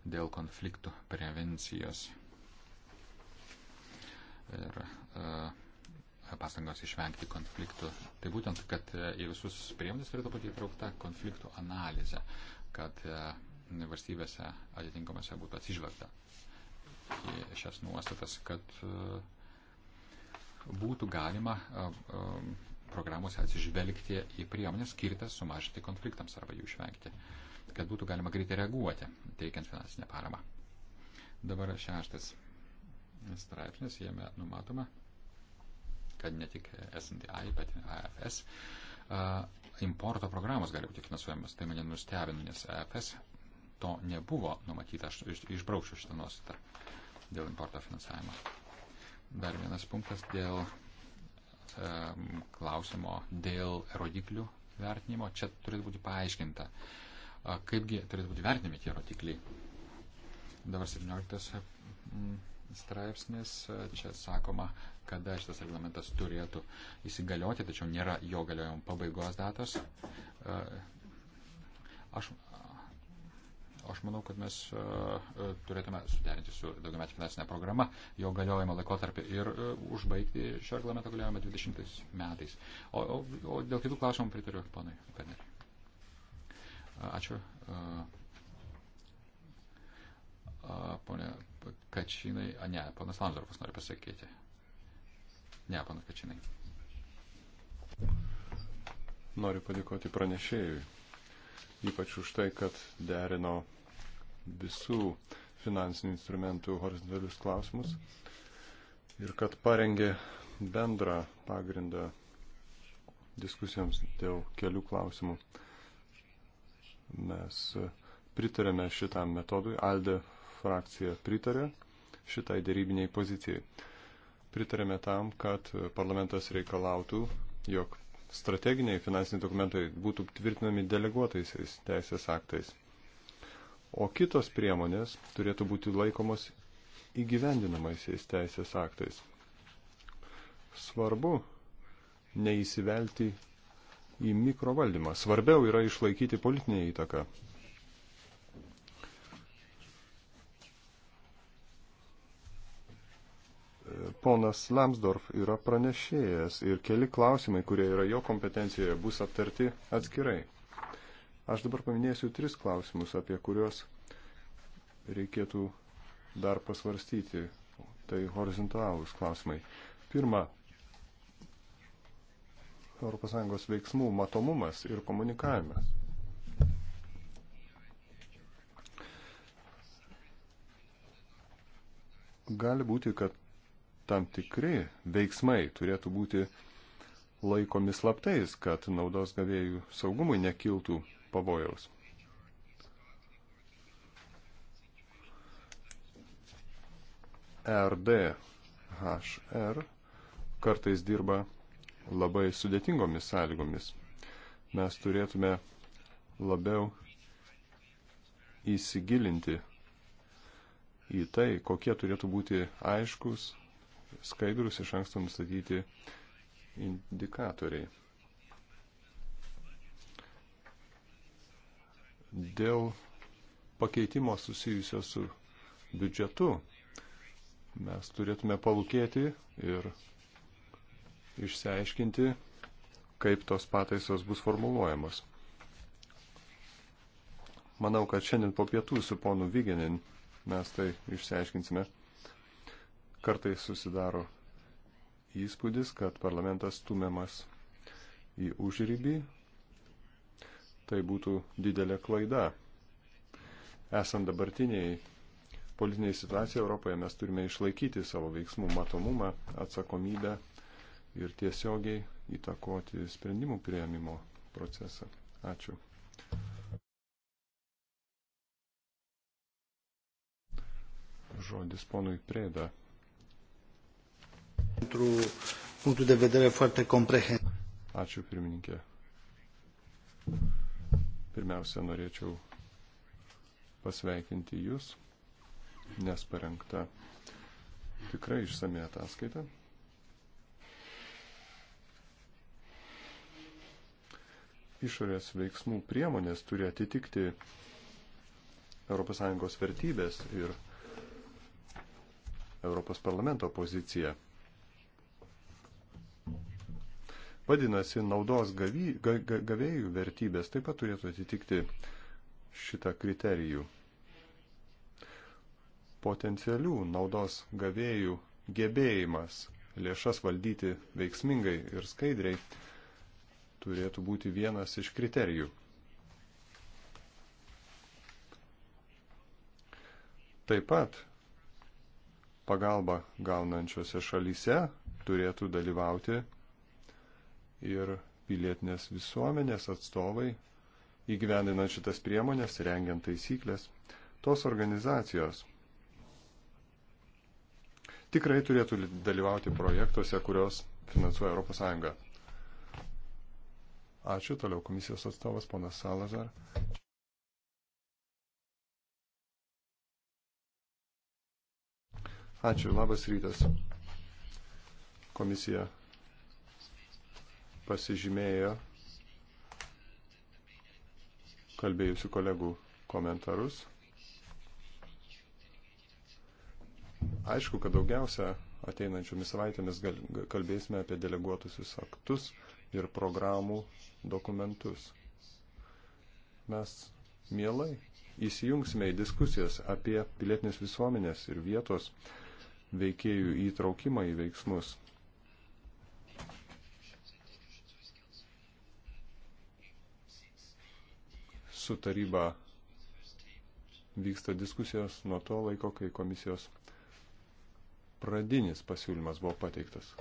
dėl konfliktų prevencijos ir e, pastangos išvengti konfliktų. Tai būtent, kad e, į visus priemonės turėtų būti įtraukta konfliktų analizė, kad e, valstybėse atitinkamose būtų atsižvelgta į šias nuostatas, kad būtų galima programuose atsižvelgti į priemonės skirtas sumažinti konfliktams arba jų išvengti. Uh, kad būtų galima greitai reaguoti, teikiant finansinę paramą. Dabar šeštas straipsnis, jame numatoma, kad ne tik SNDI, bet ir AFS importo programos gali būti finansuojamas. Tai mane nustebino, nes AFS to nebuvo numatyta. Aš išbraukčiau šitą nuostatą dėl importo finansavimo. Dar vienas punktas dėl klausimo dėl rodiklių vertinimo. Čia turėtų būti paaiškinta, kaipgi turėtų būti vertinami tie rodikliai. Dabar 17 e, straipsnis, e, čia sakoma, kada šitas reglamentas turėtų įsigalioti, tačiau nėra jo galiojimo pabaigos datos. E, aš, aš manau, kad mes turėtume suderinti su daugiametė finansinė programa jo galiojimo laikotarpį ir užbaigti šio reglamento galiojimą 20 metais. O, o, o dėl kitų klausimų pritariu, panai Kaneriui. Ačiū. Pone Kačinai, a ne, ponas Landorfas nori pasakyti. Ne, ponas Kačinai. Noriu padėkoti pranešėjui, ypač už tai, kad derino visų finansinių instrumentų horizontalius klausimus ir kad parengė bendrą pagrindą diskusijoms dėl kelių klausimų. Mes pritarėme šitam metodui, ALDE frakcija pritarė šitai dėrybiniai pozicijai. Pritarėme tam, kad parlamentas reikalautų, jog strateginiai finansiniai dokumentai būtų tvirtinami deleguotaisiais teisės aktais. O kitos priemonės turėtų būti laikomos įgyvendinamaisiais teisės aktais. Svarbu neįsivelti į mikrovaldymą. Svarbiau yra išlaikyti politinę įtaką. Ponas Lamsdorf yra pranešėjas ir keli klausimai, kurie yra jo kompetencijoje, bus aptarti atskirai. Aš dabar paminėsiu tris klausimus, apie kuriuos reikėtų dar pasvarstyti. Tai horizontalūs klausimai. Pirma, ES veiksmų matomumas ir komunikavimas. Gali būti, kad tam tikri veiksmai turėtų būti laikomi slaptais, kad naudos gavėjų saugumui nekiltų pavojaus. RDHR kartais dirba labai sudėtingomis sąlygomis. Mes turėtume labiau įsigilinti į tai, kokie turėtų būti aiškus, skaidrus iš anksto nustatyti indikatoriai. Dėl pakeitimo susijusio su biudžetu mes turėtume palūkėti ir išsiaiškinti, kaip tos pataisos bus formuluojamos. Manau, kad šiandien po pietų su ponu Vigenin mes tai išsiaiškinsime. Kartais susidaro įspūdis, kad parlamentas stumiamas į užrybį. Tai būtų didelė klaida. Esant dabartiniai politiniai situacijai Europoje mes turime išlaikyti savo veiksmų matomumą, atsakomybę ir tiesiogiai įtakoti sprendimų prieimimo procesą. Ačiū. Žodis ponui Prėda. Ačiū pirmininkė. Pirmiausia, norėčiau pasveikinti Jūs, nes parengta tikrai išsame ataskaita. išorės veiksmų priemonės turi atitikti ES vertybės ir Europos parlamento poziciją. Vadinasi, naudos gavy, ga, ga, gavėjų vertybės taip pat turėtų atitikti šitą kriterijų. Potencialių naudos gavėjų gebėjimas lėšas valdyti veiksmingai ir skaidriai turėtų būti vienas iš kriterijų. Taip pat pagalba gaunančiose šalyse turėtų dalyvauti ir pilietinės visuomenės atstovai įgyvendinant šitas priemonės, rengiant taisyklės. Tos organizacijos tikrai turėtų dalyvauti projektuose, kurios finansuoja ES. Ačiū. Toliau komisijos atstovas ponas Salazar. Ačiū. Labas rytas. Komisija pasižymėjo kalbėjusių kolegų komentarus. Aišku, kad daugiausia ateinančiomis savaitėmis kalbėsime apie deleguotusius aktus, ir programų dokumentus. Mes mielai įsijungsime į diskusijas apie pilietinės visuomenės ir vietos veikėjų įtraukimą į veiksmus. Su taryba vyksta diskusijos nuo to laiko, kai komisijos pradinis pasiūlymas buvo pateiktas.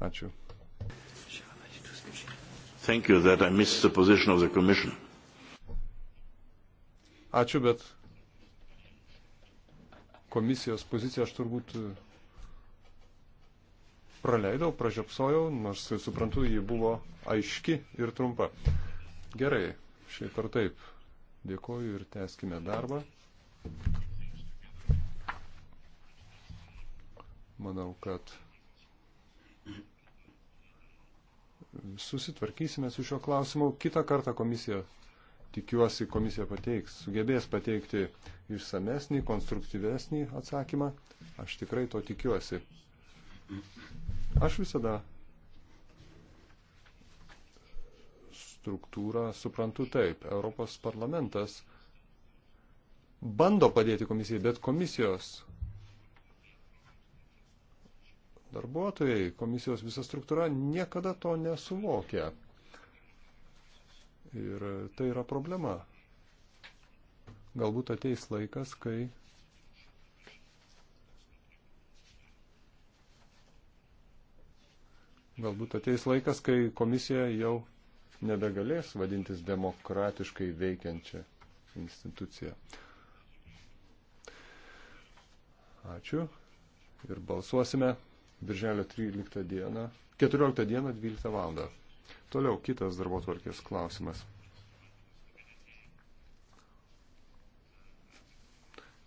Ačiū. Thank you that I missed the position of the Commission. Ačiū, bet komisijos poziciją aš turbūt e, praleidau, pražiopsojau, nors suprantu, ji buvo aiški ir trumpa. Gerai, šiaip ar taip. Dėkoju ir tęskime darbą. Manau, kad Susitvarkysime su šiuo klausimu. Kita kartą komisija, tikiuosi, komisija pateiks, sugebės pateikti išsamesnį, konstruktyvesnį atsakymą. Aš tikrai to tikiuosi. Aš visada struktūrą suprantu taip. Europos parlamentas bando padėti komisijai, bet komisijos darbuotojai, komisijos visa struktūra niekada to nesuvokia. Ir tai yra problema. Galbūt ateis laikas, kai Galbūt ateis laikas, kai komisija jau nebegalės vadintis demokratiškai veikiančią instituciją. Ačiū ir balsuosime birželio 13 dieną, 14 dieną 12 val. Toliau kitas darbo tvarkės klausimas.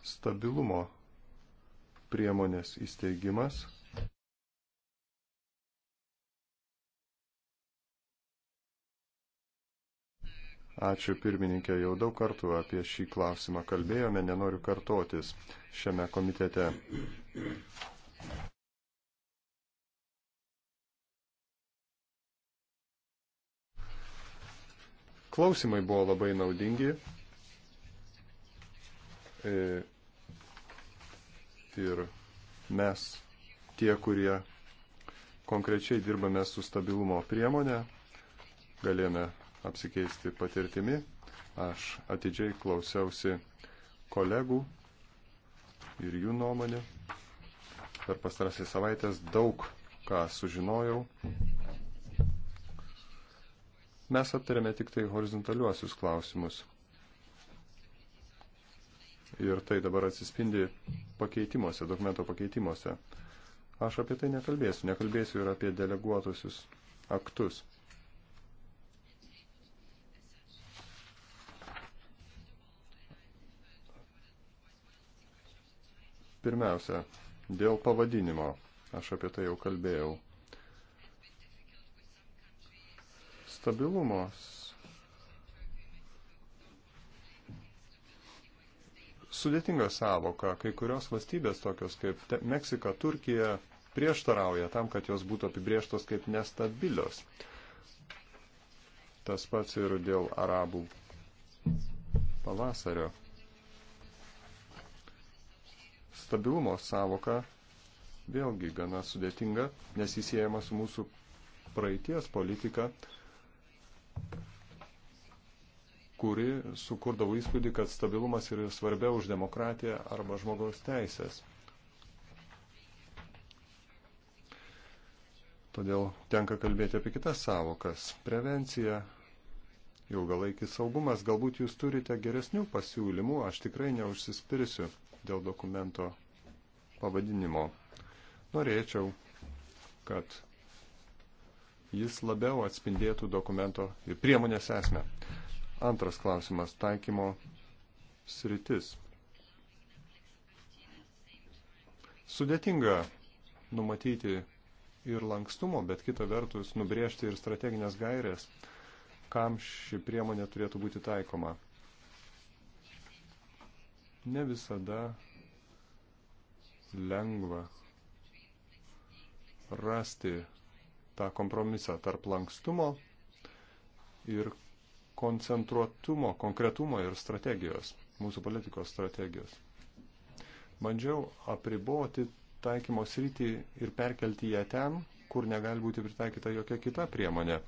Stabilumo priemonės įsteigimas. Ačiū pirmininkė, jau daug kartų apie šį klausimą kalbėjome, nenoriu kartotis šiame komitete. Klausimai buvo labai naudingi. E, ir mes, tie, kurie konkrečiai dirbame su stabilumo priemonė, galėjome apsikeisti patirtimi. Aš atidžiai klausiausi kolegų ir jų nuomonė. Per pastarąsias savaitės daug ką sužinojau. Mes aptarėme tik tai horizontaliuosius klausimus. Ir tai dabar atsispindi pakeitimuose, dokumento pakeitimuose. Aš apie tai nekalbėsiu, nekalbėsiu ir apie deleguotusius aktus. Pirmiausia, dėl pavadinimo. Aš apie tai jau kalbėjau. stabilumos. Sudėtinga savoka, kai kurios valstybės tokios kaip Meksika, Turkija prieštarauja tam, kad jos būtų apibrieštos kaip nestabilios. Tas pats ir dėl arabų pavasario. Stabilumo savoka vėlgi gana sudėtinga, nes įsiejama su mūsų praeities politika kuri sukurdavo įspūdį, kad stabilumas yra svarbiau už demokratiją arba žmogaus teisės. Todėl tenka kalbėti apie kitas savokas. Prevencija, ilgalaikis saugumas. Galbūt jūs turite geresnių pasiūlymų, aš tikrai neužsispirsiu dėl dokumento pavadinimo. Norėčiau, kad jis labiau atspindėtų dokumento ir priemonės esmę. Antras klausimas - taikymo sritis. Sudėtinga numatyti ir lankstumo, bet kita vertus nubrėžti ir strateginės gairės, kam ši priemonė turėtų būti taikoma. Ne visada lengva rasti tą kompromisą tarp lankstumo ir koncentruotumo, konkretumo ir strategijos, mūsų politikos strategijos. Bandžiau apriboti taikymo sritį ir perkelti ją ten, kur negali būti pritaikyta jokia kita priemonė.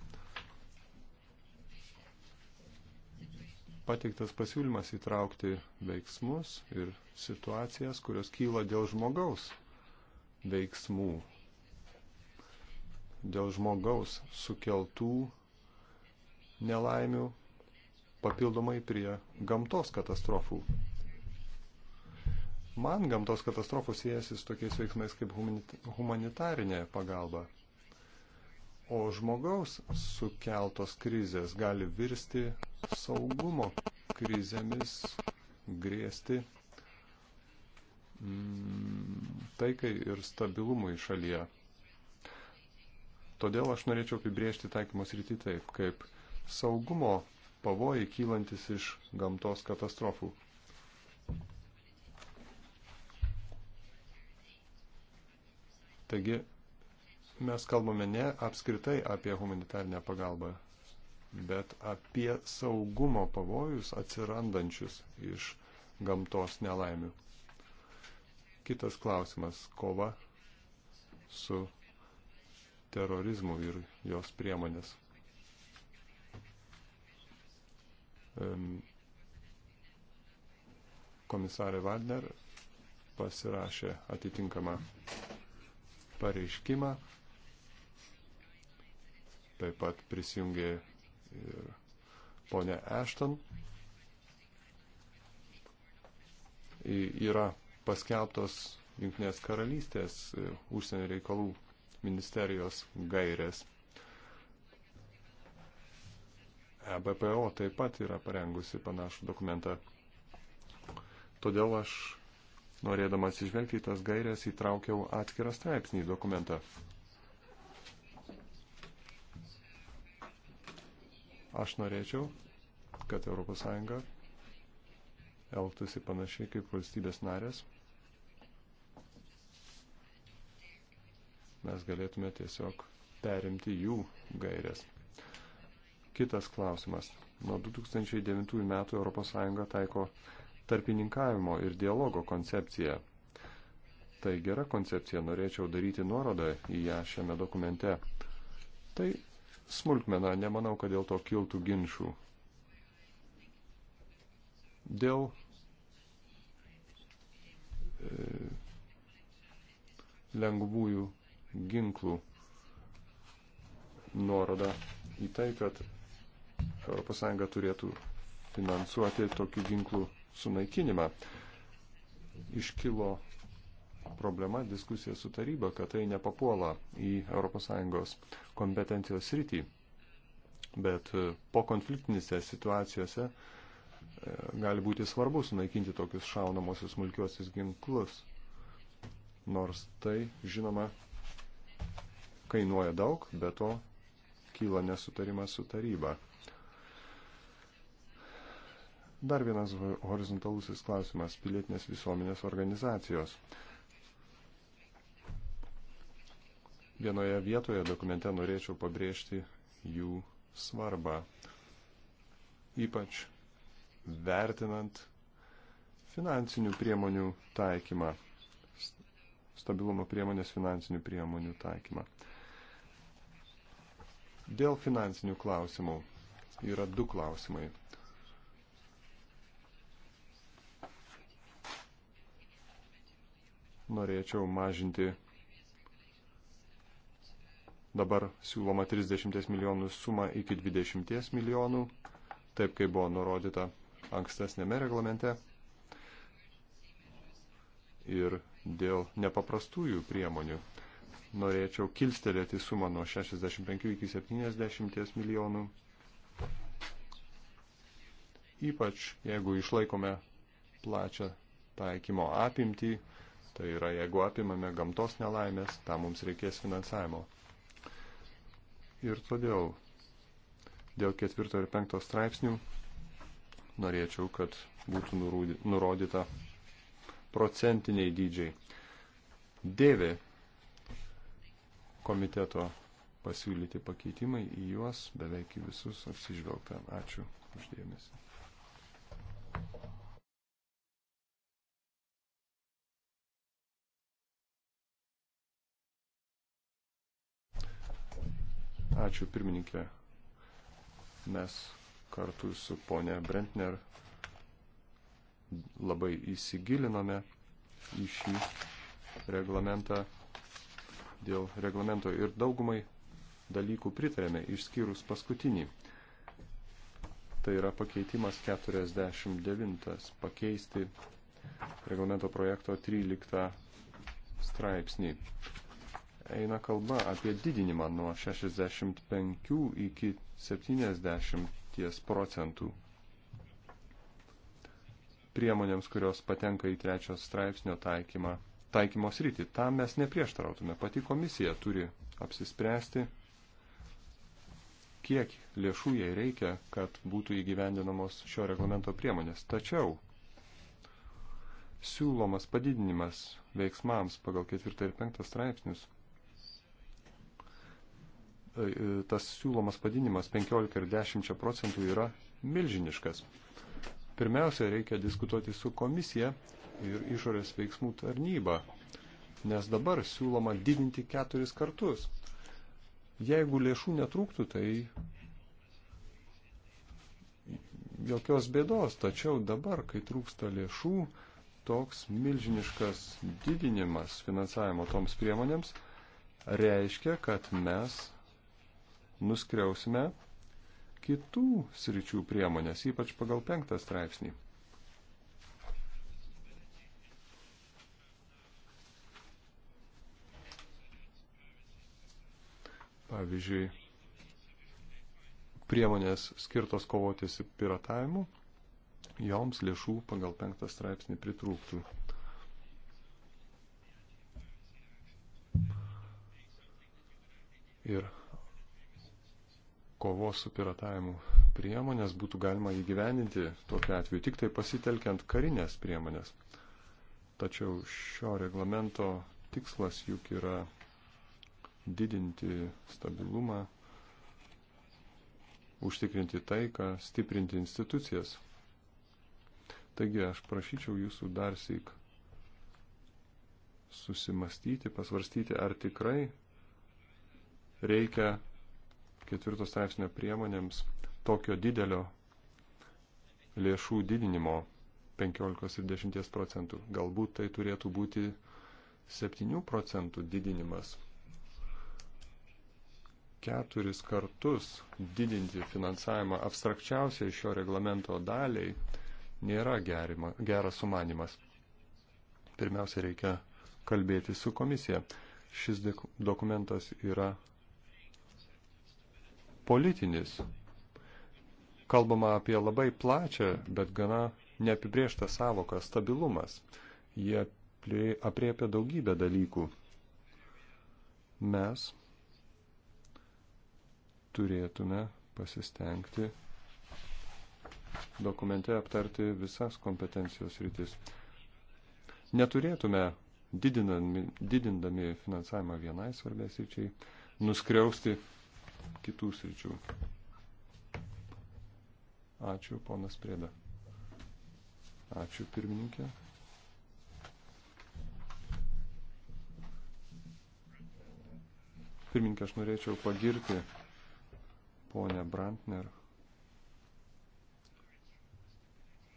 Pateiktas pasiūlymas įtraukti veiksmus ir situacijas, kurios kyla dėl žmogaus veiksmų dėl žmogaus sukeltų nelaimių papildomai prie gamtos katastrofų. Man gamtos katastrofos siejasi su tokiais veiksmais kaip humanitarinė pagalba. O žmogaus sukeltos krizės gali virsti saugumo krizėmis, grėsti mm, taikai ir stabilumui šalyje. Todėl aš norėčiau apibriežti taikymos rytį taip, kaip saugumo pavojai kylantis iš gamtos katastrofų. Taigi mes kalbame ne apskritai apie humanitarnę pagalbą, bet apie saugumo pavojus atsirandančius iš gamtos nelaimių. Kitas klausimas - kova su terorizmu ir jos priemonės. Komisarė Wagner pasirašė atitinkamą pareiškimą, taip pat prisijungė ir ponė Ešton. Yra paskelbtos Junktinės karalystės e, užsienio reikalų ministerijos gairės. EBPO taip pat yra parengusi panašų dokumentą. Todėl aš, norėdamas išvelgti į tas gairias, įtraukiau atskirą straipsnį į dokumentą. Aš norėčiau, kad ES elgtųsi panašiai kaip valstybės narės mes galėtume tiesiog perimti jų gairias. Kitas klausimas. Nuo 2009 metų ES taiko tarpininkavimo ir dialogo koncepciją. Tai gera koncepcija, norėčiau daryti nuorodą į ją šiame dokumente. Tai smulkmena, nemanau, kad dėl to kiltų ginčių. Dėl e, lengvųjų ginklų nuorodą į tai, kad ES turėtų finansuoti tokių ginklų sunaikinimą. Iškilo problema diskusija su taryba, kad tai nepapuola į ES kompetencijos rytį. Bet e, po konfliktinėse situacijose e, gali būti svarbu sunaikinti tokius šaunamosius smulkiuosius ginklus. Nors tai, žinoma, kainuoja daug, bet to kyla nesutarimas su taryba. Dar vienas horizontalusis klausimas - pilietinės visuomenės organizacijos. Vienoje vietoje dokumente norėčiau pabrėžti jų svarbą, ypač vertinant finansinių priemonių taikymą, stabilumo priemonės finansinių priemonių taikymą. Dėl finansinių klausimų yra du klausimai. Norėčiau mažinti dabar siūloma 30 milijonų suma iki 20 milijonų, taip kaip buvo nurodyta ankstesnėme reglamente. Ir dėl nepaprastųjų priemonių norėčiau kilstelėti sumą nuo 65 iki 70 milijonų. Ypač jeigu išlaikome plačią taikymo apimtį, tai yra jeigu apimame gamtos nelaimės, tam mums reikės finansavimo. Ir todėl dėl ketvirto ir penkto straipsnių norėčiau, kad būtų nurodyta procentiniai dydžiai. Dėvė komiteto pasiūlyti pakeitimai, į juos beveik į visus apsižvelgta. Ačiū uždėmesi. Ačiū pirmininkė. Mes kartu su ponė Brentner labai įsigilinome į šį reglamentą dėl reglamento ir daugumai dalykų pritarėme, išskyrus paskutinį. Tai yra pakeitimas 49, pakeisti reglamento projekto 13 straipsnį. Eina kalba apie didinimą nuo 65 iki 70 procentų priemonėms, kurios patenka į trečios straipsnio taikymą taikymos rytį. Tam mes neprieštarautume. Pati komisija turi apsispręsti, kiek lėšų jai reikia, kad būtų įgyvendinamos šio reglamento priemonės. Tačiau siūlomas padidinimas veiksmams pagal ketvirtą ir penktą straipsnius, e, e, tas siūlomas padidinimas 15 ir 10 procentų yra milžiniškas. Pirmiausia, reikia diskutuoti su komisija ir išorės veiksmų tarnybą, nes dabar siūloma didinti keturis kartus. Jeigu lėšų netrūktų, tai jokios bėdos, tačiau dabar, kai trūksta lėšų, toks milžiniškas didinimas finansavimo toms priemonėms reiškia, kad mes nuskriausime kitų sričių priemonės, ypač pagal penktą straipsnį. pavyzdžiui, priemonės skirtos kovoti su piratavimu, joms lėšų pagal penktą straipsnį pritrūktų. Ir kovos su piratavimu priemonės būtų galima įgyveninti tokiu atveju tik tai pasitelkiant karinės priemonės. Tačiau šio reglamento tikslas juk yra didinti stabilumą, užtikrinti taiką, stiprinti institucijas. Taigi aš prašyčiau jūsų dar sėk susimastyti, pasvarstyti, ar tikrai reikia ketvirtos straipsnio priemonėms tokio didelio lėšų didinimo 15 ir 10 procentų. Galbūt tai turėtų būti 7 procentų didinimas keturis kartus didinti finansavimą abstrakčiausiai šio reglamento daliai nėra gerima, geras sumanimas. Pirmiausia, reikia kalbėti su komisija. Šis dokumentas yra politinis. Kalbama apie labai plačią, bet gana neapibrieštą savoką stabilumas. Jie apriepia daugybę dalykų. Mes turėtume pasistengti dokumente aptarti visas kompetencijos rytis. Neturėtume, didinami, didindami finansavimą vienai svarbės ryčiai, nuskriausti kitų sričių. Ačiū, ponas Prėda. Ačiū, pirmininkė. Pirmininkė, aš norėčiau pagirti ponę Brantner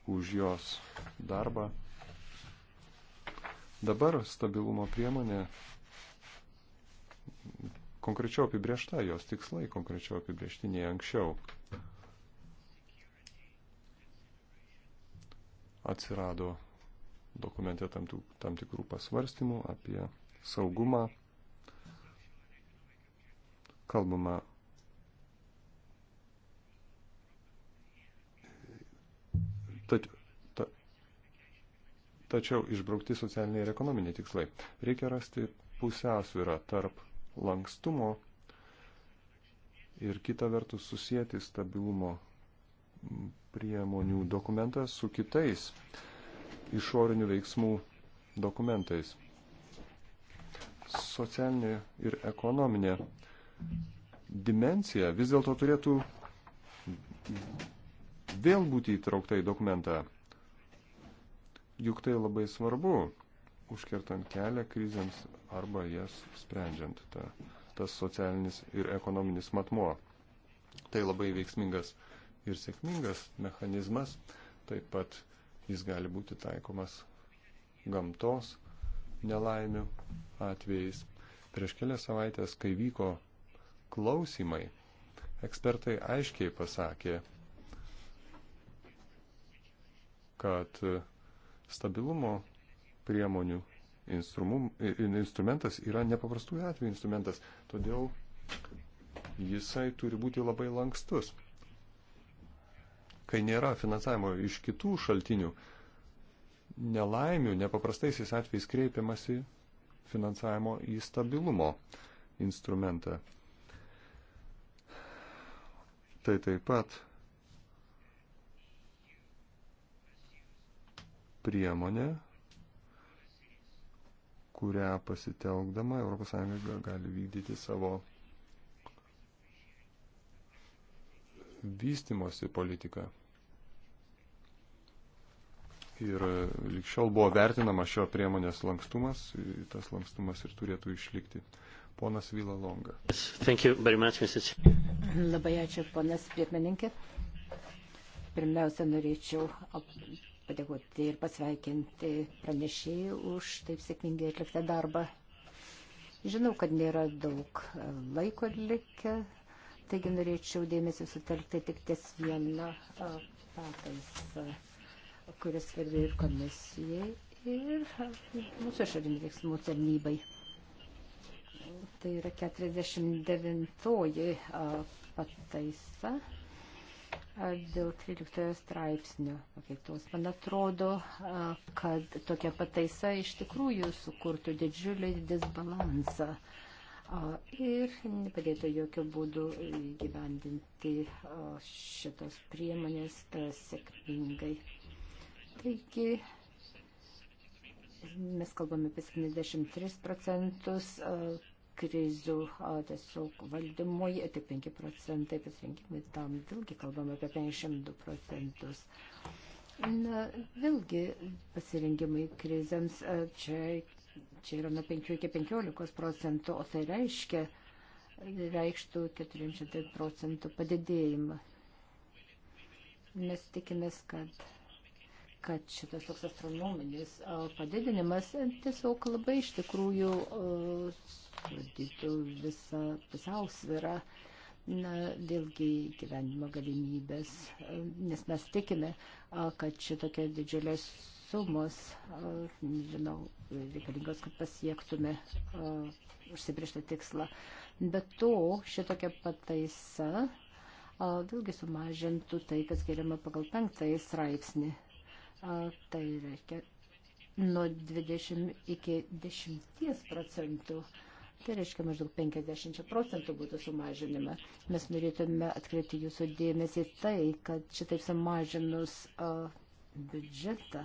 už jos darbą. Dabar stabilumo priemonė konkrečiau apibriešta, jos tikslai konkrečiau apibriešti nei anksčiau. Atsirado dokumente tam, tų, tam tikrų pasvarstymų apie saugumą. Kalbama Tač, ta, tačiau išbraukti socialiniai ir ekonominiai tikslai. Reikia rasti pusiausvyrą tarp lankstumo ir kita vertus susijęti stabilumo priemonių dokumentą su kitais išorinių veiksmų dokumentais. Socialinė ir ekonominė dimencija vis dėlto turėtų vėl būti įtraukta į dokumentą. Juk tai labai svarbu, užkertant kelią krizėms arba jas sprendžiant ta, tas socialinis ir ekonominis matmuo. Tai labai veiksmingas ir sėkmingas mechanizmas, taip pat jis gali būti taikomas gamtos nelaimių atvejais. Prieš kelias savaitės, kai vyko klausimai, ekspertai aiškiai pasakė, kad e, stabilumo priemonių instrumentas yra nepaprastųjų atvejų instrumentas, todėl jisai turi būti labai lankstus. Kai nėra finansavimo iš kitų šaltinių, nelaimių nepaprastaisiais atvejais kreipiamasi finansavimo į stabilumo instrumentą. Tai taip pat priemonė, kurią pasitelkdama ES gali vykdyti savo vystimosi politiką. Ir likščiol buvo vertinama šio priemonės lankstumas, tas lankstumas ir turėtų išlikti. Ponas Vila Longa. Much, Labai ačiū, ponas pirmininkė. Pirmiausia, norėčiau padėkoti ir pasveikinti pranešėjų už taip sėkmingai atliktą darbą. Žinau, kad nėra daug e, laiko likę, taigi norėčiau dėmesį sutelkti tik ties vieną e, pataisą, kuris svarbi ir komisijai, ir e, mūsų išorinių veiksmų tarnybai. Tai yra 49 pataisa dėl 13 straipsnio pakeitos. Man atrodo, kad tokia pataisa iš tikrųjų sukurtų didžiulį disbalansą ir nepadėtų jokių būdų gyvendinti šitos priemonės sėkmingai. Taigi, mes kalbame apie 73 procentus krizių tiesiog valdymui, tik 5 procentai pasirinkimai tam, vėlgi kalbame apie 52 procentus. Na, vėlgi pasirinkimai krizėms čia, čia yra nuo 5 iki 15 procentų, o tai reiškia, reikštų 400 procentų padidėjimą. Mes tikimės, kad kad šitas toks astronominis padidinimas tiesiog labai iš tikrųjų valdytų visą pusiausvyrą, na, vėlgi gyvenimo galimybės, nes mes tikime, kad šitokia didžiulė sumos, nežinau, reikalingos, kad pasiektume užsibriežtą tikslą. Bet to šitokia pataisa vėlgi sumažintų tai, kas skiriama pagal penktąjį straipsnį. Tai reiškia nuo 20 iki 10 procentų. Tai reiškia maždaug 50 procentų būtų sumažinime. Mes norėtume atkreipti jūsų dėmesį tai, kad šitaip sumažinus uh, biudžetą.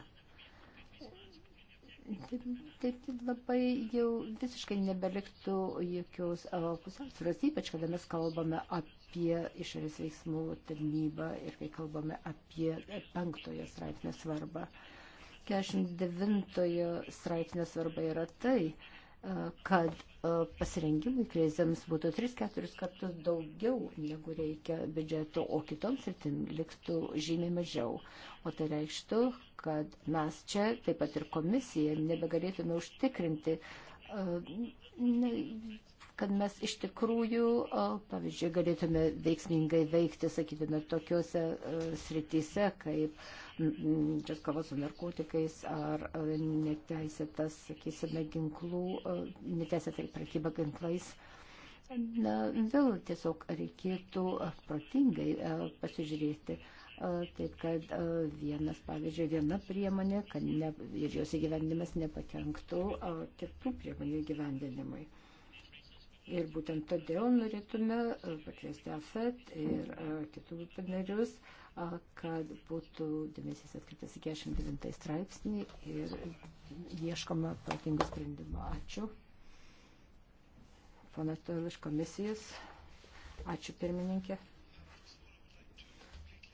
Taip, taip labai jau visiškai nebeliktų jokios uh, pusiausvėros, ypač kada mes kalbame apie išorės veiksmų tarnybą ir kai kalbame apie penktojo straipsnio svarbą. 49 straipsnio svarba yra tai, uh, kad e, pasirengimui krizėms būtų 3-4 kartus daugiau, negu reikia biudžeto, o kitoms sritim liktų žymiai mažiau. O tai reikštų, kad mes čia, taip pat ir komisija, nebegalėtume užtikrinti e, ne, kad mes iš tikrųjų, pavyzdžiui, galėtume veiksmingai veikti, sakytume, tokiuose e, srityse kaip čia kova su narkotikais ar e, neteisėtas, sakysime, ginklų, e, neteisėtai prekyba ginklais. Na, vėl tiesiog reikėtų protingai pasižiūrėti. Taip, kad vienas, pavyzdžiui, viena priemonė, kad ne, ir jos įgyvendinimas nepakenktų kitų priemonių įgyvendinimui. Ir būtent todėl norėtume e, pakviesti AFET ir e, kitų narius, kad būtų dėmesys atkreiptas į 49 straipsnį ir ieškoma protingo sprendimo. Ačiū. Ponas Toilis komisijos. Ačiū pirmininkė.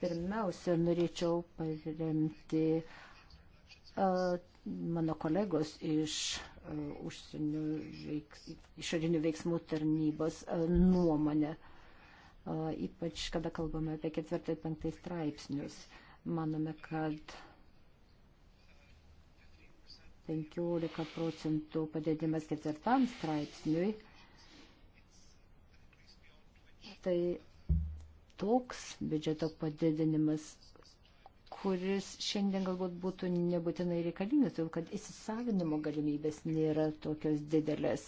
Pirmiausia, norėčiau paremti uh, mano kolegos iš užsienio veiks, išorinių veiksmų tarnybos e, nuomonę, e, ypač kada kalbame apie ketvirtą ir penktą straipsnius. Manome, kad 15 procentų padėdimas ketvirtam straipsniui tai toks biudžeto padidinimas kuris šiandien galbūt būtų nebūtinai reikalingas, todėl kad įsisavinimo galimybės nėra tokios didelės.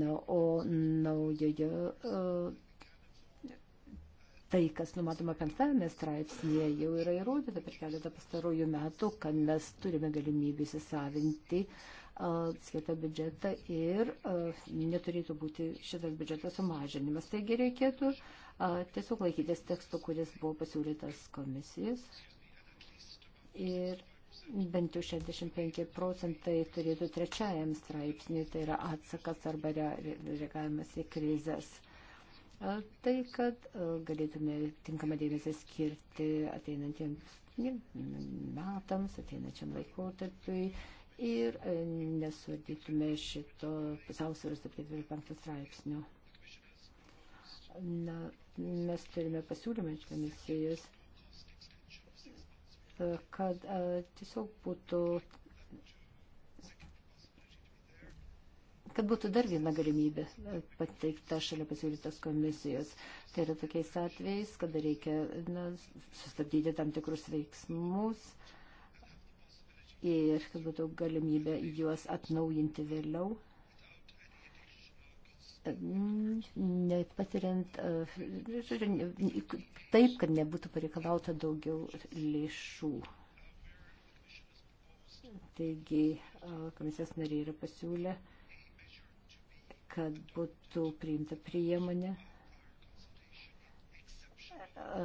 Na, o naujoje. Uh, tai, kas numatoma penktame straipsnėje, jau yra įrodyta per keletą pastarųjų metų, kad mes turime galimybę įsisavinti uh, skirtą biudžetą ir uh, neturėtų būti šitas biudžetas sumažinimas. Taigi reikėtų uh, tiesiog laikytis teksto, kuris buvo pasiūlytas komisijas ir bent jau 65 procentai turėtų trečiajam straipsniui, tai yra atsakas arba reagavimas į krizės. Tai, kad galėtume tinkamą dėmesį skirti ateinantiems metams, ateinančiam laikotarpiui ir nesuardytume šito pusiausvėros 75 straipsnio. Na, mes turime pasiūlymą iš komisijos kad e, tiesiog būtų kad būtų dar viena galimybė e, pateikta šalia pasiūlytos komisijos. Tai yra tokiais atvejais, kada reikia na, sustabdyti tam tikrus veiksmus ir kad būtų galimybė juos atnaujinti vėliau nepatiriant, e, taip, kad nebūtų pareikalauta daugiau lėšų. Taigi, e, komisijos nariai yra pasiūlę, kad būtų priimta priemonė e,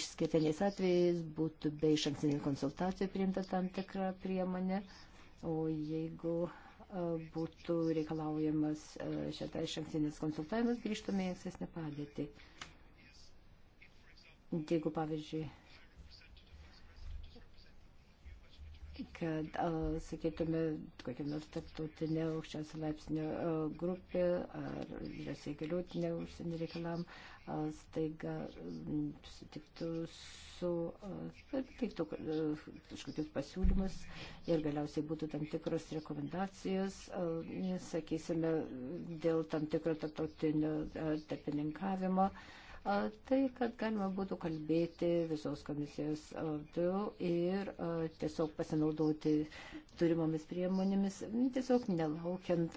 išskirtiniais atvejais būtų be iš ankstinių konsultacijų priimta tam tikra priemonė, o jeigu uh, būtų reikalaujamas šitą išankstinės konsultavimas, grįžtume į ankstesnę padėtį. Jeigu, pavyzdžiui, kad, sakytume, kokia nors tarptautinė aukščiausio laipsnio grupė ar vyriausiai galiotinė užsienio reikalam, uh, staiga sutiktų su, teiktų kažkokius pasiūlymus ir galiausiai būtų tam tikros rekomendacijos, sakysime, dėl tam tikro tarptautinio tarpininkavimo. Uh, tai, kad galima būtų kalbėti visos komisijos du ir tiesiog pasinaudoti turimomis priemonėmis, tiesiog nelaukiant,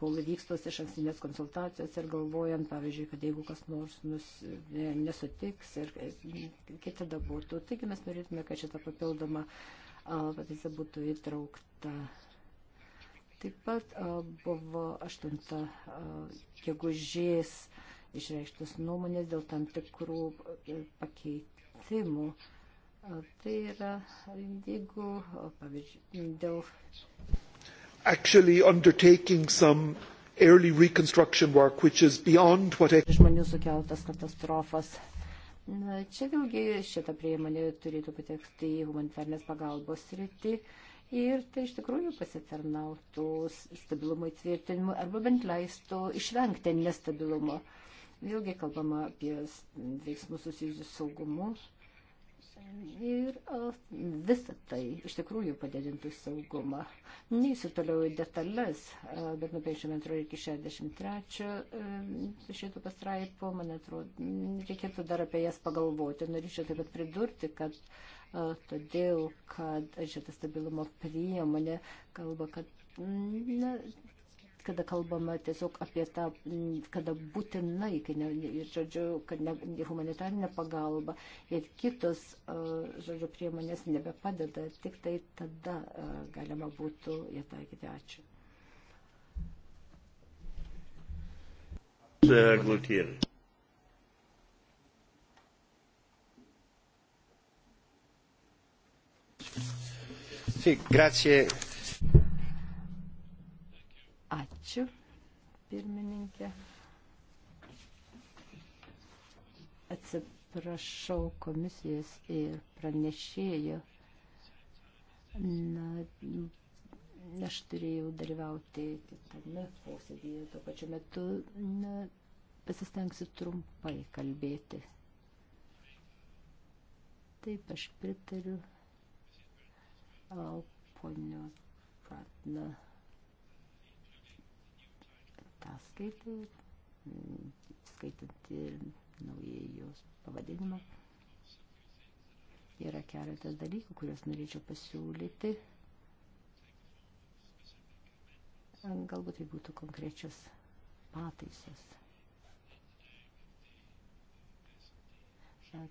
kol vykstos iš anksinės konsultacijos ir galvojant, pavyzdžiui, kad jeigu kas nors nus, nesutiks ir kiti tada būtų. Taigi mes norėtume, kad šita papildoma pataisa būtų įtraukta. Taip pat a, buvo 8 gegužės išreikštas nuomonės dėl tam tikrų e, pakeitimų. E, tai yra, jeigu, pavyzdžiui, dėl. Actually undertaking some early reconstruction work, which is beyond what. Žmonių sukeltas katastrofas. Na, čia vėlgi šitą priemonę turėtų patekti į humanitarnės pagalbos rytį ir tai iš tikrųjų pasitarnautų stabilumo įtvirtinimu arba bent leistų išvengti nestabilumo. Uh, Vėlgi kalbama apie veiksmus susijusius saugumu. Ir visą tai iš tikrųjų padidintų saugumą. Neįsiu toliau į detalės, bet nuo 52 iki 63 šitų pastraipų, man atrodo, reikėtų dar apie jas pagalvoti. Norėčiau taip pat pridurti, kad todėl, kad šita stabilumo priemonė kalba, kad na, kada kalbama tiesiog apie tą, kada būtinai, kai, ne, žodžiu, kad ne, humanitarinė pagalba ir kitos, žodžiu, priemonės nebepadeda, tik tai tada galima būtų ją taikyti. Ačiū. Gutierrez. Sí, gracias. Ačiū, pirmininkė. Atsiprašau komisijos ir pranešėjo. Na, aš turėjau dalyvauti kitame posėdėje tuo pačiu metu. Na, pasistengsiu trumpai kalbėti. Taip, aš pritariu ponios Pratna ataskaitai, skaitant ir naujai jos pavadinimą. Yra keletas dalykų, kuriuos norėčiau pasiūlyti. Galbūt tai būtų konkrečios pataisos. Tai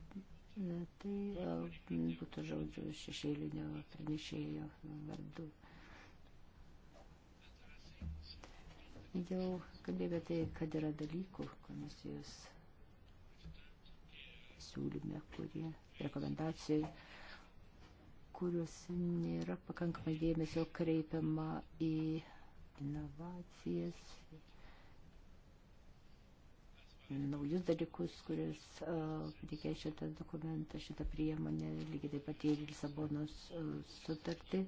būtų žodžiu šešėlinio pranešėjo vardu. jau kalbėjome tai, kad yra dalykų komisijos siūlyme, kurie rekomendacijai, kuriuos nėra pakankamai dėmesio kreipiama į inovacijas, naujus dalykus, kuris reikia uh, šitą dokumentą, šitą priemonę, lygiai taip pat ir Lisabonos uh, sutartį.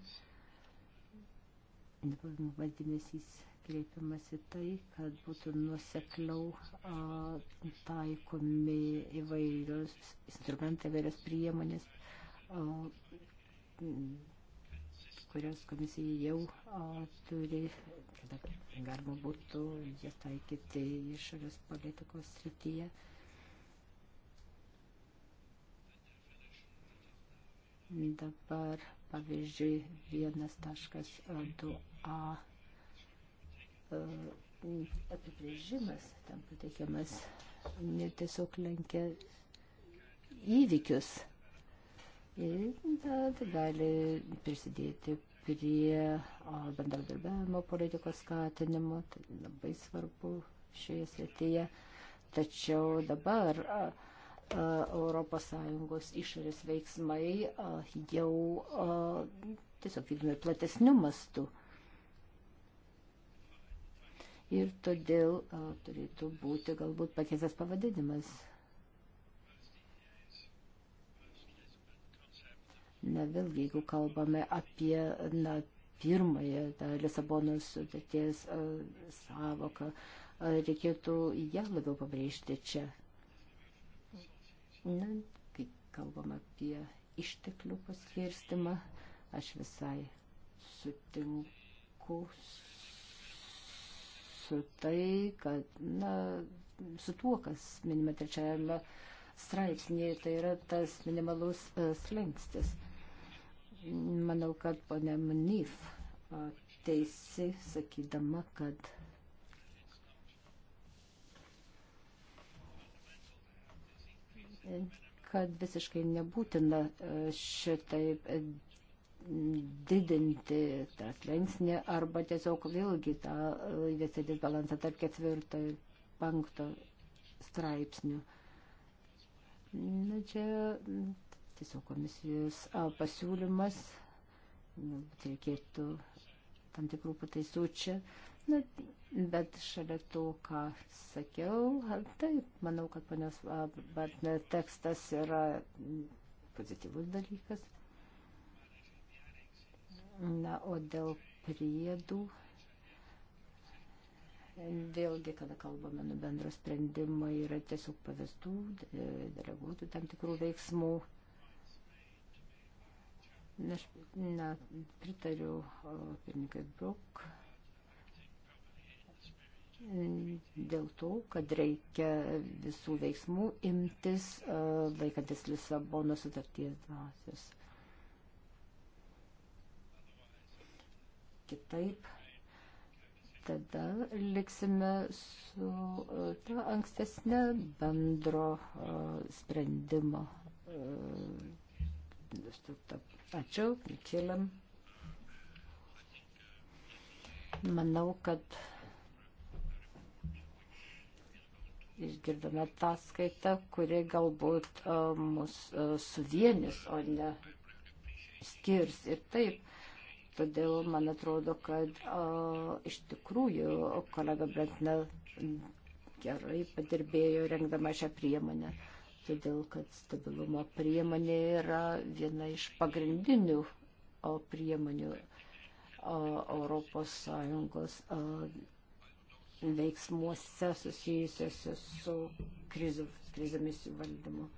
Nepavyzdys kreipiamasi tai, kad būtų nusekliau taikomi įvairios instrumentai, įvairios priemonės, a, kurios komisija jau a, turi, kada galima būtų jas taikyti išorės politikos srityje. Dabar, pavyzdžiui, 1.2a E, apibrėžimas tam pateikiamas tiesiog lenkia įvykius. Ir tad gali prisidėti prie bendradarbiavimo politikos skatinimo, tai labai svarbu šioje srityje. Tačiau dabar a, ES išorės veiksmai jau tiesiog vykdomi platesnių mastų ir todėl o, turėtų būti galbūt pakeistas pavadinimas. Na vėlgi, jeigu kalbame apie na, pirmąją tą Lisabonos sutarties savoką, reikėtų ją labiau pabrėžti čia. Na, kai kalbame apie išteklių paskirstimą, aš visai sutinku su tai, kad, na, su tuo, kas minima trečiajame straipsnėje, tai yra tas minimalus e, slengstis. Manau, kad ponė Mnyf teisi, sakydama, kad kad visiškai nebūtina e, šitaip didinti tą slengsnį arba tiesiog vėlgi tą įvesti e, disbalansą tarp ketvirto ir penkto straipsnių. Na čia tiesiog komisijos pasiūlymas, galbūt reikėtų tam tikrų pataisų čia. Na, bet šalia to, ką sakiau, taip, manau, kad ponios Bartner tekstas yra pozityvus dalykas. Na, o dėl priedų, vėlgi, kada kalbame nu bendro sprendimą, yra tiesiog pavestų, deleguotų tam tikrų veiksmų. Aš na, pritariu pirmininkai Brok dėl to, kad reikia visų veiksmų imtis, laikantis Lisabono sutarties dvasios. Kitaip tada liksime su e, ta ankstesnė bendro e, sprendimo. E, Ačiū, Kiliam. Manau, kad išgirdome tą skaitą, kuri galbūt mus suvienys, o ne skirs. Ir taip, Todėl man atrodo, kad o, iš tikrųjų kolega Brentnel gerai padirbėjo rengdama šią priemonę, todėl kad stabilumo priemonė yra viena iš pagrindinių o, priemonių o, Europos Sąjungos o, veiksmuose susijusiuose su krizu, krizėmis valdymu.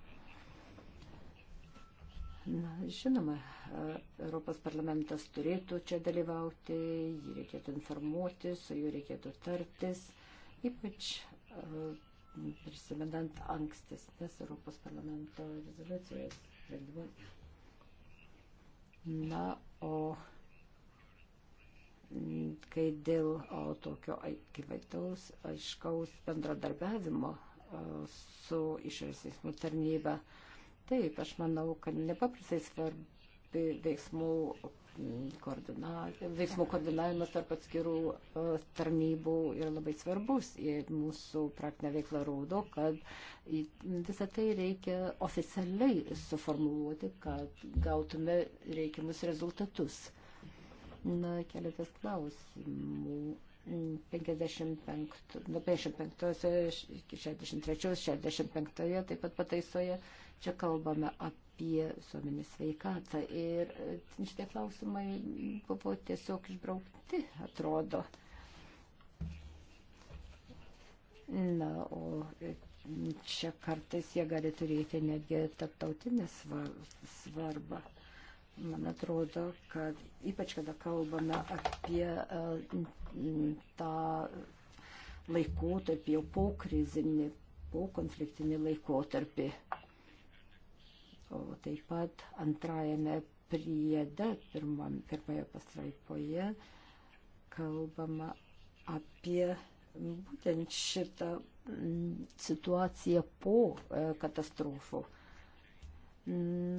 Na, žinoma, e, Europos parlamentas turėtų čia dalyvauti, jį reikėtų informuoti, su juo reikėtų tartis, ypač e, prisimendant ankstesnės Europos parlamento rezoliucijos sprendimus. Na, o kai dėl o, tokio akivaizdaus, aiškaus bendradarbiavimo o, e, su išorės teismų tarnyba, o, Taip, aš manau, kad nepaprastai svarbi veiksmų, koordina, veiksmų koordinavimas tarp atskirų e, tarnybų yra labai svarbus. Ir mūsų praktinė veikla rodo, kad visą tai reikia oficialiai suformuluoti, kad gautume reikiamus rezultatus. Na, keletas klausimų. 55, nuo 55 iki 63, 65 taip pat pataisoje Čia kalbame apie suomenės sveikatą ir e, šitie klausimai buvo tiesiog išbraukti, atrodo. Na, o e, čia kartais jie gali turėti netgi tarptautinę svarbą. Man atrodo, kad ypač kada kalbame apie e, tą laikotarpį, jau po krizinį, po konfliktinį laikotarpį. O taip pat antrajame priede, pirmam, pirmoje pastraipoje, kalbama apie būtent šitą mm, situaciją po e, katastrofų.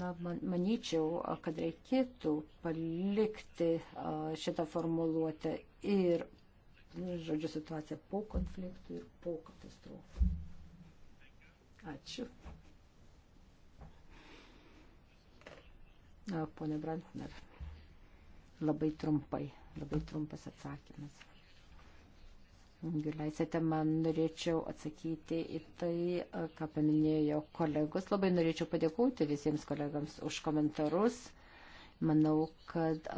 Na, man, manyčiau, kad reikėtų palikti šitą formuluotę ir, nu, žodžiu, situaciją po konfliktų ir po katastrofų. Ačiū. Pone Brantner, labai trumpai, labai trumpas atsakymas. Leisite, man norėčiau atsakyti į tai, ką paminėjo kolegos. Labai norėčiau padėkoti visiems kolegams už komentarus. Manau, kad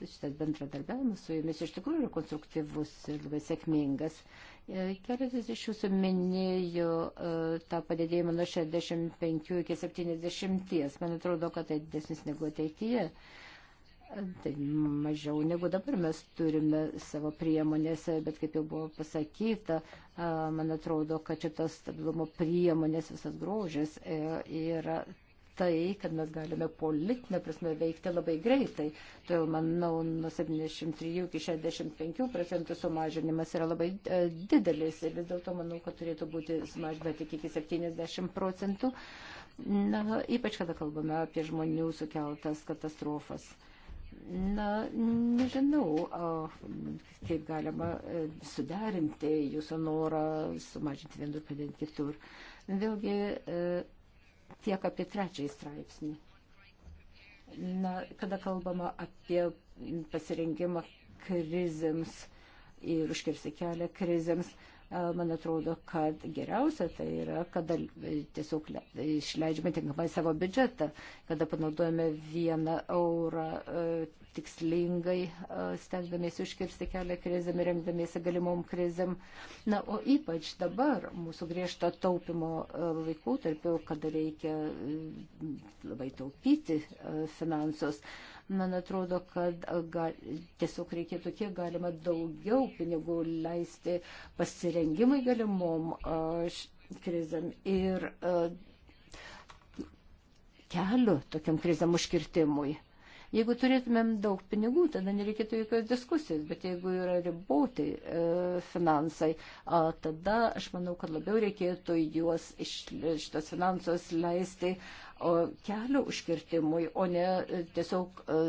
šitas bendradarbiavimas su jumis iš tikrųjų yra konstruktyvus ir labai sėkmingas. Keletas iš jūsų minėjo e, tą padidėjimą nuo 65 iki 70. Man atrodo, kad tai didesnis negu ateityje. Tai mažiau negu dabar mes turime savo priemonėse, bet kaip jau buvo pasakyta, man atrodo, kad šitas stabilumo priemonės visas grožis e, yra tai, kad mes galime politinę prasme veikti labai greitai. Todėl, manau, nuo 73 iki 65 procentų sumažinimas yra labai e, didelis ir vis dėlto manau, kad turėtų būti sumažinta tik iki 70 procentų. Na, ypač kada kalbame apie žmonių sukeltas katastrofas. Na, nežinau, kaip galima e, suderinti jūsų norą sumažinti vienur, padėti kitur. Vėlgi, e, Tiek apie trečiąjį straipsnį. Na, kada kalbama apie pasirengimą krizėms ir užkirsti kelią krizėms, e, man atrodo, kad geriausia tai yra, kada tiesiog išleidžiame tinkamai savo biudžetą, kada panaudojame vieną eurą e, tikslingai stengdamiesi užkirsti kelią krizėm ir remdamiesi galimom krizėm. Na, o ypač dabar mūsų griežto taupimo laikotarpiu, kada reikia labai taupyti finansus, man atrodo, kad gal, tiesiog reikėtų kiek galima daugiau pinigų leisti pasirengimui galimom krizėm ir keliu tokiam krizėm užkirtimui. Jeigu turėtumėm daug pinigų, tada nereikėtų jokios diskusijos, bet jeigu yra riboti e, finansai, a, tada aš manau, kad labiau reikėtų juos iš šitos finansos leisti o, kelio užkirtimui, o ne e, tiesiog e,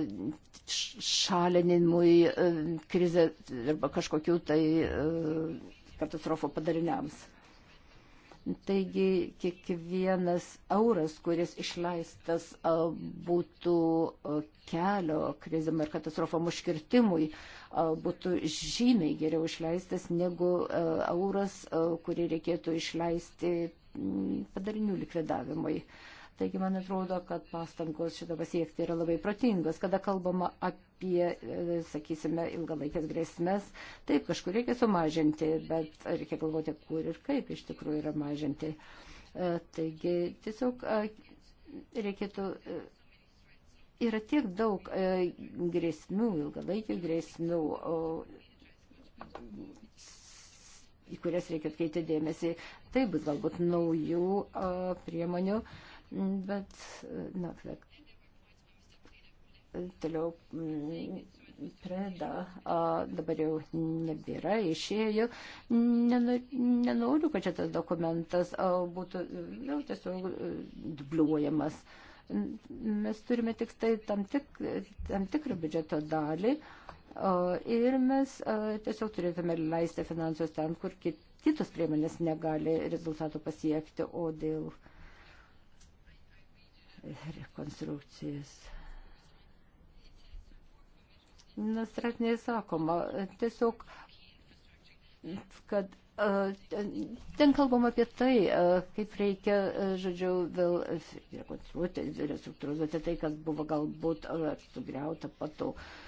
šalinimui e, krizė arba kažkokių tai e, katastrofų padariniams. Taigi kiekvienas euras, kuris išleistas būtų kelio krizėm ir katastrofom užkirtimui, būtų žymiai geriau išleistas negu euras, kurį reikėtų išleisti padarinių likvidavimui. Uh, Taigi, man atrodo, kad pastangos šitą pasiekti yra labai protingos. Kada kalbama apie, e, sakysime, ilgalaikės grėsmės, taip, kažkur reikia sumažinti, bet reikia galvoti, kur ir kaip iš tikrųjų yra mažinti. E, taigi, tiesiog reikėtų e, yra tiek daug e, grėsmių, ilgalaikių grėsmių, o, į kurias reikia atkreipti dėmesį. Tai bus galbūt naujų e, priemonių. E, bet, na, toliau mm, preda, a, dabar jau nebėra, išėjo. Nenoriu, kad čia tas dokumentas a, būtų vėl tiesiog e, dubliuojamas. Mes turime tik tai tam, tik, tam tikrą biudžeto dalį a, ir mes a, tiesiog turėtume leisti finansus ten, kur kit, kitos priemonės negali rezultatų pasiekti, o dėl. A, rekonstrukcijas. Na, straipsnėje sakoma, tiesiog, kad ten kalbam apie tai, kaip reikia, žodžiu, vėl rekonstruoti, restruktūrizuoti tai, kas buvo galbūt sugriauta pato. Uh,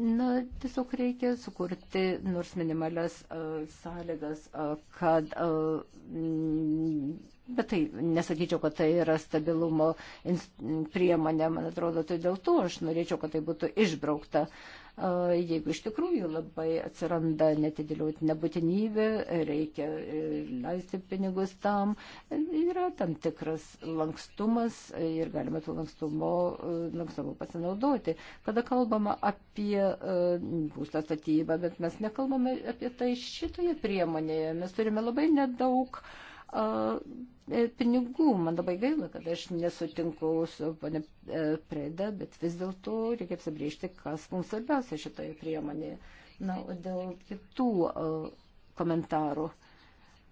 Na, tiesiog reikia sukurti nors minimalias uh, sąlygas, uh, kad. Uh, Bet tai nesakyčiau, kad tai yra stabilumo priemonė, man atrodo, tai dėl to aš norėčiau, kad tai būtų išbraukta. Uh, jeigu iš tikrųjų labai atsiranda netidėlioti nebūtinybė, reikia e, leisti pinigus tam, yra tam tikras lankstumas ir galima tų lankstumo, e, lankstumo pasinaudoti. Kada kalbama apie e, būstą statybą, bet mes nekalbame apie tai šitoje priemonėje, mes turime labai nedaug uh, E, pinigų. Man labai gaila, kad aš nesutinku su pane Preda, bet vis dėlto reikia apsibriežti, kas mums svarbiausia šitoje priemonėje. Na, o dėl kitų komentarų.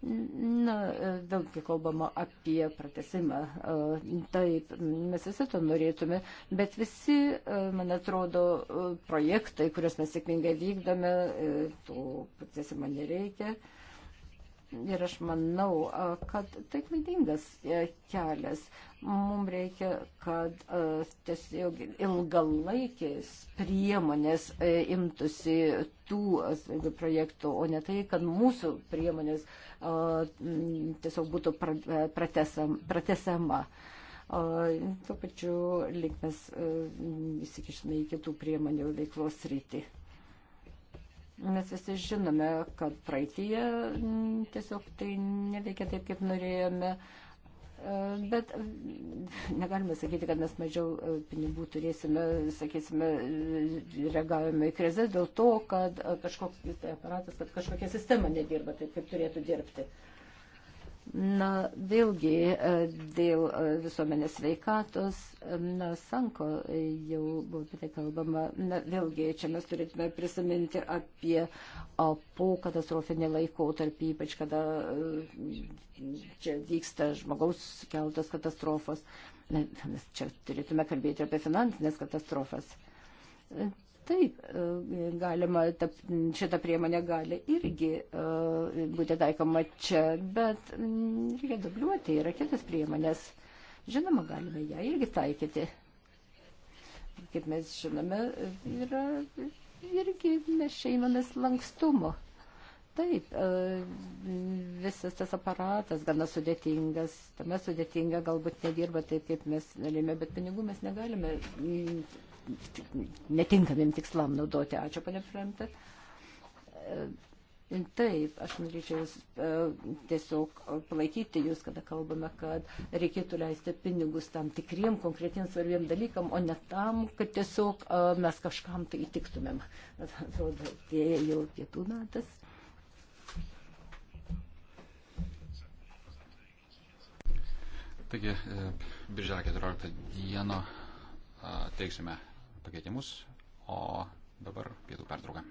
Na, e, vėlgi kalbama apie pratesimą. Taip, mes visi to norėtume, bet visi, man atrodo, projektai, kuriuos mes sėkmingai vykdome, e, to pratesimo nereikia. Ir aš manau, kad tai klaidingas e, kelias. Mums reikia, kad tiesiog ilgalaikės priemonės e, imtųsi tų projektų, o ne tai, kad mūsų priemonės tiesiog būtų e, pratesama. Tuo pačiu, lyg mes įsikištume į kitų priemonių veiklos rytį. Mes visi žinome, kad praeitie mm, tiesiog tai neveikia taip, kaip norėjome. E, bet mm, negalime sakyti, kad mes mažiau e, pinigų turėsime, sakysime, e, reagavome į krizės dėl to, kad kažkoks tai aparatas, kad kažkokia sistema nedirba taip, kaip turėtų dirbti. Uh, Na, vėlgi e, dėl e, visuomenės veikatos, e, na, Sanko jau buvo apie tai kalbama, na, vėlgi čia mes turėtume prisiminti apie po katastrofinį laikotarpį, ypač kada čia vyksta žmogaus keltas katastrofos. Na, mes čia turėtume kalbėti apie finansinės katastrofas. Taip, e, galima, ta, šita priemonė gali irgi uh, būti taikoma čia, bet mm, reikia dubliuoti, yra kitas priemonės. Žinoma, galime ją irgi taikyti. Kaip mes žinome, yra irgi mes šeimamės lankstumo. Taip, uh, visas tas aparatas gana sudėtingas, tame sudėtinga galbūt nedirba taip, kaip mes norime, bet pinigų mes negalime netinkamim tikslam naudoti. Ačiū, panė Fremta. E, taip, aš norėčiau jūs e, tiesiog palaikyti jūs, kada kalbame, kad reikėtų leisti pinigus tam tikriem konkretiem svarbiem dalykam, o ne tam, kad tiesiog e, mes kažkam tai įtiktumėm. Atrodo, tie jau pietų metas. Taigi, birželio 14 dieną teiksime pakeitimus, o dabar pietų pertrauka.